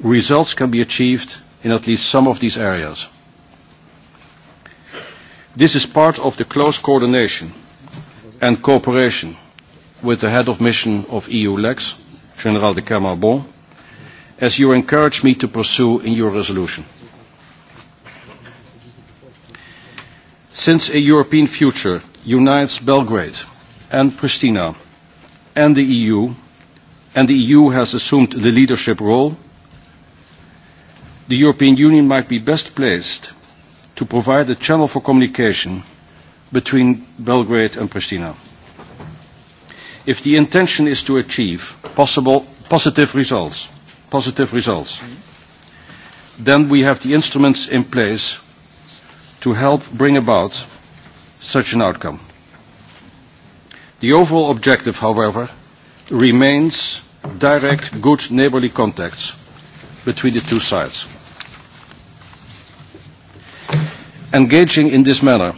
results can be achieved in at least some of these areas. This is part of the close coordination and cooperation with the head of mission of EU-LEX, General de Camarbon, as you encourage me to pursue in your resolution. Since a European future unites Belgrade and Pristina and the EU, and the EU has assumed the leadership role, the European Union might be best placed to provide a channel for communication – between Belgrade and Pristina. If the intention is to achieve possible positive results, positive results, then we have the instruments in place to help bring about such an outcome. The overall objective, however, remains direct good neighborly contacts between the two sides. Engaging in this manner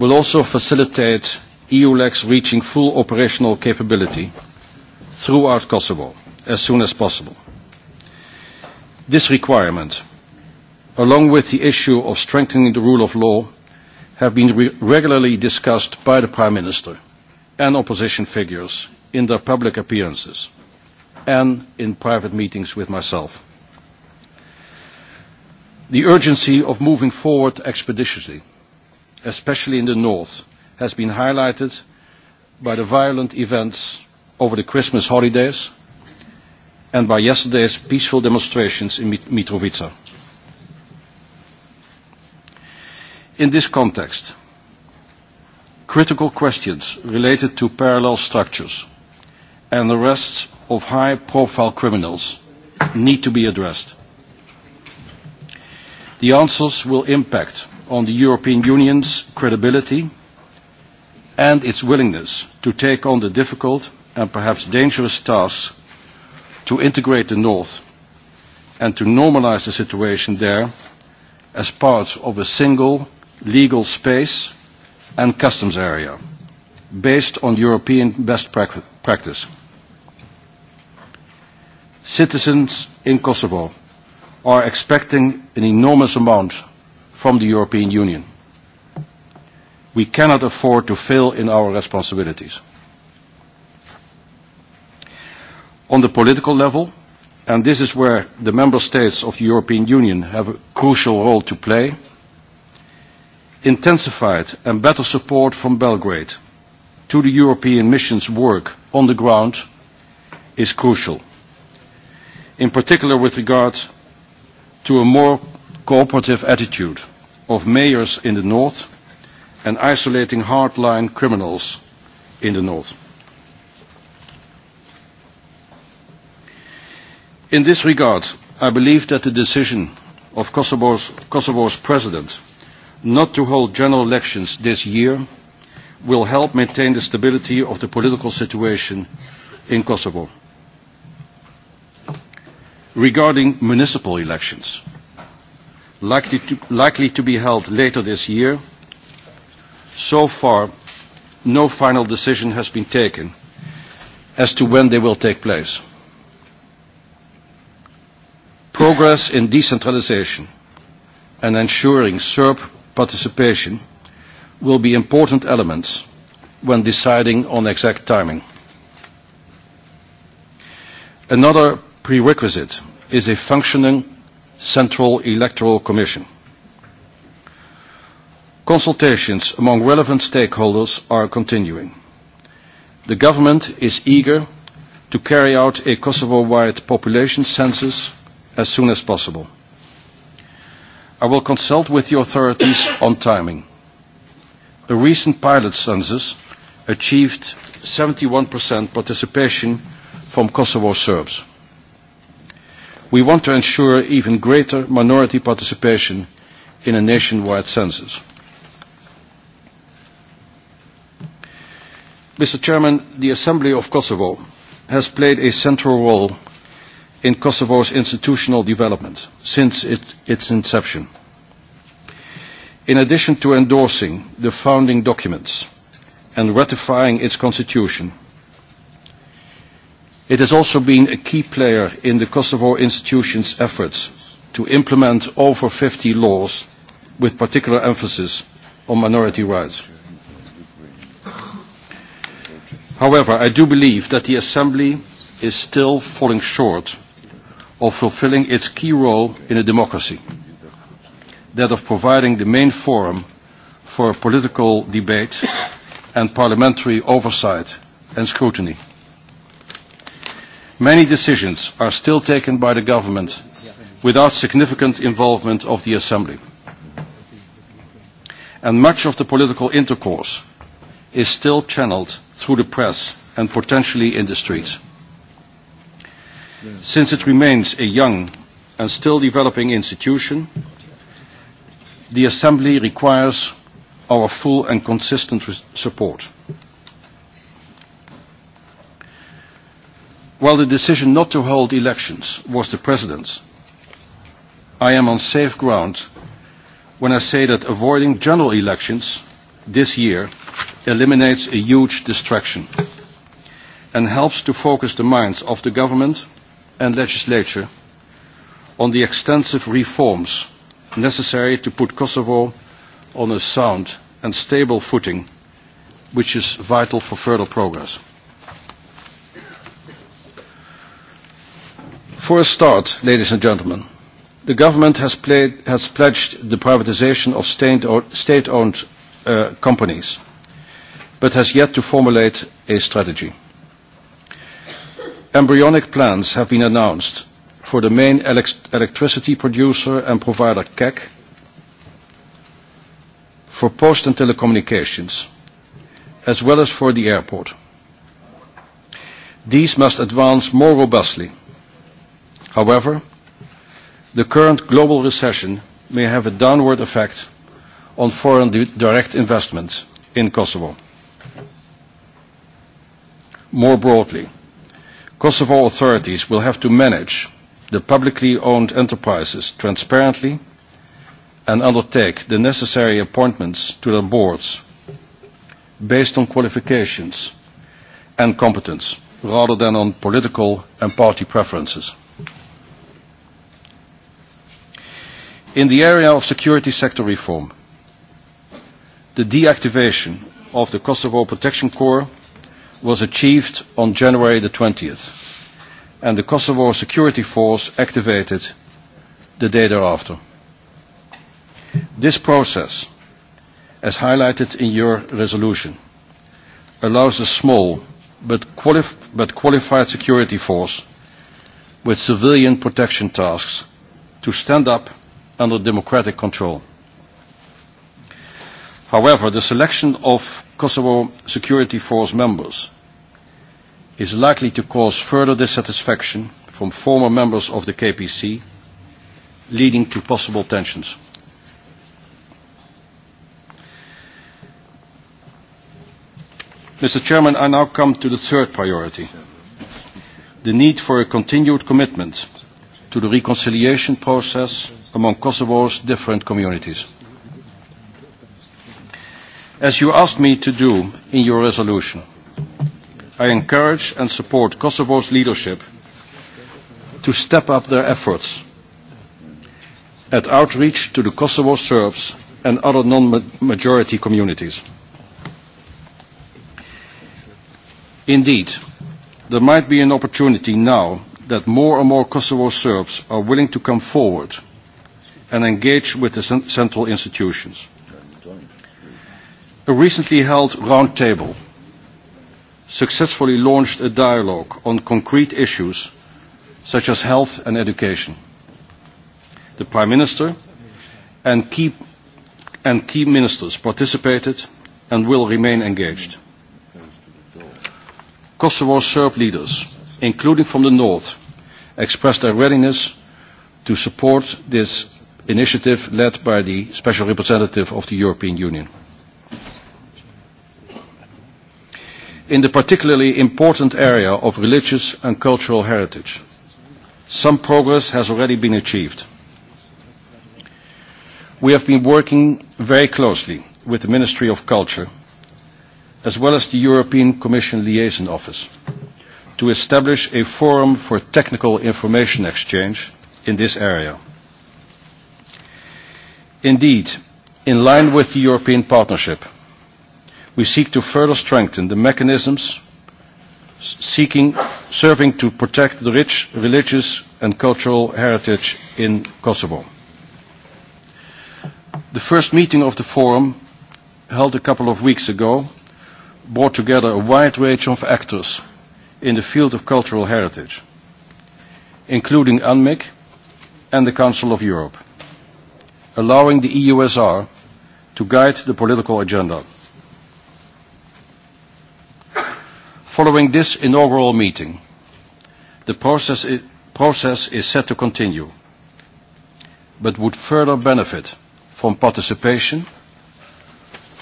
will also facilitate EULEX reaching full operational capability throughout Kosovo as soon as possible. This requirement, along with the issue of strengthening the rule of law, have been re regularly discussed by the Prime Minister and opposition figures in their public appearances and in private meetings with myself. The urgency of moving forward expeditiously especially in the north, has been highlighted by the violent events over the Christmas holidays and by yesterday's peaceful demonstrations in Mitrovica. In this context, critical questions related to parallel structures and arrests of high-profile criminals need to be addressed. The answers will impact on the European Union's credibility and its willingness to take on the difficult and perhaps dangerous tasks to integrate the North and to normalize the situation there as part of a single legal space and customs area based on European best practice. Citizens in Kosovo are expecting an enormous amount from the European Union. We cannot afford to fail in our responsibilities. On the political level, and this is where the Member States of the European Union have a crucial role to play, intensified and better support from Belgrade to the European mission's work on the ground is crucial, in particular with regard to a more cooperative attitude of mayors in the north and isolating hardline criminals in the north. In this regard, I believe that the decision of Kosovo's, Kosovo's president not to hold general elections this year will help maintain the stability of the political situation in Kosovo. Regarding municipal elections, likely to, likely to be held later this year. So far, no final decision has been taken as to when they will take place. Progress in decentralization and ensuring SERP participation will be important elements when deciding on exact timing. Another prerequisite is a functioning Central Electoral Commission. Consultations among relevant stakeholders are continuing. The government is eager to carry out a Kosovo-wide population census as soon as possible. I will consult with the authorities (coughs) on timing. A recent pilot census achieved 71% participation from Kosovo Serbs we want to ensure even greater minority participation in a nationwide census. Mr. Chairman, the Assembly of Kosovo has played a central role in Kosovo's institutional development since it, its inception. In addition to endorsing the founding documents and ratifying its constitution, It has also been a key player in the Kosovo institutions' efforts to implement over 50 laws with particular emphasis on minority rights. However, I do believe that the Assembly is still falling short of fulfilling its key role in a democracy, that of providing the main forum for political debate and parliamentary oversight and scrutiny. Many decisions are still taken by the government without significant involvement of the Assembly. And much of the political intercourse is still channeled through the press and potentially in the streets. Since it remains a young and still developing institution, the Assembly requires our full and consistent support. While the decision not to hold elections was the President's. I am on safe ground when I say that avoiding general elections this year eliminates a huge distraction and helps to focus the minds of the government and legislature on the extensive reforms necessary to put Kosovo on a sound and stable footing, which is vital for further progress. For a start, ladies and gentlemen, the government has, played, has pledged the privatization of state-owned uh, companies, but has yet to formulate a strategy. Embryonic plans have been announced for the main elect electricity producer and provider CAC, for post and telecommunications, as well as for the airport. These must advance more robustly – However, the current global recession may have a downward effect on foreign di direct investment in Kosovo. More broadly, Kosovo authorities will have to manage the publicly owned enterprises transparently and undertake the necessary appointments to their boards based on qualifications and competence rather than on political and party preferences. In the area of security sector reform, the deactivation of the Kosovo Protection Corps was achieved on January the 20th, and the Kosovo Security Force activated the day thereafter. This process, as highlighted in your resolution, allows a small but, qualif but qualified security force with civilian protection tasks to stand up under democratic control. However, the selection of Kosovo Security Force members is likely to cause further dissatisfaction from former members of the KPC, leading to possible tensions. Mr. Chairman, I now come to the third priority, the need for a continued commitment to the reconciliation process among Kosovo's different communities. As you asked me to do in your resolution, I encourage and support Kosovo's leadership to step up their efforts at outreach to the Kosovo Serbs and other non-majority communities. Indeed, there might be an opportunity now that more and more Kosovo Serbs are willing to come forward – and engage with the central institutions. A recently held roundtable successfully launched a dialogue on concrete issues such as health and education. The Prime Minister and key, and key ministers participated and will remain engaged. Kosovo's Serb leaders, including from the north, expressed their readiness to support this initiative led by the Special Representative of the European Union. In the particularly important area of religious and cultural heritage, some progress has already been achieved. We have been working very closely with the Ministry of Culture, as well as the European Commission Liaison Office, to establish a forum for technical information exchange in this area. Indeed, in line with the European partnership, we seek to further strengthen the mechanisms seeking, serving to protect the rich religious and cultural heritage in Kosovo. The first meeting of the forum, held a couple of weeks ago, brought together a wide range of actors in the field of cultural heritage, including UNMIC and the Council of Europe allowing the EUSR to guide the political agenda. Following this inaugural meeting, the process, i process is set to continue, but would further benefit from participation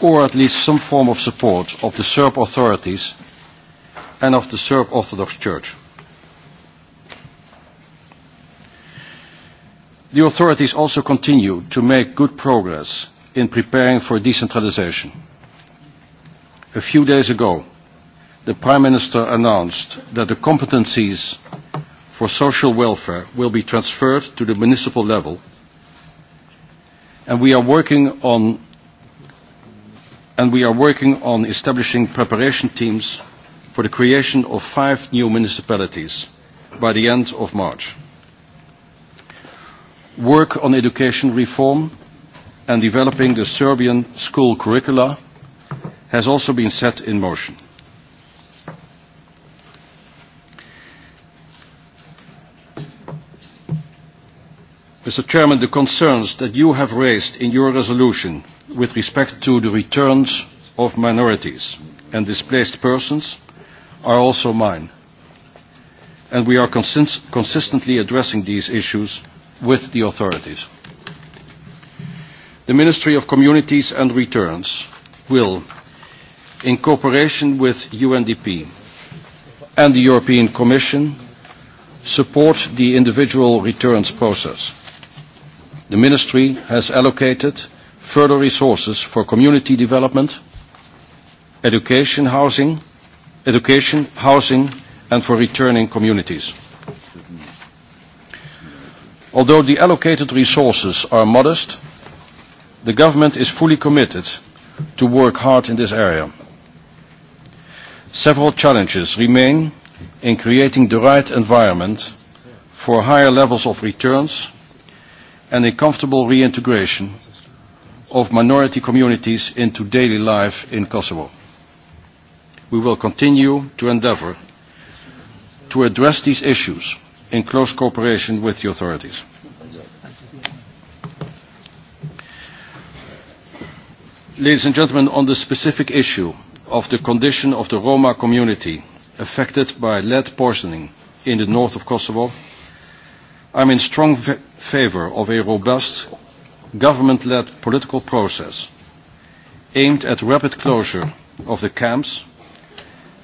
or at least some form of support of the Serb authorities and of the Serb Orthodox Church. The authorities also continue to make good progress in preparing for decentralization. A few days ago, the Prime Minister announced that the competencies for social welfare will be transferred to the municipal level and we are working on and we are working on establishing preparation teams for the creation of five new municipalities by the end of March work on education reform and developing the Serbian school curricula has also been set in motion. Mr. Chairman, the concerns that you have raised in your resolution with respect to the returns of minorities and displaced persons are also mine. And we are consistently addressing these issues with the authorities. The Ministry of Communities and Returns will, in cooperation with UNDP and the European Commission, support the individual returns process. The Ministry has allocated further resources for community development, education, housing, education, housing, and for returning communities. Although the allocated resources are modest, the government is fully committed to work hard in this area. Several challenges remain in creating the right environment for higher levels of returns and a comfortable reintegration of minority communities into daily life in Kosovo. We will continue to endeavour to address these issues in close cooperation with the authorities. Ladies and gentlemen, on the specific issue of the condition of the Roma community affected by lead poisoning in the north of Kosovo, I'm in strong favor of a robust government-led political process aimed at rapid closure of the camps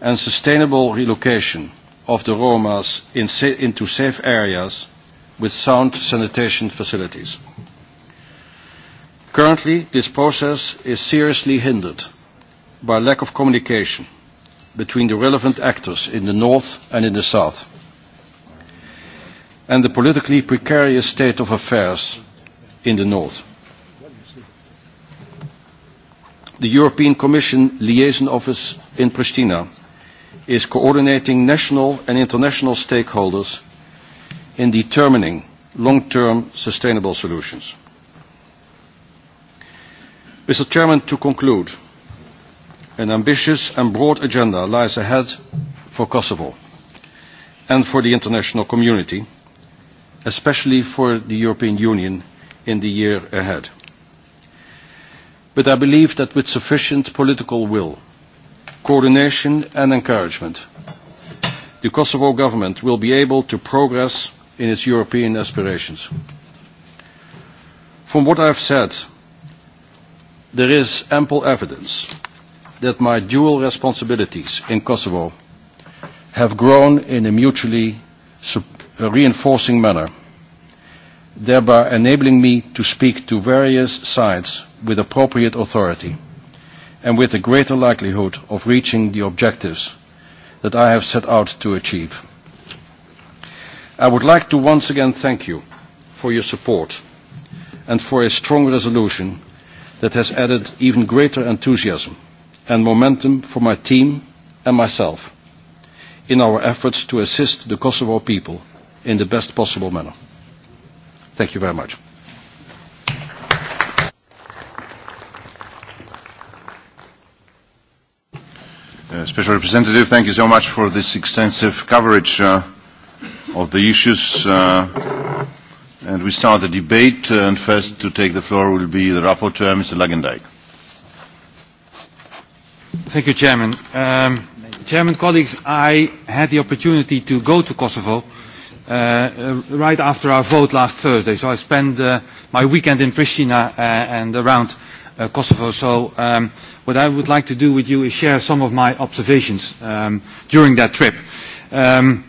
and sustainable relocation of the Romas in sa into safe areas with sound sanitation facilities. Currently, this process is seriously hindered by lack of communication between the relevant actors in the north and in the south and the politically precarious state of affairs in the north. The European Commission Liaison Office in Pristina is coordinating national and international stakeholders in determining long-term sustainable solutions. Mr. Chairman, to conclude, an ambitious and broad agenda lies ahead for Kosovo and for the international community, especially for the European Union in the year ahead. But I believe that with sufficient political will, coordination and encouragement, the Kosovo government will be able to progress in its European aspirations. From what I have said, There is ample evidence that my dual responsibilities in Kosovo have grown in a mutually reinforcing manner, thereby enabling me to speak to various sides with appropriate authority and with a greater likelihood of reaching the objectives that I have set out to achieve. I would like to once again thank you for your support and for a strong resolution that has added even greater enthusiasm and momentum for my team and myself in our efforts to assist the Kosovo people in the best possible manner. Thank you very much. Uh, Special Representative, thank you so much for this extensive coverage uh, of the issues uh, And we start the debate, uh, and first to take the floor will be the rapporteur, Mr. Lagendijk. Thank you, Chairman. Um, Chairman, colleagues, I had the opportunity to go to Kosovo uh, uh, right after our vote last Thursday, so I spent uh, my weekend in Pristina uh, and around uh, Kosovo, so um, what I would like to do with you is share some of my observations um, during that trip. Um,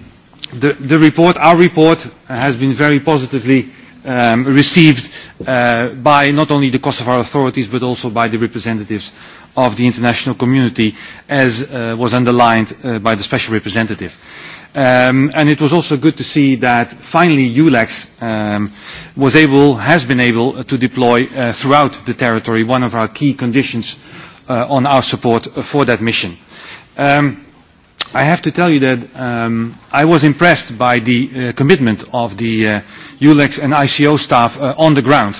the, the report, our report, has been very positively um, received uh, by not only the Kosovar authorities but also by the representatives of the international community as uh, was underlined uh, by the special representative. Um, and it was also good to see that finally ULEX um, was able, has been able to deploy uh, throughout the territory one of our key conditions uh, on our support for that mission. Um, I have to tell you that um, I was impressed by the uh, commitment of the uh, ULEX and ICO staff uh, on the ground,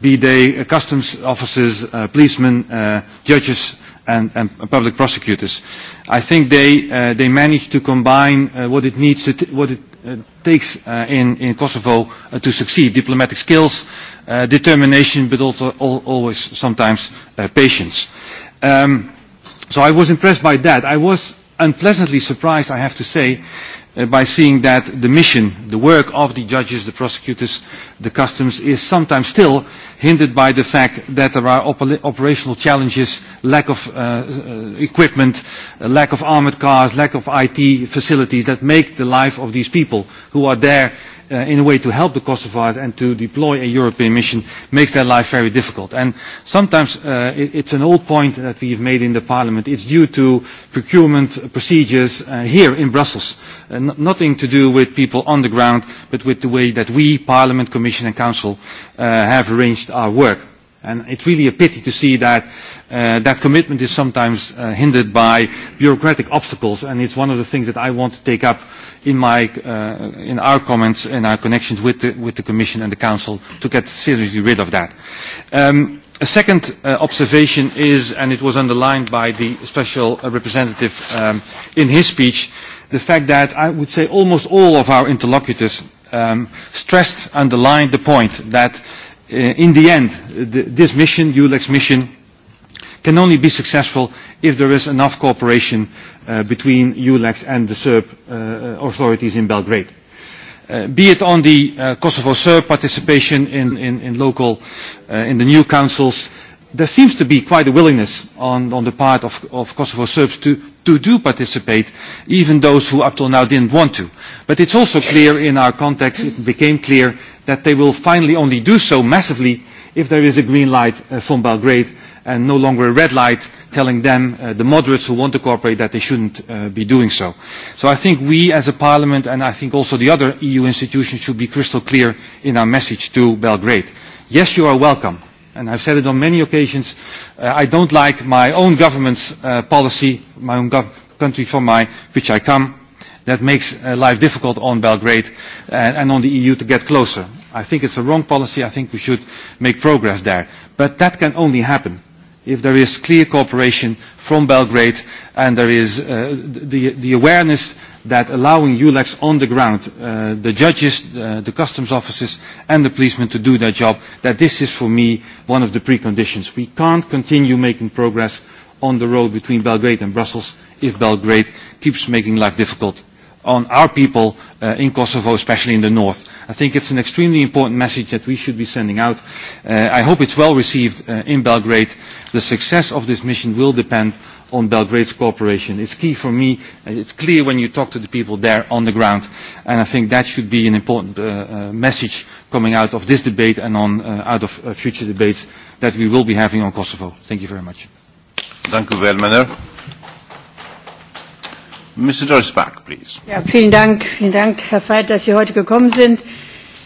be they uh, customs officers, uh, policemen, uh, judges, and, and public prosecutors. I think they, uh, they managed to combine uh, what it needs to t what it uh, takes uh, in, in Kosovo uh, to succeed, diplomatic skills, uh, determination, but also al always sometimes uh, patience. Um, so I was impressed by that. I was unpleasantly surprised, I have to say, uh, by seeing that the mission, the work of the judges, the prosecutors, the customs is sometimes still hindered by the fact that there are op operational challenges, lack of uh, uh equipment, uh, lack of armored cars, lack of IT facilities that make the life of these people who are there uh, in a way to help the Kosovars and to deploy a European mission makes their life very difficult. And sometimes uh, it, it's an old point that we've made in the Parliament. It's due to procurement procedures uh, here in Brussels. Uh, nothing to do with people on the ground, but with the way that we, Parliament, Commission and Council, uh, have arranged our work. And it's really a pity to see that uh, that commitment is sometimes uh, hindered by bureaucratic obstacles, and it's one of the things that I want to take up in, my, uh, in our comments and our connections with the, with the Commission and the Council to get seriously rid of that. Um, a second uh, observation is, and it was underlined by the special uh, representative um, in his speech, the fact that I would say almost all of our interlocutors um, stressed, underlined the point that uh, in the end, the, this mission, ULEX mission, can only be successful if there is enough cooperation uh, between ULEX and the Serb uh, authorities in Belgrade. Uh, be it on the uh, Kosovo Serb participation in, in, in local, uh, in the new councils, there seems to be quite a willingness on, on the part of, of Kosovo Serbs to, to do participate, even those who up till now didn't want to. But it's also clear in our context, it became clear that they will finally only do so massively if there is a green light uh, from Belgrade and no longer a red light telling them, uh, the moderates who want to cooperate, that they shouldn't uh, be doing so. So I think we as a parliament and I think also the other EU institutions should be crystal clear in our message to Belgrade. Yes, you are welcome and I've said it on many occasions, uh, I don't like my own government's uh, policy, my own country from my, which I come, that makes uh, life difficult on Belgrade and, and on the EU to get closer. I think it's a wrong policy. I think we should make progress there. But that can only happen if there is clear cooperation from Belgrade and there is uh, the, the awareness that allowing ULEX on the ground, uh, the judges, uh, the customs officers and the policemen to do their job, that this is for me one of the preconditions. We can't continue making progress on the road between Belgrade and Brussels if Belgrade keeps making life difficult on our people uh, in Kosovo, especially in the north. I think it's an extremely important message that we should be sending out. Uh, I hope it's well received uh, in Belgrade. The success of this mission will depend on Belgrade's cooperation. It's key for me. It's clear when you talk to the people there on the ground. And I think that should be an important uh, uh, message coming out of this debate and on, uh, out of uh, future debates that we will be having on Kosovo. Thank you very much. Thank you, very much. Mr. Joyce Back, please. Ja, vielen Dank, vielen Dank, Herr Veit, dass Sie heute gekommen sind.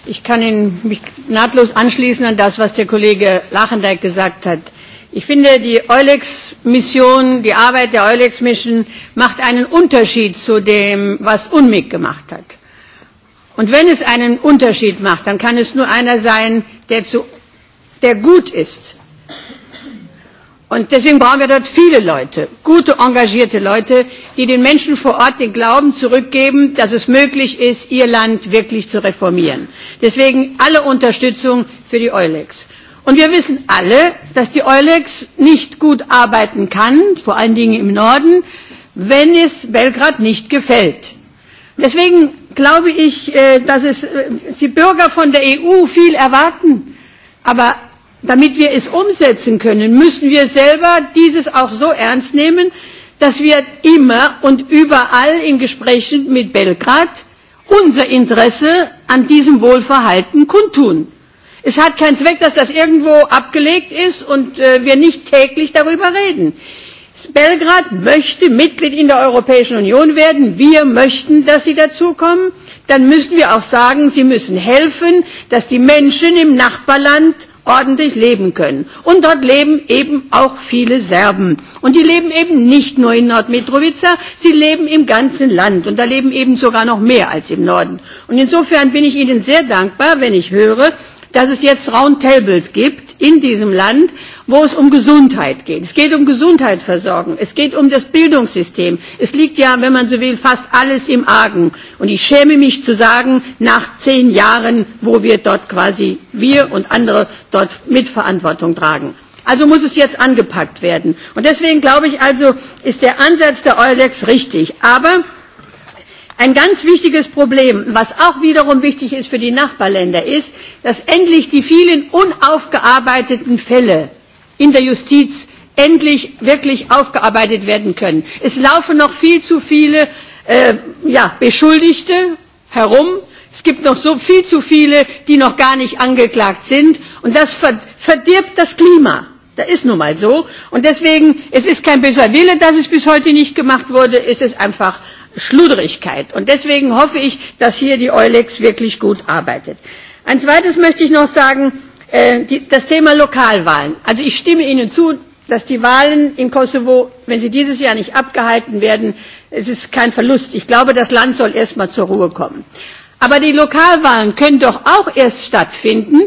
Ich kann Ihnen mich nahtlos anschließen an das, was der Kollege Lachendijk gesagt hat. Ich finde, die Eulex-Mission, die Arbeit der Eulex-Mission macht einen Unterschied zu dem, was UNMIG gemacht hat. Und wenn es einen Unterschied macht, dann kann es nur einer sein, der, zu, der gut ist. Und deswegen brauchen wir dort viele Leute, gute, engagierte Leute, die den Menschen vor Ort den Glauben zurückgeben, dass es möglich ist, ihr Land wirklich zu reformieren. Deswegen alle Unterstützung für die Eulex. Und wir wissen alle, dass die Eulex nicht gut arbeiten kann, vor allen Dingen im Norden, wenn es Belgrad nicht gefällt. Deswegen glaube ich, äh, dass es, äh, die Bürger von der EU viel erwarten. Aber damit wir es umsetzen können, müssen wir selber dieses auch so ernst nehmen, dass wir immer und überall in Gesprächen mit Belgrad unser Interesse an diesem Wohlverhalten kundtun. Es hat keinen Zweck, dass das irgendwo abgelegt ist und äh, wir nicht täglich darüber reden. Belgrad möchte Mitglied in der Europäischen Union werden. Wir möchten, dass sie dazukommen. Dann müssen wir auch sagen, sie müssen helfen, dass die Menschen im Nachbarland ordentlich leben können. Und dort leben eben auch viele Serben. Und die leben eben nicht nur in Nordmitrovica, sie leben im ganzen Land. Und da leben eben sogar noch mehr als im Norden. Und insofern bin ich Ihnen sehr dankbar, wenn ich höre, dass es jetzt Roundtables gibt in diesem Land, wo es um Gesundheit geht. Es geht um Gesundheitsversorgung, es geht um das Bildungssystem. Es liegt ja, wenn man so will, fast alles im Argen. Und ich schäme mich zu sagen, nach zehn Jahren, wo wir dort quasi, wir und andere dort Mitverantwortung tragen. Also muss es jetzt angepackt werden. Und deswegen glaube ich also, ist der Ansatz der Eulex richtig. Aber Ein ganz wichtiges Problem, was auch wiederum wichtig ist für die Nachbarländer, ist, dass endlich die vielen unaufgearbeiteten Fälle in der Justiz endlich wirklich aufgearbeitet werden können. Es laufen noch viel zu viele äh, ja, Beschuldigte herum. Es gibt noch so viel zu viele, die noch gar nicht angeklagt sind. Und das verdirbt das Klima. Das ist nun mal so. Und deswegen, es ist kein böser Wille, dass es bis heute nicht gemacht wurde. Es ist einfach Schludrigkeit. Und deswegen hoffe ich, dass hier die Eulex wirklich gut arbeitet. Ein zweites möchte ich noch sagen, äh, die, das Thema Lokalwahlen. Also ich stimme Ihnen zu, dass die Wahlen in Kosovo, wenn sie dieses Jahr nicht abgehalten werden, es ist kein Verlust. Ich glaube, das Land soll erst mal zur Ruhe kommen. Aber die Lokalwahlen können doch auch erst stattfinden,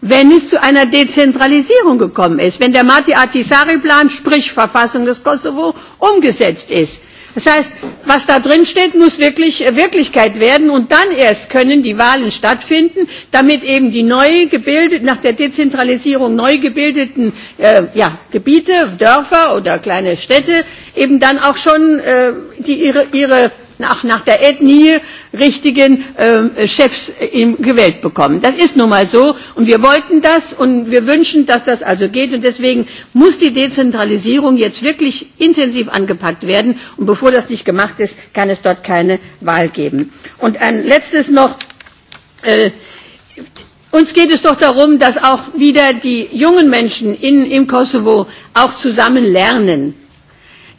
wenn es zu einer Dezentralisierung gekommen ist, wenn der Mati Atisari-Plan, sprich Verfassung des Kosovo, umgesetzt ist. Das heißt, was da drin steht, muss wirklich Wirklichkeit werden und dann erst können die Wahlen stattfinden, damit eben die neu gebildeten, nach der Dezentralisierung neu gebildeten äh, ja, Gebiete, Dörfer oder kleine Städte eben dann auch schon äh, die, ihre, ihre nach, nach der Ethnie richtigen äh, Chefs im gewählt bekommen. Das ist nun mal so und wir wollten das und wir wünschen, dass das also geht und deswegen muss die Dezentralisierung jetzt wirklich intensiv angepackt werden und bevor das nicht gemacht ist, kann es dort keine Wahl geben. Und ein letztes noch, äh, Uns geht es doch darum, dass auch wieder die jungen Menschen in, im Kosovo auch zusammen lernen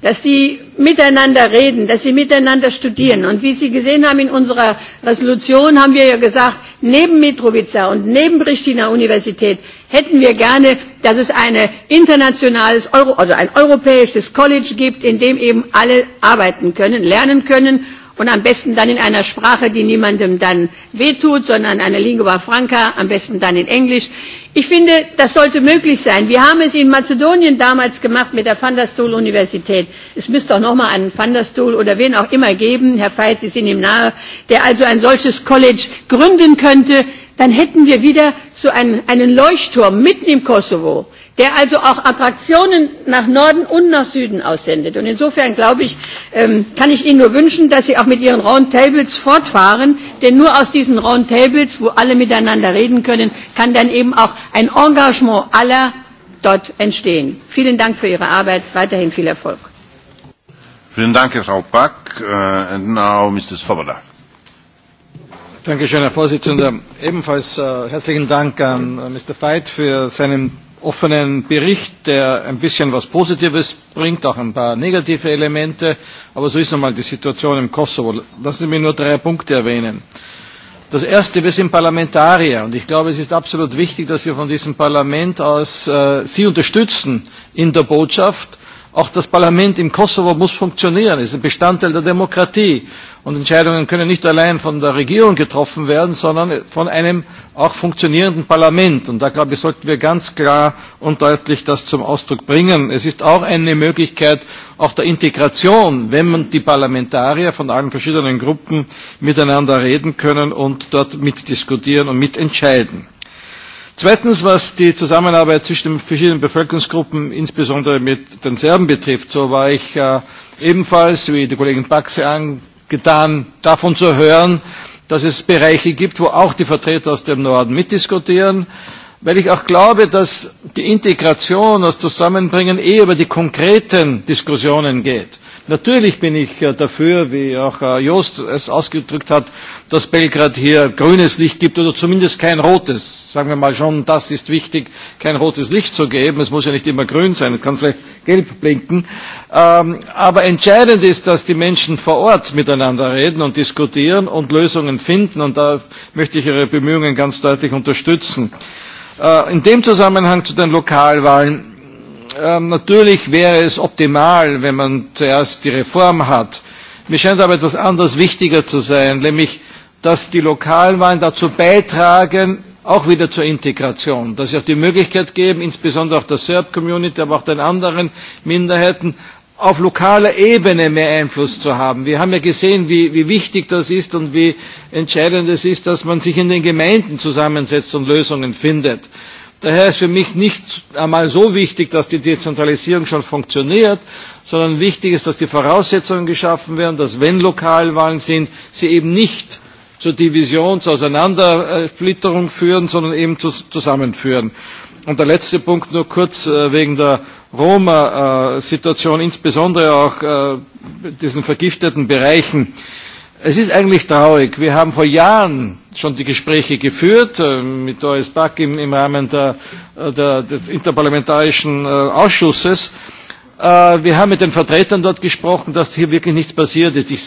dass die miteinander reden, dass sie miteinander studieren. Und wie Sie gesehen haben in unserer Resolution, haben wir ja gesagt, neben Mitrovica und neben Pristina Universität hätten wir gerne, dass es ein internationales, Euro, also ein europäisches College gibt, in dem eben alle arbeiten können, lernen können und am besten dann in einer Sprache, die niemandem dann wehtut, sondern eine Lingua Franca, am besten dann in Englisch. Ich finde, das sollte möglich sein. Wir haben es in Mazedonien damals gemacht mit der Van der Stoel Universität. Es müsste auch nochmal einen Van der Stoel oder wen auch immer geben, Herr Veit, Sie sind ihm nahe, der also ein solches College gründen könnte, dann hätten wir wieder so einen, einen Leuchtturm mitten im Kosovo der also auch Attraktionen nach Norden und nach Süden aussendet. Und insofern glaube ich, ähm, kann ich Ihnen nur wünschen, dass Sie auch mit Ihren Roundtables fortfahren, denn nur aus diesen Roundtables, wo alle miteinander reden können, kann dann eben auch ein Engagement aller dort entstehen. Vielen Dank für Ihre Arbeit, weiterhin viel Erfolg. Vielen Dank, Frau Pack. Uh, and now Mr. Svoboda. Danke schön, Herr Vorsitzender. Ebenfalls uh, herzlichen Dank an uh, Mr. Veit für seinen offenen Bericht, der ein bisschen was Positives bringt, auch ein paar negative Elemente, aber so ist nun mal die Situation im Kosovo. Lassen Sie mir nur drei Punkte erwähnen. Das Erste, wir sind Parlamentarier und ich glaube, es ist absolut wichtig, dass wir von diesem Parlament aus äh, Sie unterstützen in der Botschaft, Auch das Parlament im Kosovo muss funktionieren, ist ein Bestandteil der Demokratie. Und Entscheidungen können nicht allein von der Regierung getroffen werden, sondern von einem auch funktionierenden Parlament. Und da, glaube ich, sollten wir ganz klar und deutlich das zum Ausdruck bringen. Es ist auch eine Möglichkeit auch der Integration, wenn man die Parlamentarier von allen verschiedenen Gruppen miteinander reden können und dort mitdiskutieren und mitentscheiden. Zweitens, was die Zusammenarbeit zwischen den verschiedenen Bevölkerungsgruppen, insbesondere mit den Serben betrifft, so war ich äh, ebenfalls, wie die Kollegin Baxe angetan, davon zu hören, dass es Bereiche gibt, wo auch die Vertreter aus dem Norden mitdiskutieren, weil ich auch glaube, dass die Integration, das Zusammenbringen eher über die konkreten Diskussionen geht. Natürlich bin ich äh, dafür, wie auch äh, Jost es ausgedrückt hat, dass Belgrad hier grünes Licht gibt oder zumindest kein rotes. Sagen wir mal schon, das ist wichtig, kein rotes Licht zu geben. Es muss ja nicht immer grün sein, es kann vielleicht gelb blinken. Ähm, aber entscheidend ist, dass die Menschen vor Ort miteinander reden und diskutieren und Lösungen finden. Und da möchte ich Ihre Bemühungen ganz deutlich unterstützen. Äh, in dem Zusammenhang zu den Lokalwahlen ähm, natürlich wäre es optimal, wenn man zuerst die Reform hat. Mir scheint aber etwas anderes wichtiger zu sein, nämlich, dass die Lokalwahlen dazu beitragen, auch wieder zur Integration, dass sie auch die Möglichkeit geben, insbesondere auch der Serb-Community, aber auch den anderen Minderheiten, auf lokaler Ebene mehr Einfluss zu haben. Wir haben ja gesehen, wie, wie wichtig das ist und wie entscheidend es ist, dass man sich in den Gemeinden zusammensetzt und Lösungen findet. Daher ist für mich nicht einmal so wichtig, dass die Dezentralisierung schon funktioniert, sondern wichtig ist, dass die Voraussetzungen geschaffen werden, dass wenn Lokalwahlen sind, sie eben nicht zur Division, zur Auseinandersplitterung führen, sondern eben zusammenführen. Und der letzte Punkt nur kurz äh, wegen der Roma-Situation, äh, insbesondere auch äh, diesen vergifteten Bereichen. Es ist eigentlich traurig. Wir haben vor Jahren schon die Gespräche geführt äh, mit Doris Back im, im Rahmen der, äh, der, des interparlamentarischen äh, Ausschusses. Äh, Äh, wir haben mit den Vertretern dort gesprochen, dass hier wirklich nichts passiert ist. Ich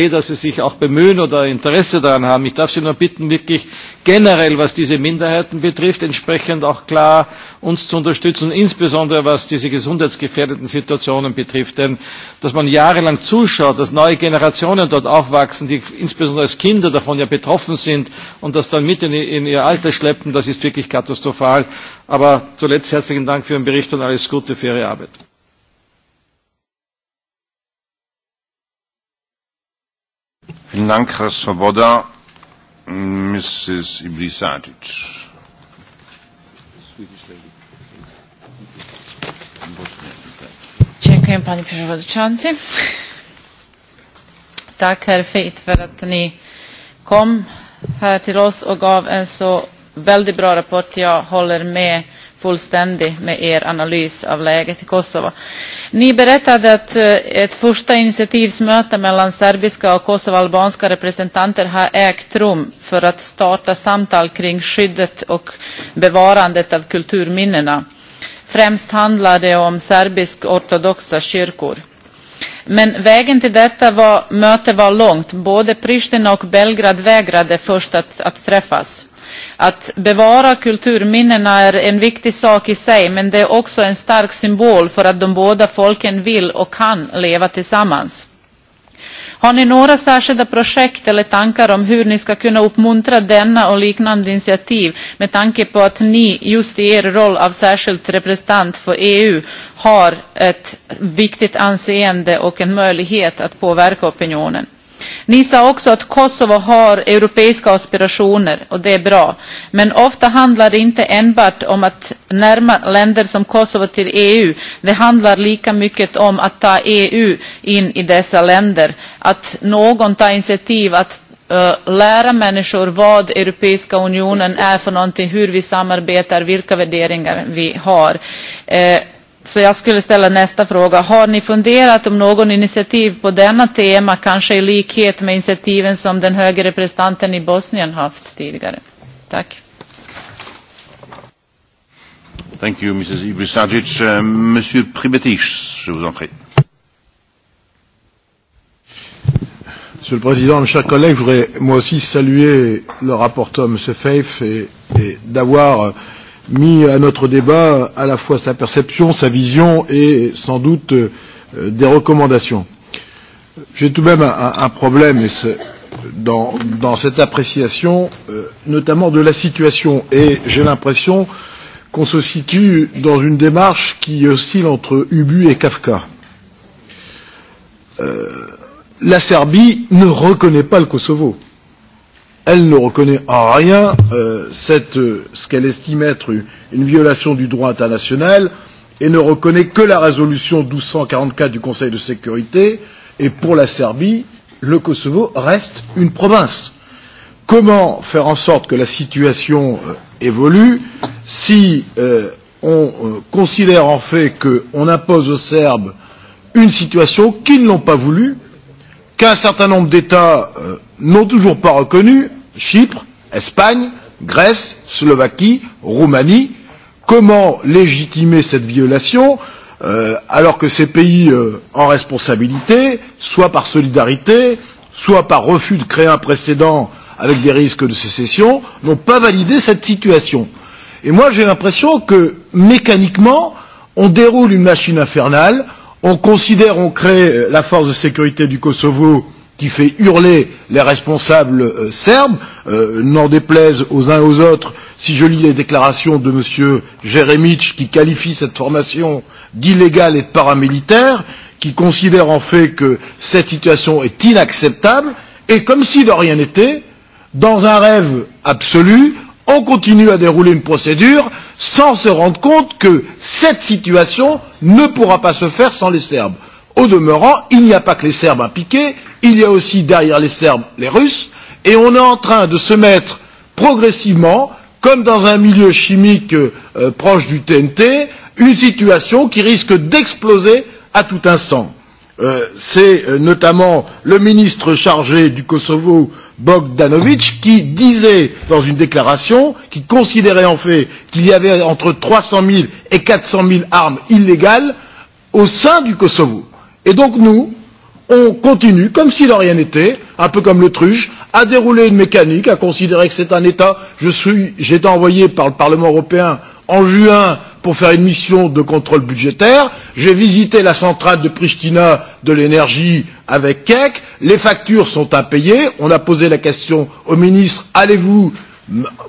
sehe, dass Sie sich auch bemühen oder Interesse daran haben. Ich darf Sie nur bitten, wirklich generell, was diese Minderheiten betrifft, entsprechend auch klar uns zu unterstützen, insbesondere was diese gesundheitsgefährdeten Situationen betrifft. Denn dass man jahrelang zuschaut, dass neue Generationen dort aufwachsen, die insbesondere als Kinder davon ja betroffen sind und das dann mit in, in ihr Alter schleppen, das ist wirklich katastrophal. Aber zuletzt herzlichen Dank für Ihren Bericht und alles Gute für Ihre Arbeit. Vielen Dank, Herr Svoboda. Mrs. Ibrisatic. Dziękuję Panie Przewodniczący. Tak, Herr Fit för att ni kom här till oss och gav en så väldigt bra rapport. Jag håller med fullständig med er analys av läget i Kosovo. Ni berättade att eh, ett första initiativsmöte mellan serbiska och kosovoalbanska representanter har ägt rum för att starta samtal kring skyddet och bevarandet av kulturminnena. Främst handlar det om serbisk-ortodoxa kyrkor. Men vägen till detta var, möte var långt. Både Pristina och Belgrad vägrade först att, att träffas. Att bevara kulturminnen är en viktig sak i sig men det är också en stark symbol för att de båda folken vill och kan leva tillsammans. Har ni några särskilda projekt eller tankar om hur ni ska kunna uppmuntra denna och liknande initiativ med tanke på att ni just i er roll av särskilt representant för EU har ett viktigt anseende och en möjlighet att påverka opinionen? Ni sa också att Kosovo har europeiska aspirationer och det är bra. Men ofta handlar det inte enbart om att närma länder som Kosovo till EU. Det handlar lika mycket om att ta EU in i dessa länder. Att någon tar initiativ att uh, lära människor vad Europeiska unionen är för någonting, hur vi samarbetar, vilka värderingar vi har. Uh, Så jag skulle ställa nästa fråga. Har ni funderat om någon initiativ på denna tema, kanske i likhet med initiativen som den högre representanten i Bosnien haft tidigare? Tack. Thank you, Mrs. Ibrisagic. Uh, Monsieur Pribetich, je vous en prie. Monsieur le Président, mes chers collègues, je voudrais moi aussi saluer le rapporteur, M. Feif, et, et d'avoir euh, mis euh, à notre débat à la fois sa perception, sa vision et sans doute euh, des recommandations. J'ai tout de même un, un problème et dans, dans cette appréciation, euh, notamment de la situation, et j'ai l'impression qu'on se situe dans une démarche qui oscille entre Ubu et Kafka. Euh, la Serbie ne reconnaît pas le Kosovo. Euh, elle ne reconnaît en rien euh, cette, euh, ce qu'elle estime être une violation du droit international et ne reconnaît que la résolution 1244 du Conseil de sécurité et pour la Serbie, le Kosovo reste une province. Comment faire en sorte que la situation euh, évolue si euh, on euh, considère en fait qu'on impose aux Serbes une situation qu'ils n'ont pas voulue qu'un certain nombre d'États euh, n'ont toujours pas reconnu, Chypre, Espagne, Grèce, Slovaquie, Roumanie, comment légitimer cette violation euh, alors que ces pays euh, en responsabilité, soit par solidarité, soit par refus de créer un précédent avec des risques de sécession, n'ont pas validé cette situation. Et moi j'ai l'impression que mécaniquement, on déroule une machine infernale, On considère, on crée euh, la force de sécurité du Kosovo qui fait hurler les responsables euh, serbes, euh, n'en déplaise aux uns aux autres, si je lis les déclarations de M. Jeremic qui qualifie cette formation d'illégale et de paramilitaire, qui considère en fait que cette situation est inacceptable, et comme si de rien n'était, dans un rêve absolu, on continue à dérouler une procédure sans se rendre compte que cette situation ne pourra pas se faire sans les Serbes. Au demeurant, il n'y a pas que les Serbes impliqués, il y a aussi derrière les Serbes les Russes, et on est en train de se mettre progressivement, comme dans un milieu chimique euh, proche du TNT, une situation qui risque d'exploser à tout instant. Euh, c'est euh, notamment le ministre chargé du Kosovo, Bogdanovic, qui disait dans une déclaration qui considérait en fait qu'il y avait entre 300 000 et 400 000 armes illégales au sein du Kosovo. Et donc nous, on continue, comme s'il n'en rien n'était, un peu comme l'autruche, à dérouler une mécanique, à considérer que c'est un État. Je suis, j'ai été envoyé par le Parlement européen en juin pour faire une mission de contrôle budgétaire. J'ai visité la centrale de Pristina de l'énergie avec Keck. Les factures sont impayées. On a posé la question au ministre, allez-vous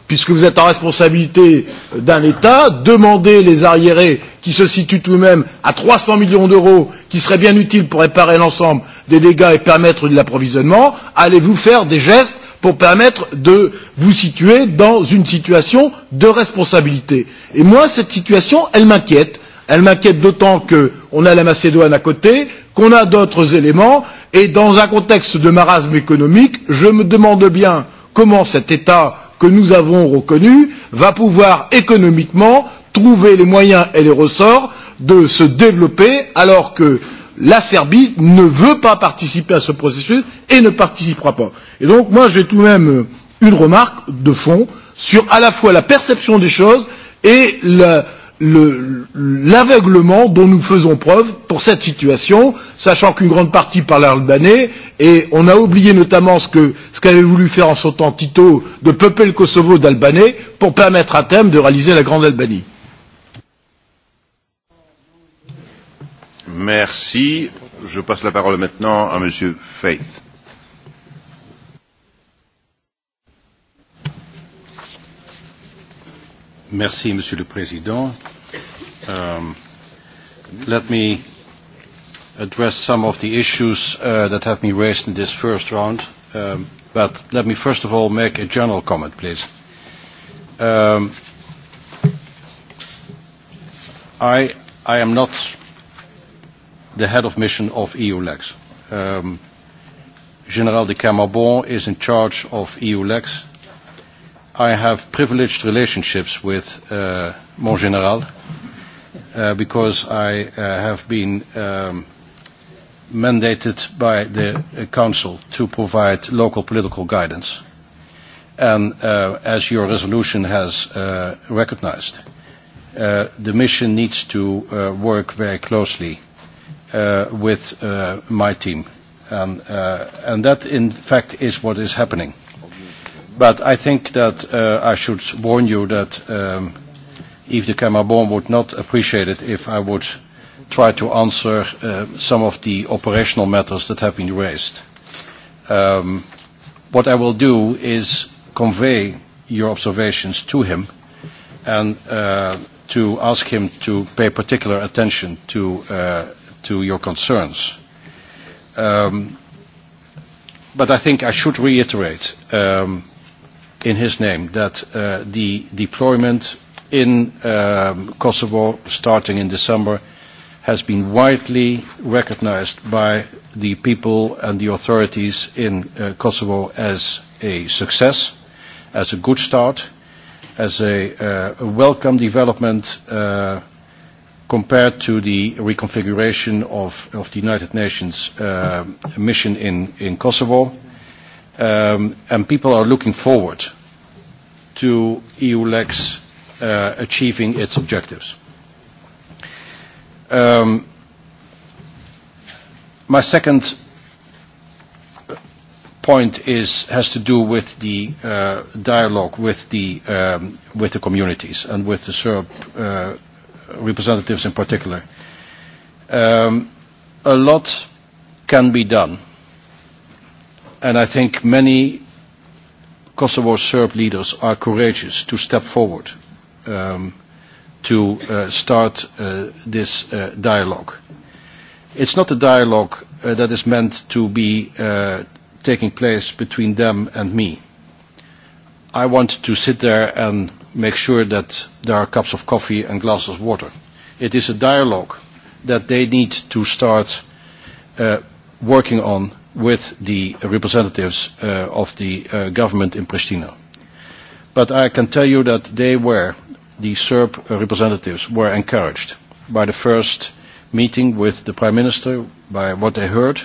puisque vous êtes en responsabilité d'un État, demandez les arriérés qui se situent tout de même à 300 millions d'euros, qui seraient bien utiles pour réparer l'ensemble des dégâts et permettre de l'approvisionnement, allez-vous faire des gestes pour permettre de vous situer dans une situation de responsabilité. Et moi, cette situation, elle m'inquiète. Elle m'inquiète d'autant qu'on a la Macédoine à côté, qu'on a d'autres éléments, et dans un contexte de marasme économique, je me demande bien comment cet État que nous avons reconnu va pouvoir économiquement trouver les moyens et les ressorts de se développer alors que la Serbie ne veut pas participer à ce processus et ne participera pas. Et donc moi j'ai tout de même euh, une remarque de fond sur à la fois la perception des choses et la, l'aveuglement dont nous faisons preuve pour cette situation, sachant qu'une grande partie parle albanais, et on a oublié notamment ce qu'avait ce qu voulu faire en son temps Tito, de peupler le Kosovo d'albanais, pour permettre à Thème de réaliser la Grande Albanie. Merci. Je passe la parole maintenant à Monsieur Faith. Merci, Monsieur le Président. Um, let me address some of the issues uh, that have been raised in this first round. Um, but let me first of all make a general comment, please. Um, I, I am not the head of mission of EULEX. Um, General de Camabon is in charge of EULEX. I have privileged relationships with uh, Mon General uh, because I uh, have been um, mandated by the uh, Council to provide local political guidance. And uh, as your resolution has uh, recognized, uh, the mission needs to uh, work very closely uh, with uh, my team. And, uh, and that, in fact, is what is happening. But I think that uh, I should warn you that um, if the camera bomb would not appreciate it if I would try to answer uh, some of the operational matters that have been raised. Um, what I will do is convey your observations to him and uh, to ask him to pay particular attention to, uh, to your concerns. Um, but I think I should reiterate um, in his name that uh, the deployment in um, Kosovo starting in December has been widely recognized by the people and the authorities in uh, Kosovo as a success, as a good start, as a, uh, a welcome development uh, compared to the reconfiguration of, of the United Nations uh, mission in, in Kosovo. Um, and people are looking forward to EULEX uh, achieving its objectives. Um, my second point is, has to do with the uh, dialogue with the, um, with the communities and with the Serb uh, representatives in particular. Um, a lot can be done, and I think many Kosovo Serb leaders are courageous to step forward um, to uh, start uh, this uh, dialogue. It's not a dialogue uh, that is meant to be uh, taking place between them and me. I want to sit there and make sure that there are cups of coffee and glasses of water. It is a dialogue that they need to start uh, working on with the representatives uh, of the uh, government in Pristina. But I can tell you that they were the Serb representatives were encouraged by the first meeting with the Prime Minister, by what they heard,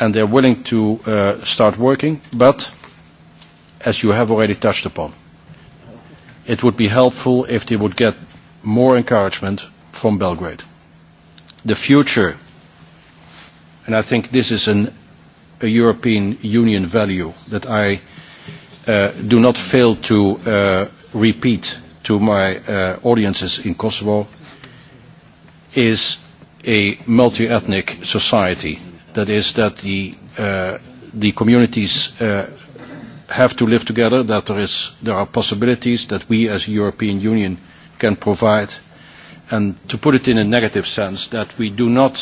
and they're willing to uh, start working, but as you have already touched upon, it would be helpful if they would get more encouragement from Belgrade. The future, and I think this is an, a European Union value that I uh, do not fail to uh, repeat to my uh, audiences in Kosovo is a multi-ethnic society. That is that the, uh, the communities uh, have to live together, that there, is, there are possibilities that we as European Union can provide. And to put it in a negative sense, that we do not,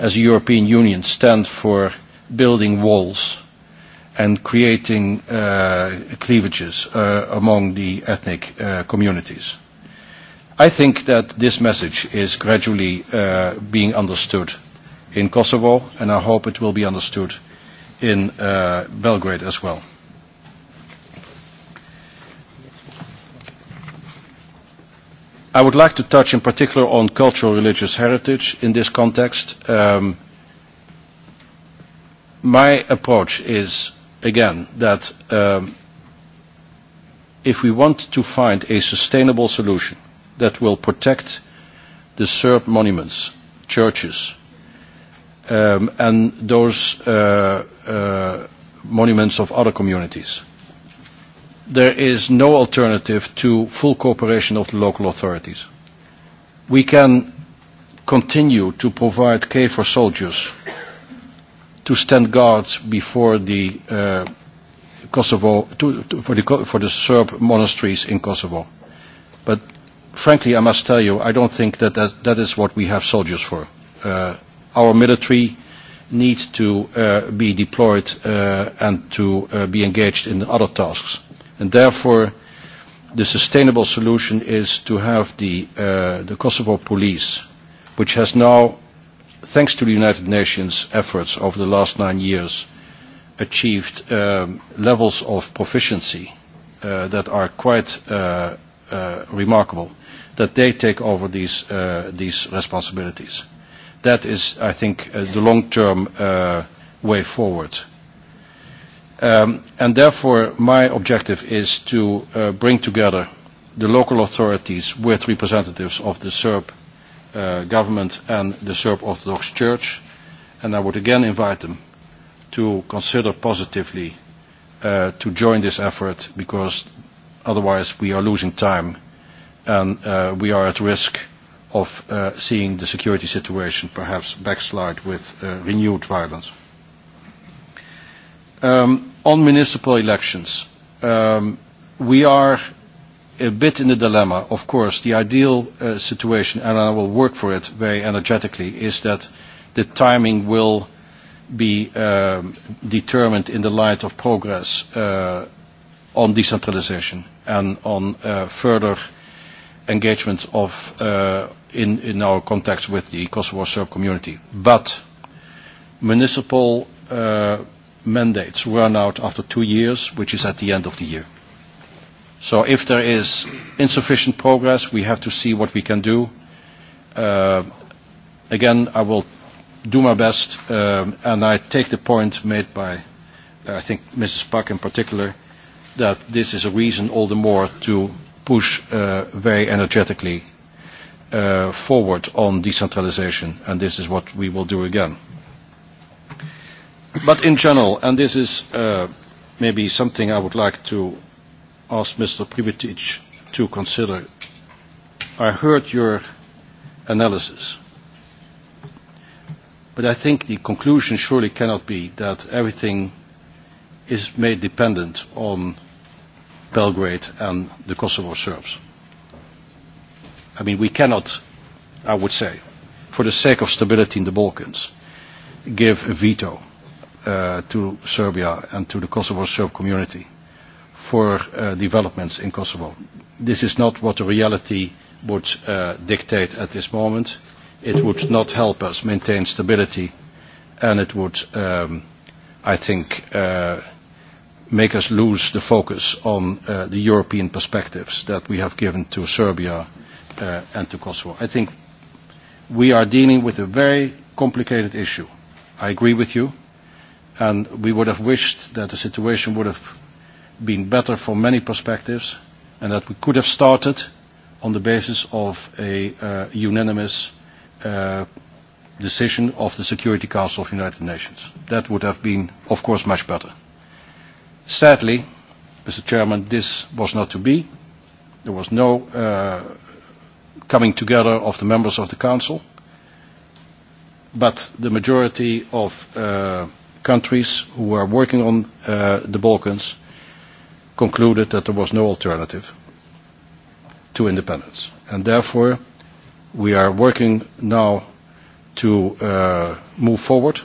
as a European Union, stand for building walls and creating uh, cleavages uh, among the ethnic uh, communities. I think that this message is gradually uh, being understood in Kosovo, and I hope it will be understood in uh, Belgrade as well. I would like to touch in particular on cultural religious heritage in this context. Um, my approach is again that um, if we want to find a sustainable solution that will protect the Serb monuments, churches, um, and those uh, uh, monuments of other communities, there is no alternative to full cooperation of the local authorities. We can continue to provide care for soldiers to stand guard before the uh, Kosovo, to, to, for, the, for the Serb monasteries in Kosovo. But frankly, I must tell you, I don't think that that, that is what we have soldiers for. Uh, our military need to uh, be deployed uh, and to uh, be engaged in other tasks. And therefore, the sustainable solution is to have the, uh, the Kosovo police, which has now thanks to the United Nations efforts over the last nine years, achieved um, levels of proficiency uh, that are quite uh, uh, remarkable, that they take over these, uh, these responsibilities. That is, I think, uh, the long-term uh, way forward. Um, and therefore, my objective is to uh, bring together the local authorities with representatives of the SERB uh, government and the Serb Orthodox Church. And I would again invite them to consider positively uh, to join this effort because otherwise we are losing time and uh, we are at risk of uh, seeing the security situation perhaps backslide with uh, renewed violence. Um, on municipal elections, um, we are a bit in the dilemma. Of course, the ideal uh, situation, and I will work for it very energetically, is that the timing will be um, determined in the light of progress uh, on decentralization and on uh, further engagement of, uh, in, in our context with the Kosovo Serb community. But municipal uh, mandates run out after two years, which is at the end of the year. So if there is insufficient progress, we have to see what we can do. Uh, again, I will do my best, um, and I take the point made by, uh, I think, Mrs. Buck in particular, that this is a reason all the more to push uh, very energetically uh, forward on decentralization, and this is what we will do again. But in general, and this is uh, maybe something I would like to asked Mr. Privetic to consider. I heard your analysis. But I think the conclusion surely cannot be that everything is made dependent on Belgrade and the Kosovo Serbs. I mean, we cannot, I would say, for the sake of stability in the Balkans, give a veto uh, to Serbia and to the Kosovo Serb community for uh, developments in Kosovo. This is not what the reality would uh, dictate at this moment. It would not help us maintain stability and it would, um, I think, uh, make us lose the focus on uh, the European perspectives that we have given to Serbia uh, and to Kosovo. I think we are dealing with a very complicated issue. I agree with you. And we would have wished that the situation would have been better from many perspectives and that we could have started on the basis of a uh, unanimous uh, decision of the Security Council of the United Nations. That would have been, of course, much better. Sadly, Mr. Chairman, this was not to be. There was no uh, coming together of the members of the Council, but the majority of uh, countries who are working on uh, the Balkans concluded that there was no alternative to independence. And therefore, we are working now to uh, move forward.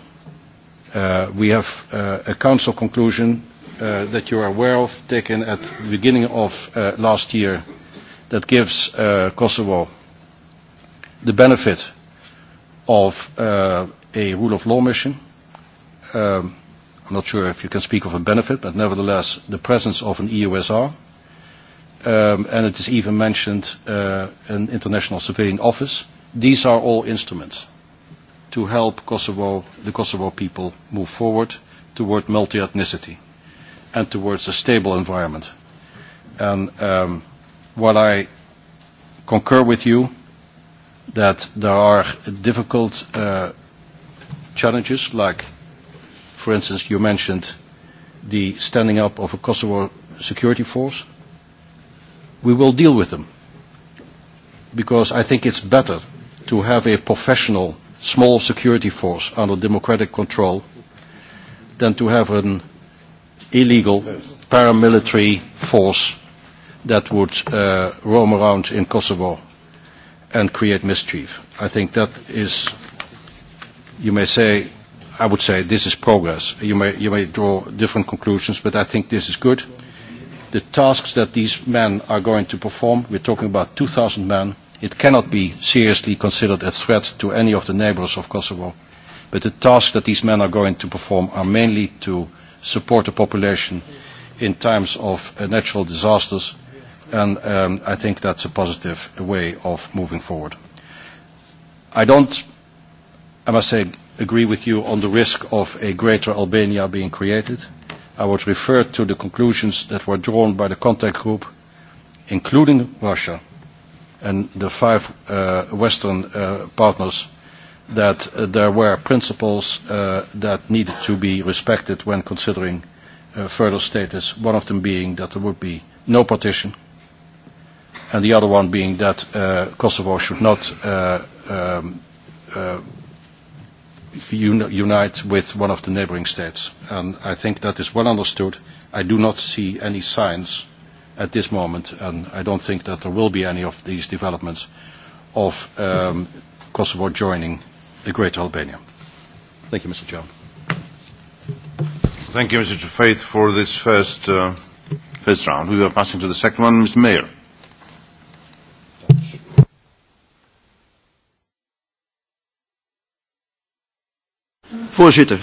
Uh, we have uh, a council conclusion uh, that you are aware of, taken at the beginning of uh, last year, that gives uh, Kosovo the benefit of uh, a rule of law mission. Um, I'm not sure if you can speak of a benefit, but nevertheless, the presence of an EUSR, um, and it is even mentioned uh, an international surveying office. These are all instruments to help Kosovo, the Kosovo people move forward toward multi-ethnicity and towards a stable environment. And um, while I concur with you that there are difficult uh, challenges like for instance, you mentioned the standing up of a Kosovo security force. We will deal with them because I think it's better to have a professional small security force under democratic control than to have an illegal paramilitary force that would uh, roam around in Kosovo and create mischief. I think that is, you may say, I would say this is progress. You may, you may draw different conclusions, but I think this is good. The tasks that these men are going to perform, we're talking about 2,000 men, it cannot be seriously considered a threat to any of the neighbors of Kosovo. But the tasks that these men are going to perform are mainly to support the population in times of uh, natural disasters, and um, I think that's a positive way of moving forward. I don't, I must say, agree with you on the risk of a greater Albania being created. I would refer to the conclusions that were drawn by the contact group, including Russia and the five uh, Western uh, partners, that uh, there were principles uh, that needed to be respected when considering uh, further status, one of them being that there would be no partition, and the other one being that uh, Kosovo should not uh, um, uh, unite with one of the neighboring states. And I think that is well understood. I do not see any signs at this moment, and I don't think that there will be any of these developments of um, Kosovo joining the Great Albania. Thank you, Mr. Chairman. Thank you, Mr. Faith, for this first, uh, first round. We are passing to the second one, Mr. Mayor. Voorzitter,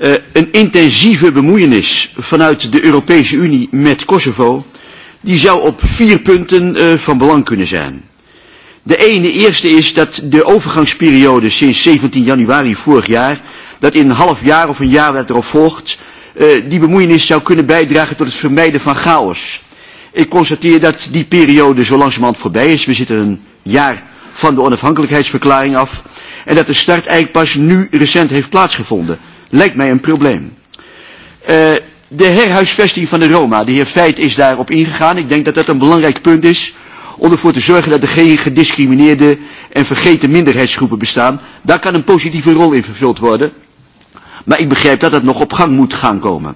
uh, een intensieve bemoeienis vanuit de Europese Unie met Kosovo, die zou op vier punten uh, van belang kunnen zijn. De ene eerste is dat de overgangsperiode sinds 17 januari vorig jaar, dat in een half jaar of een jaar dat erop volgt, uh, eh, die bemoeienis zou kunnen bijdragen tot het vermijden van chaos. Ik constateer dat die periode zo langzamerhand voorbij is. We zitten een jaar van de onafhankelijkheidsverklaring af en dat de start eigenlijk pas nu recent heeft plaatsgevonden. Lijkt mij een probleem. Uh, de herhuisvesting van de Roma, de heer Feit is daarop ingegaan. Ik denk dat dat een belangrijk punt is om ervoor te zorgen dat er geen gediscrimineerde en vergeten minderheidsgroepen bestaan. Daar kan een positieve rol in vervuld worden. Maar ik begrijp dat dat nog op gang moet gaan komen.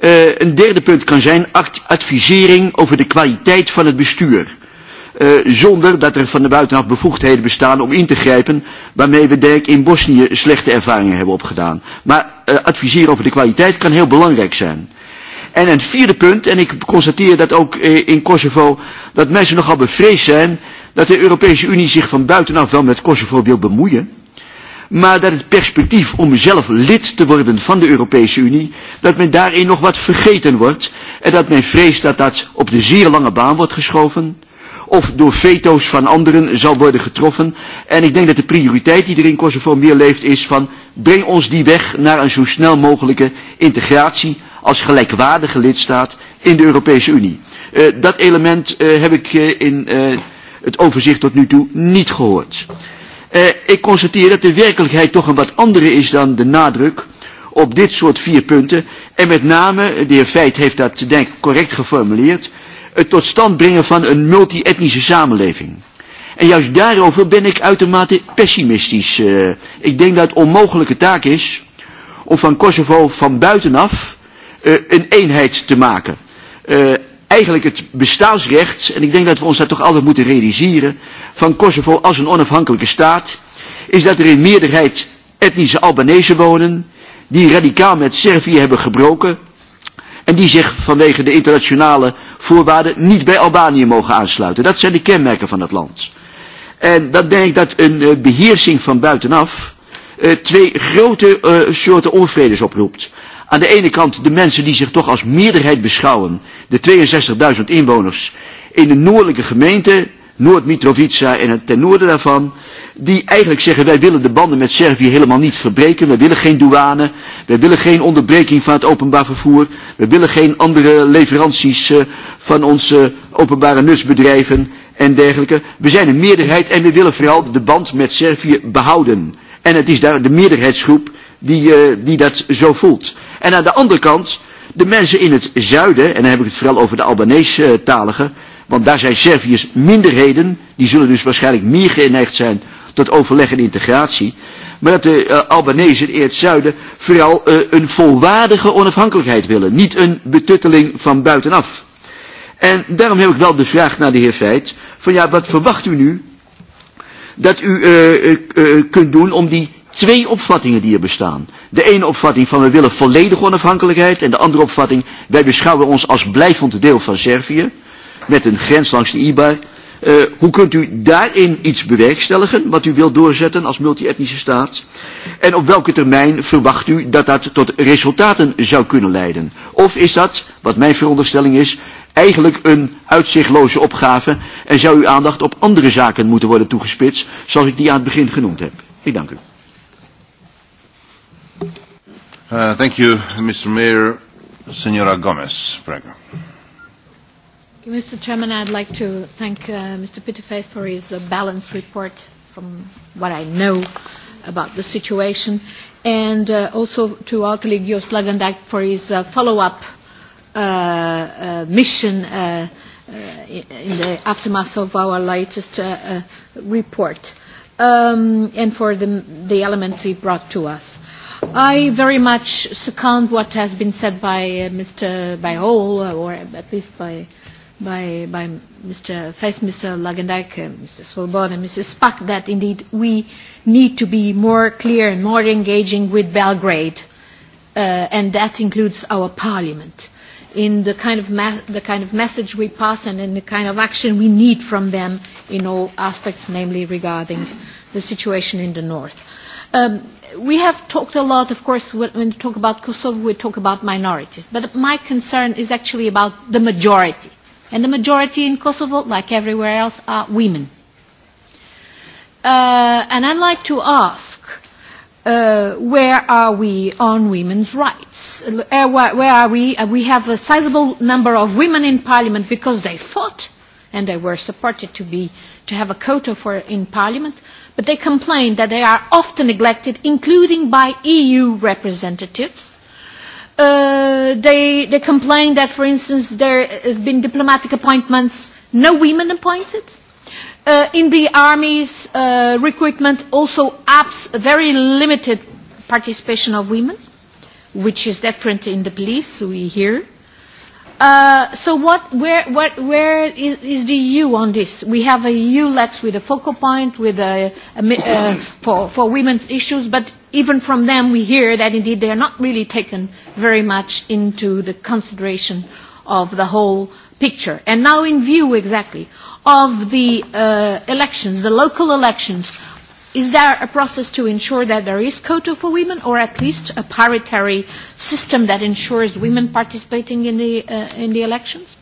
Uh, een derde punt kan zijn advisering over de kwaliteit van het bestuur. Eh, zonder dat er van de buitenaf bevoegdheden bestaan om in te grijpen, waarmee we denk in Bosnië slechte ervaringen hebben opgedaan. Maar uh, adviseren over de kwaliteit kan heel belangrijk zijn. En een vierde punt, en ik constateer dat ook uh, in Kosovo, dat mensen nogal bevreesd zijn dat de Europese Unie zich van buitenaf wel met Kosovo wil bemoeien maar dat het perspectief om zelf lid te worden van de Europese Unie, dat men daarin nog wat vergeten wordt en dat men vreest dat dat op de zeer lange baan wordt geschoven of door veto's van anderen zal worden getroffen. En ik denk dat de prioriteit die er in Kosovo meer leeft is van breng ons die weg naar een zo snel mogelijke integratie als gelijkwaardige lidstaat in de Europese Unie. Uh, dat element uh, heb ik uh, in uh, het overzicht tot nu toe niet gehoord. Uh, ik constateer dat de werkelijkheid toch een wat andere is dan de nadruk op dit soort vier punten. En met name, de heer Feit heeft dat denk ik correct geformuleerd, het tot stand brengen van een multi-etnische samenleving. En juist daarover ben ik uitermate pessimistisch. Uh, ik denk dat het onmogelijke taak is om van Kosovo van buitenaf uh, een eenheid te maken. Uh, eigenlijk het bestaansrecht, en ik denk dat we ons dat toch altijd moeten realiseren, van Kosovo als een onafhankelijke staat, is dat er in meerderheid etnische Albanese wonen, die radicaal met Servië hebben gebroken, en die zich vanwege de internationale voorwaarden niet bij Albanië mogen aansluiten. Dat zijn de kenmerken van dat land. En dan denk ik dat een uh, beheersing van buitenaf uh, twee grote uh, soorten onvredes oproept. Aan de ene kant de mensen die zich toch als meerderheid beschouwen, de 62.000 inwoners in de noordelijke gemeente Noord-Mitrovica en het ten noorden daarvan, die eigenlijk zeggen wij willen de banden met Servië helemaal niet verbreken, wij willen geen douane, wij willen geen onderbreking van het openbaar vervoer, wij willen geen andere leveranties uh, van onze openbare nutsbedrijven en dergelijke. We zijn een meerderheid en we willen vooral de band met Servië behouden. En het is daar de meerderheidsgroep die, uh, die dat zo voelt. En aan de andere kant, de mensen in het zuiden, en dan heb ik het vooral over de Albanese eh, taligen, Want daar zijn Serviërs minderheden, die zullen dus waarschijnlijk meer geneigd zijn tot overleg en integratie. Maar dat de uh, Albanese in het zuiden vooral uh, een volwaardige onafhankelijkheid willen, niet een betutteling van buitenaf. En daarom heb ik wel de vraag naar de heer Veit, van ja, wat verwacht u nu dat u uh, uh, kunt doen om die twee opvattingen die er bestaan. De ene opvatting van we willen volledige onafhankelijkheid en de andere opvatting wij beschouwen ons als blijvend deel van Servië met een grens langs de IBAR. Uh, eh, hoe kunt u daarin iets bewerkstelligen wat u wilt doorzetten als multi-etnische staat? En op welke termijn verwacht u dat dat tot resultaten zou kunnen leiden? Of is dat, wat mijn veronderstelling is, eigenlijk een uitzichtloze opgave en zou uw aandacht op andere zaken moeten worden toegespitst, zoals ik die aan het begin genoemd heb? Ik dank u. Uh, thank you, Mr. Mayor. Senora Gomez, prego. Mr. Chairman, I'd like to thank uh, Mr. Pitterface for his uh, balanced report from what I know about the situation, and uh, also to our colleague Joost Lagendijk for his uh, follow-up uh, uh, mission uh, uh, in the aftermath of our latest uh, uh, report, um, and for the, the elements he brought to us. I very much second what has been said by uh, Mr. by or at least by by, by Mr. First Mr. Lagendijk, uh, Mr. and Mrs. Spak that indeed we need to be more clear and more engaging with Belgrade, uh, and that includes our parliament, in the kind, of the kind of message we pass and in the kind of action we need from them in all aspects, namely regarding the situation in the north. Um, we have talked a lot, of course, when we talk about Kosovo, we talk about minorities. But my concern is actually about the majority And the majority in Kosovo, like everywhere else, are women. Uh, and I'd like to ask, uh, where are we on women's rights? Uh, where, where are we? Uh, we have a sizable number of women in parliament because they fought and they were supported to, be, to have a quota for in parliament, but they complain that they are often neglected, including by EU representatives Uh, they, they complain that, for instance, there have been diplomatic appointments, no women appointed. Uh, in the army's uh, recruitment, also apps, very limited participation of women, which is different in the police, we hear. Uh, so what, where, what, where is, is the EU on this? We have a EU Lex with a focal point with a, a, uh, for, for women's issues, but even from them we hear that indeed they are not really taken very much into the consideration of the whole picture. And now in view exactly of the uh, elections, the local elections, Is there a process to ensure that there is quota for women or at least a paritary system that ensures women participating in the, uh, in the elections?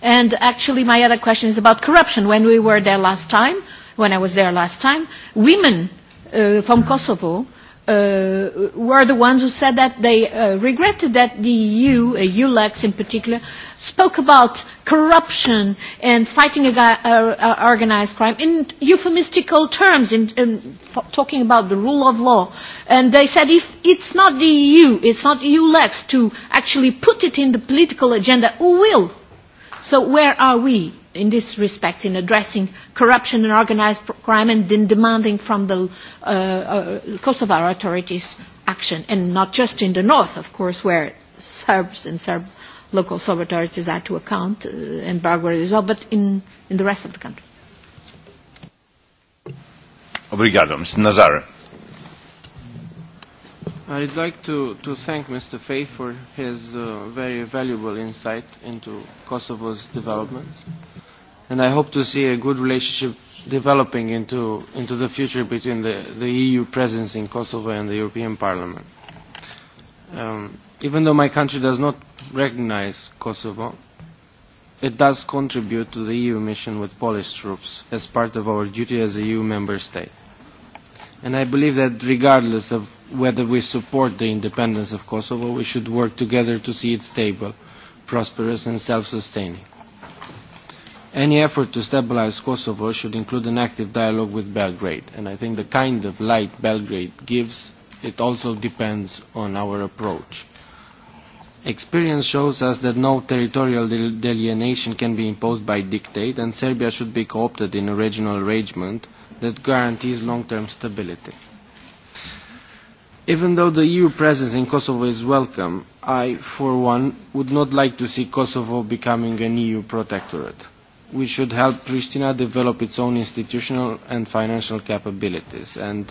And actually my other question is about corruption. When we were there last time, when I was there last time, women uh, from Kosovo uh, were the ones who said that they uh, regretted that the EU, uh, ULEX in particular, spoke about corruption and fighting aga- uh, uh organized crime in euphemistical terms, in, in talking about the rule of law. And they said if it's not the EU, it's not ULEX to actually put it in the political agenda, who will? So where are we? in this respect in addressing corruption and organized crime and in demanding from the uh, uh, Kosovar authorities action and not just in the north of course where Serbs and Serb local authorities are to account uh, and Belgrade as well but in, in the rest of the country. Obrigado, Mr. Nazar. I'd like to, to thank Mr. Fay for his uh, very valuable insight into Kosovo's developments. Mm -hmm and I hope to see a good relationship developing into, into the future between the, the EU presence in Kosovo and the European Parliament. Um, even though my country does not recognize Kosovo, it does contribute to the EU mission with Polish troops as part of our duty as a EU member state. And I believe that regardless of whether we support the independence of Kosovo, we should work together to see it stable, prosperous and self-sustaining. Any effort to stabilize Kosovo should include an active dialogue with Belgrade, and I think the kind of light Belgrade gives, it also depends on our approach. Experience shows us that no territorial delineation can be imposed by dictate, and Serbia should be co-opted in a regional arrangement that guarantees long-term stability. Even though the EU presence in Kosovo is welcome, I, for one, would not like to see Kosovo becoming an EU protectorate we should help Pristina develop its own institutional and financial capabilities. And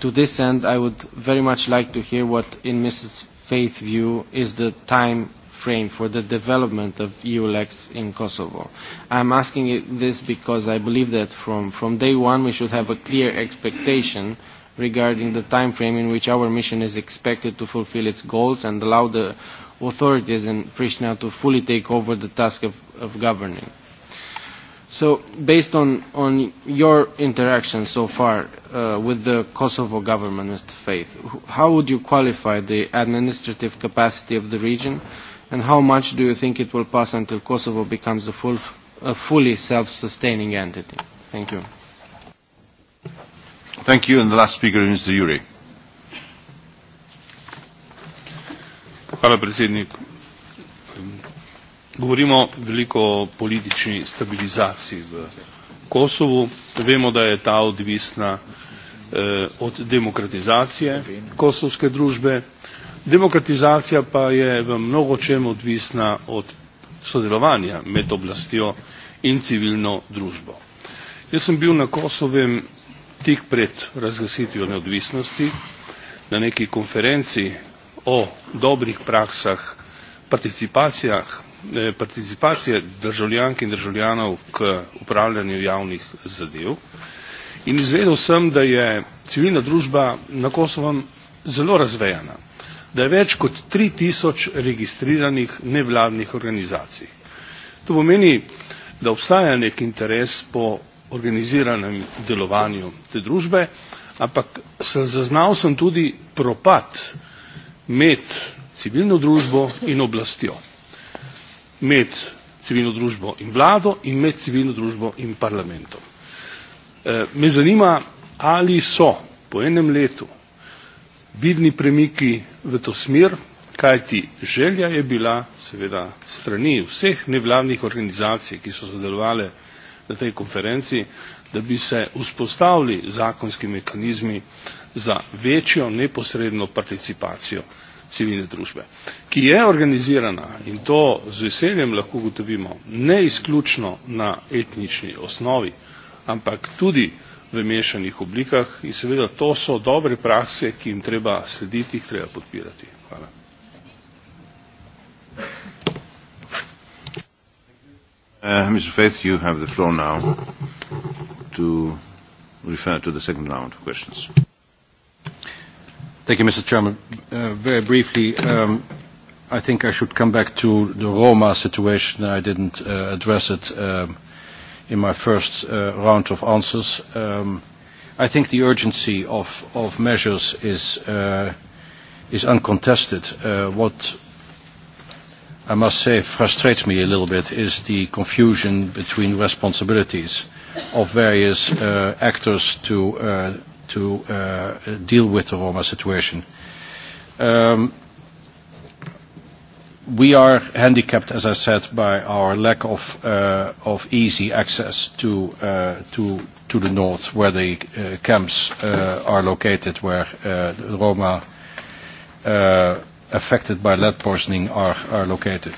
to this end, I would very much like to hear what, in Mrs. Faith's view, is the time frame for the development of EULEX in Kosovo. I'm asking this because I believe that from, from day one we should have a clear expectation regarding the time frame in which our mission is expected to fulfill its goals and allow the authorities in Pristina to fully take over the task of, of governing. So based on, on your interaction so far uh, with the Kosovo government, Mr. Faith, how would you qualify the administrative capacity of the region and how much do you think it will pass until Kosovo becomes a, full, a fully self-sustaining entity? Thank you. Thank you. And the last speaker is Mr. Yuri. Hello, President. Govorimo veliko o politični stabilizaciji v Kosovu. Vemo, da je ta odvisna eh, od demokratizacije kosovske družbe. Demokratizacija pa je v mnogo čem odvisna od sodelovanja med oblastjo in civilno družbo. Jaz sem bil na Kosovem tik pred razglasitvijo neodvisnosti na neki konferenci o dobrih praksah, participacijah E, participacije državljank in državljanov k upravljanju javnih zadev. In izvedel sem, da je civilna družba na Kosovem zelo razvejana, da je več kot 3000 registriranih nevladnih organizacij. To pomeni, da obstaja nek interes po organiziranem delovanju te družbe, ampak sem zaznal sem tudi propad med civilno družbo in oblastjo med civilno družbo in vlado in med civilno družbo in parlamentom. Eh, me zanima, ali so po enem letu vidni premiki v to smer, kajti želja je bila seveda strani vseh nevladnih organizacij, ki so sodelovali na tej konferenci, da bi se vzpostavili zakonski mekanizmi za večjo neposredno participacijo civilne družbe, ki je organizirana in to z veseljem lahko gotovimo ne izključno na etnični osnovi, ampak tudi v mešanih oblikah in seveda to so dobre prakse, ki jim treba slediti, jih treba podpirati. Hvala. Uh, Mr. Faith, you have the floor now to refer to the second round of questions. Thank you, Mr. Chairman. Uh, very briefly, um, I think I should come back to the Roma situation. I didn't uh, address it um, in my first uh, round of answers. Um, I think the urgency of, of measures is, uh, is uncontested. Uh, what I must say frustrates me a little bit is the confusion between responsibilities of various uh, actors to uh, to uh, deal with the Roma situation. Um, we are handicapped, as I said, by our lack of, uh, of easy access to, uh, to, to the north, where the uh, camps uh, are located, where uh, Roma uh, affected by lead poisoning are, are located.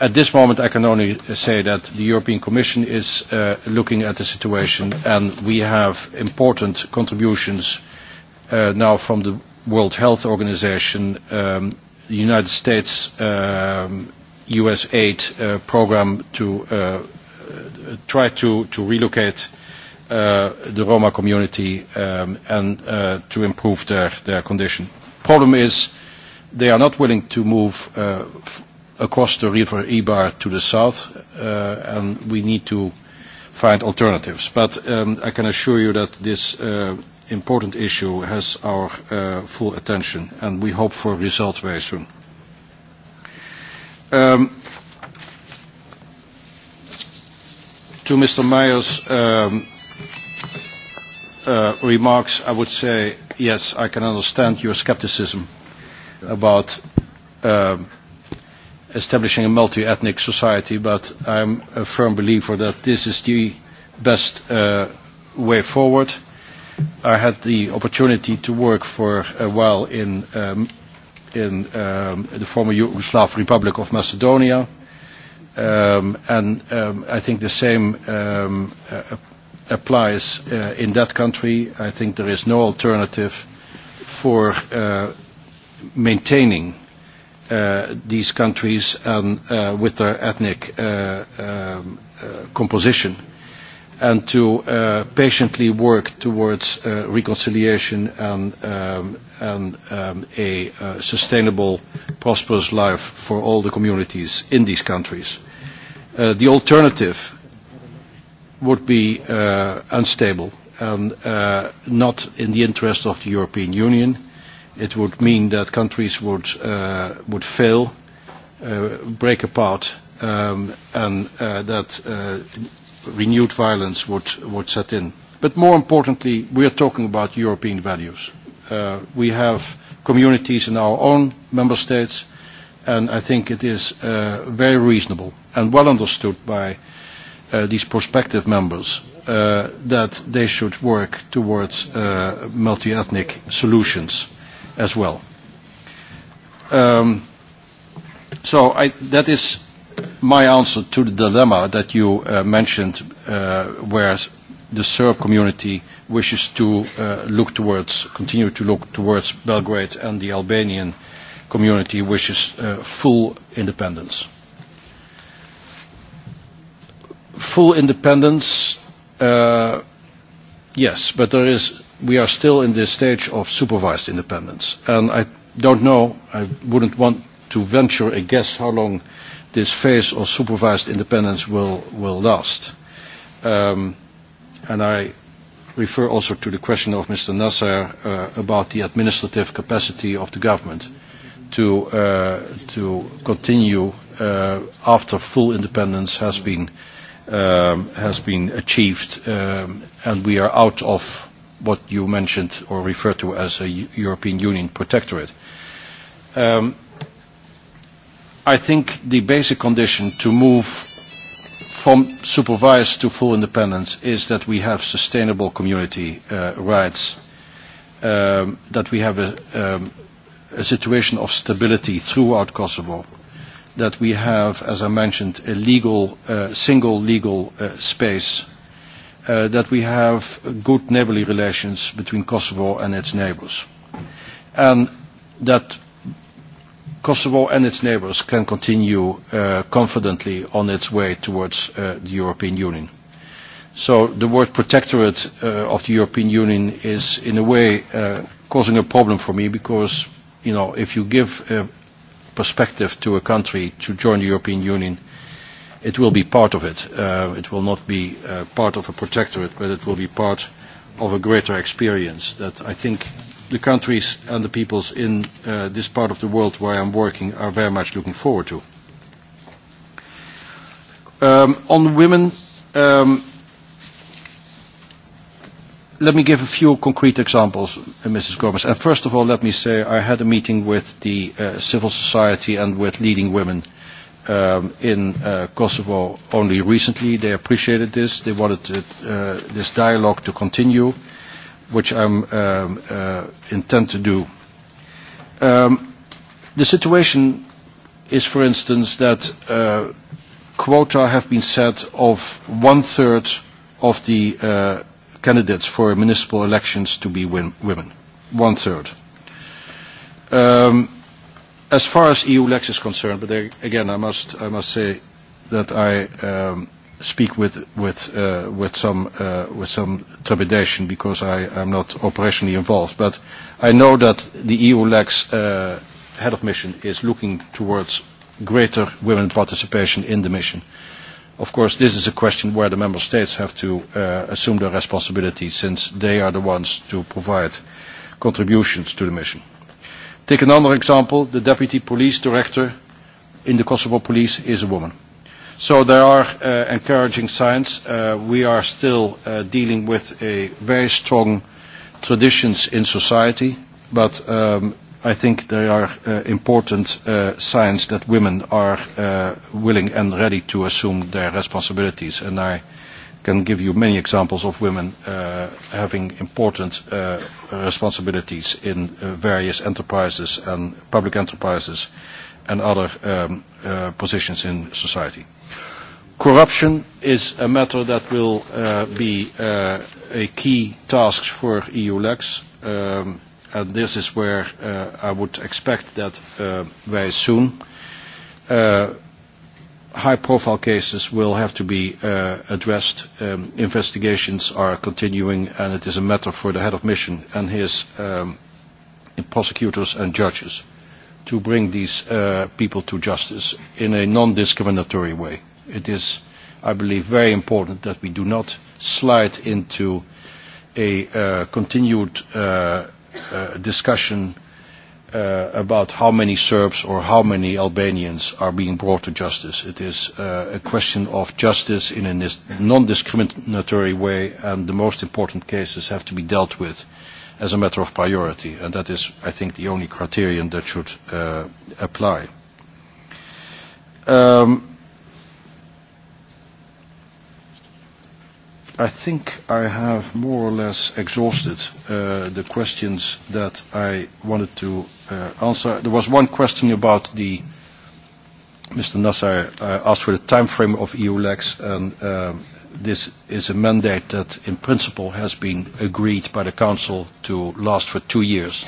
At this moment, I can only say that the European Commission is uh, looking at the situation, and we have important contributions uh, now from the World Health Organization, um, the United States um, US aid uh, program to uh, try to, to relocate uh, the Roma community um, and uh, to improve their, their condition. Problem is they are not willing to move uh, across the river Ibar to the south, uh, and we need to find alternatives. But um, I can assure you that this uh, important issue has our uh, full attention, and we hope for results very soon. Um, to Mr. Meyer's um, uh, remarks, I would say, yes, I can understand your skepticism about um, establishing a multi-ethnic society, but I'm a firm believer that this is the best uh, way forward. I had the opportunity to work for a while in, um, in um, the former Yugoslav Republic of Macedonia, um, and um, I think the same um, uh, applies uh, in that country. I think there is no alternative for uh, maintaining Uh, these countries um, uh, with their ethnic uh, um, uh, composition and to uh, patiently work towards uh, reconciliation and, um, and um, a uh, sustainable, prosperous life for all the communities in these countries. Uh, the alternative would be uh, unstable and uh, not in the interest of the European Union it would mean that countries would, uh, would fail, uh, break apart, um, and uh, that uh, renewed violence would, would set in. But more importantly, we are talking about European values. Uh, we have communities in our own member states, and I think it is uh, very reasonable and well understood by uh, these prospective members uh, that they should work towards uh, multi-ethnic solutions as well. Um, so I, that is my answer to the dilemma that you uh, mentioned uh, where the Serb community wishes to uh, look towards, continue to look towards Belgrade and the Albanian community wishes uh, full independence. Full independence, uh, yes, but there is we are still in this stage of supervised independence. And I don't know, I wouldn't want to venture a guess how long this phase of supervised independence will, will last. Um, and I refer also to the question of Mr. Nasser uh, about the administrative capacity of the government to, uh, to continue uh, after full independence has been, um, has been achieved um, and we are out of what you mentioned or referred to as a European Union protectorate. Um, I think the basic condition to move from supervised to full independence is that we have sustainable community uh, rights, um, that we have a, um, a situation of stability throughout Kosovo, that we have, as I mentioned, a legal, uh, single legal uh, space uh, that we have good neighborly relations between Kosovo and its neighbors. And that Kosovo and its neighbors can continue uh, confidently on its way towards uh, the European Union. So the word protectorate uh, of the European Union is in a way uh, causing a problem for me because you know, if you give a uh, perspective to a country to join the European Union, it will be part of it. Uh, it will not be uh, part of a protectorate, but it will be part of a greater experience that I think the countries and the peoples in uh, this part of the world where I'm working are very much looking forward to. Um, on women, um, let me give a few concrete examples, uh, Mrs. Gomez. And first of all, let me say I had a meeting with the uh, civil society and with leading women um, in uh, Kosovo only recently. They appreciated this. They wanted it, uh, this dialogue to continue, which I um, uh, intend to do. Um, the situation is, for instance, that uh, quota have been set of one-third of the uh, candidates for municipal elections to be win women. One-third. Um, as far as EU Lex is concerned, but there, again, I must, I must say that I um, speak with, with, uh, with, some, uh, with some trepidation because I am not operationally involved. But I know that the EU Lex uh, head of mission is looking towards greater women participation in the mission. Of course, this is a question where the member states have to uh, assume their responsibility since they are the ones to provide contributions to the mission. Take another example, the deputy police director in the Kosovo police is a woman. So there are uh, encouraging signs. Uh, we are still uh, dealing with a very strong traditions in society, but um, I think there are uh, important uh, signs that women are uh, willing and ready to assume their responsibilities. And I can give you many examples of women uh, having important uh, responsibilities in uh, various enterprises and public enterprises and other um, uh, positions in society. Corruption is a matter that will uh, be uh, a key task for EU-LEX, um, and this is where uh, I would expect that uh, very soon uh, high-profile cases will have to be uh, addressed. Um, investigations are continuing, and it is a matter for the head of mission and his um, prosecutors and judges to bring these uh, people to justice in a non-discriminatory way. It is, I believe, very important that we do not slide into a uh, continued uh, uh, discussion uh, about how many Serbs or how many Albanians are being brought to justice. It is uh, a question of justice in a non-discriminatory way and the most important cases have to be dealt with as a matter of priority and that is, I think, the only criterion that should uh, apply. Um, I think I have more or less exhausted uh, the questions that I wanted to uh, answer. There was one question about the, Mr. Nasser uh, asked for the time frame of EU-LEX, and uh, this is a mandate that in principle has been agreed by the Council to last for two years.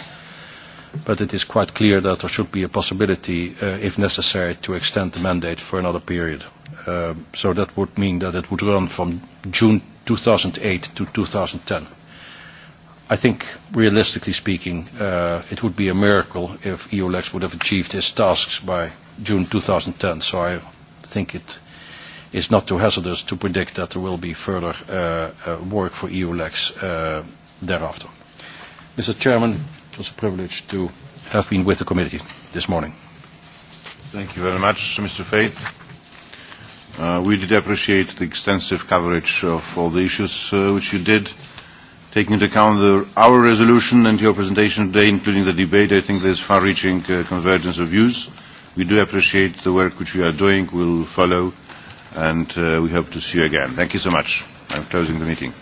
But it is quite clear that there should be a possibility, uh, if necessary, to extend the mandate for another period. Uh, so that would mean that it would run from June 2008 to 2010. I think, realistically speaking, uh, it would be a miracle if EULEX would have achieved its tasks by June 2010. So I think it is not too hazardous to predict that there will be further uh, uh, work for EULEX uh, thereafter. Mr. Chairman, it was a privilege to have been with the committee this morning. Thank you very much, Mr. Fate. Uh, we did appreciate the extensive coverage of all the issues uh, which you did taking into account the, our resolution and your presentation today, including the debate, I think there's far-reaching uh, convergence of views. We do appreciate the work which you are doing. We'll follow, and uh, we hope to see you again. Thank you so much. I'm closing the meeting.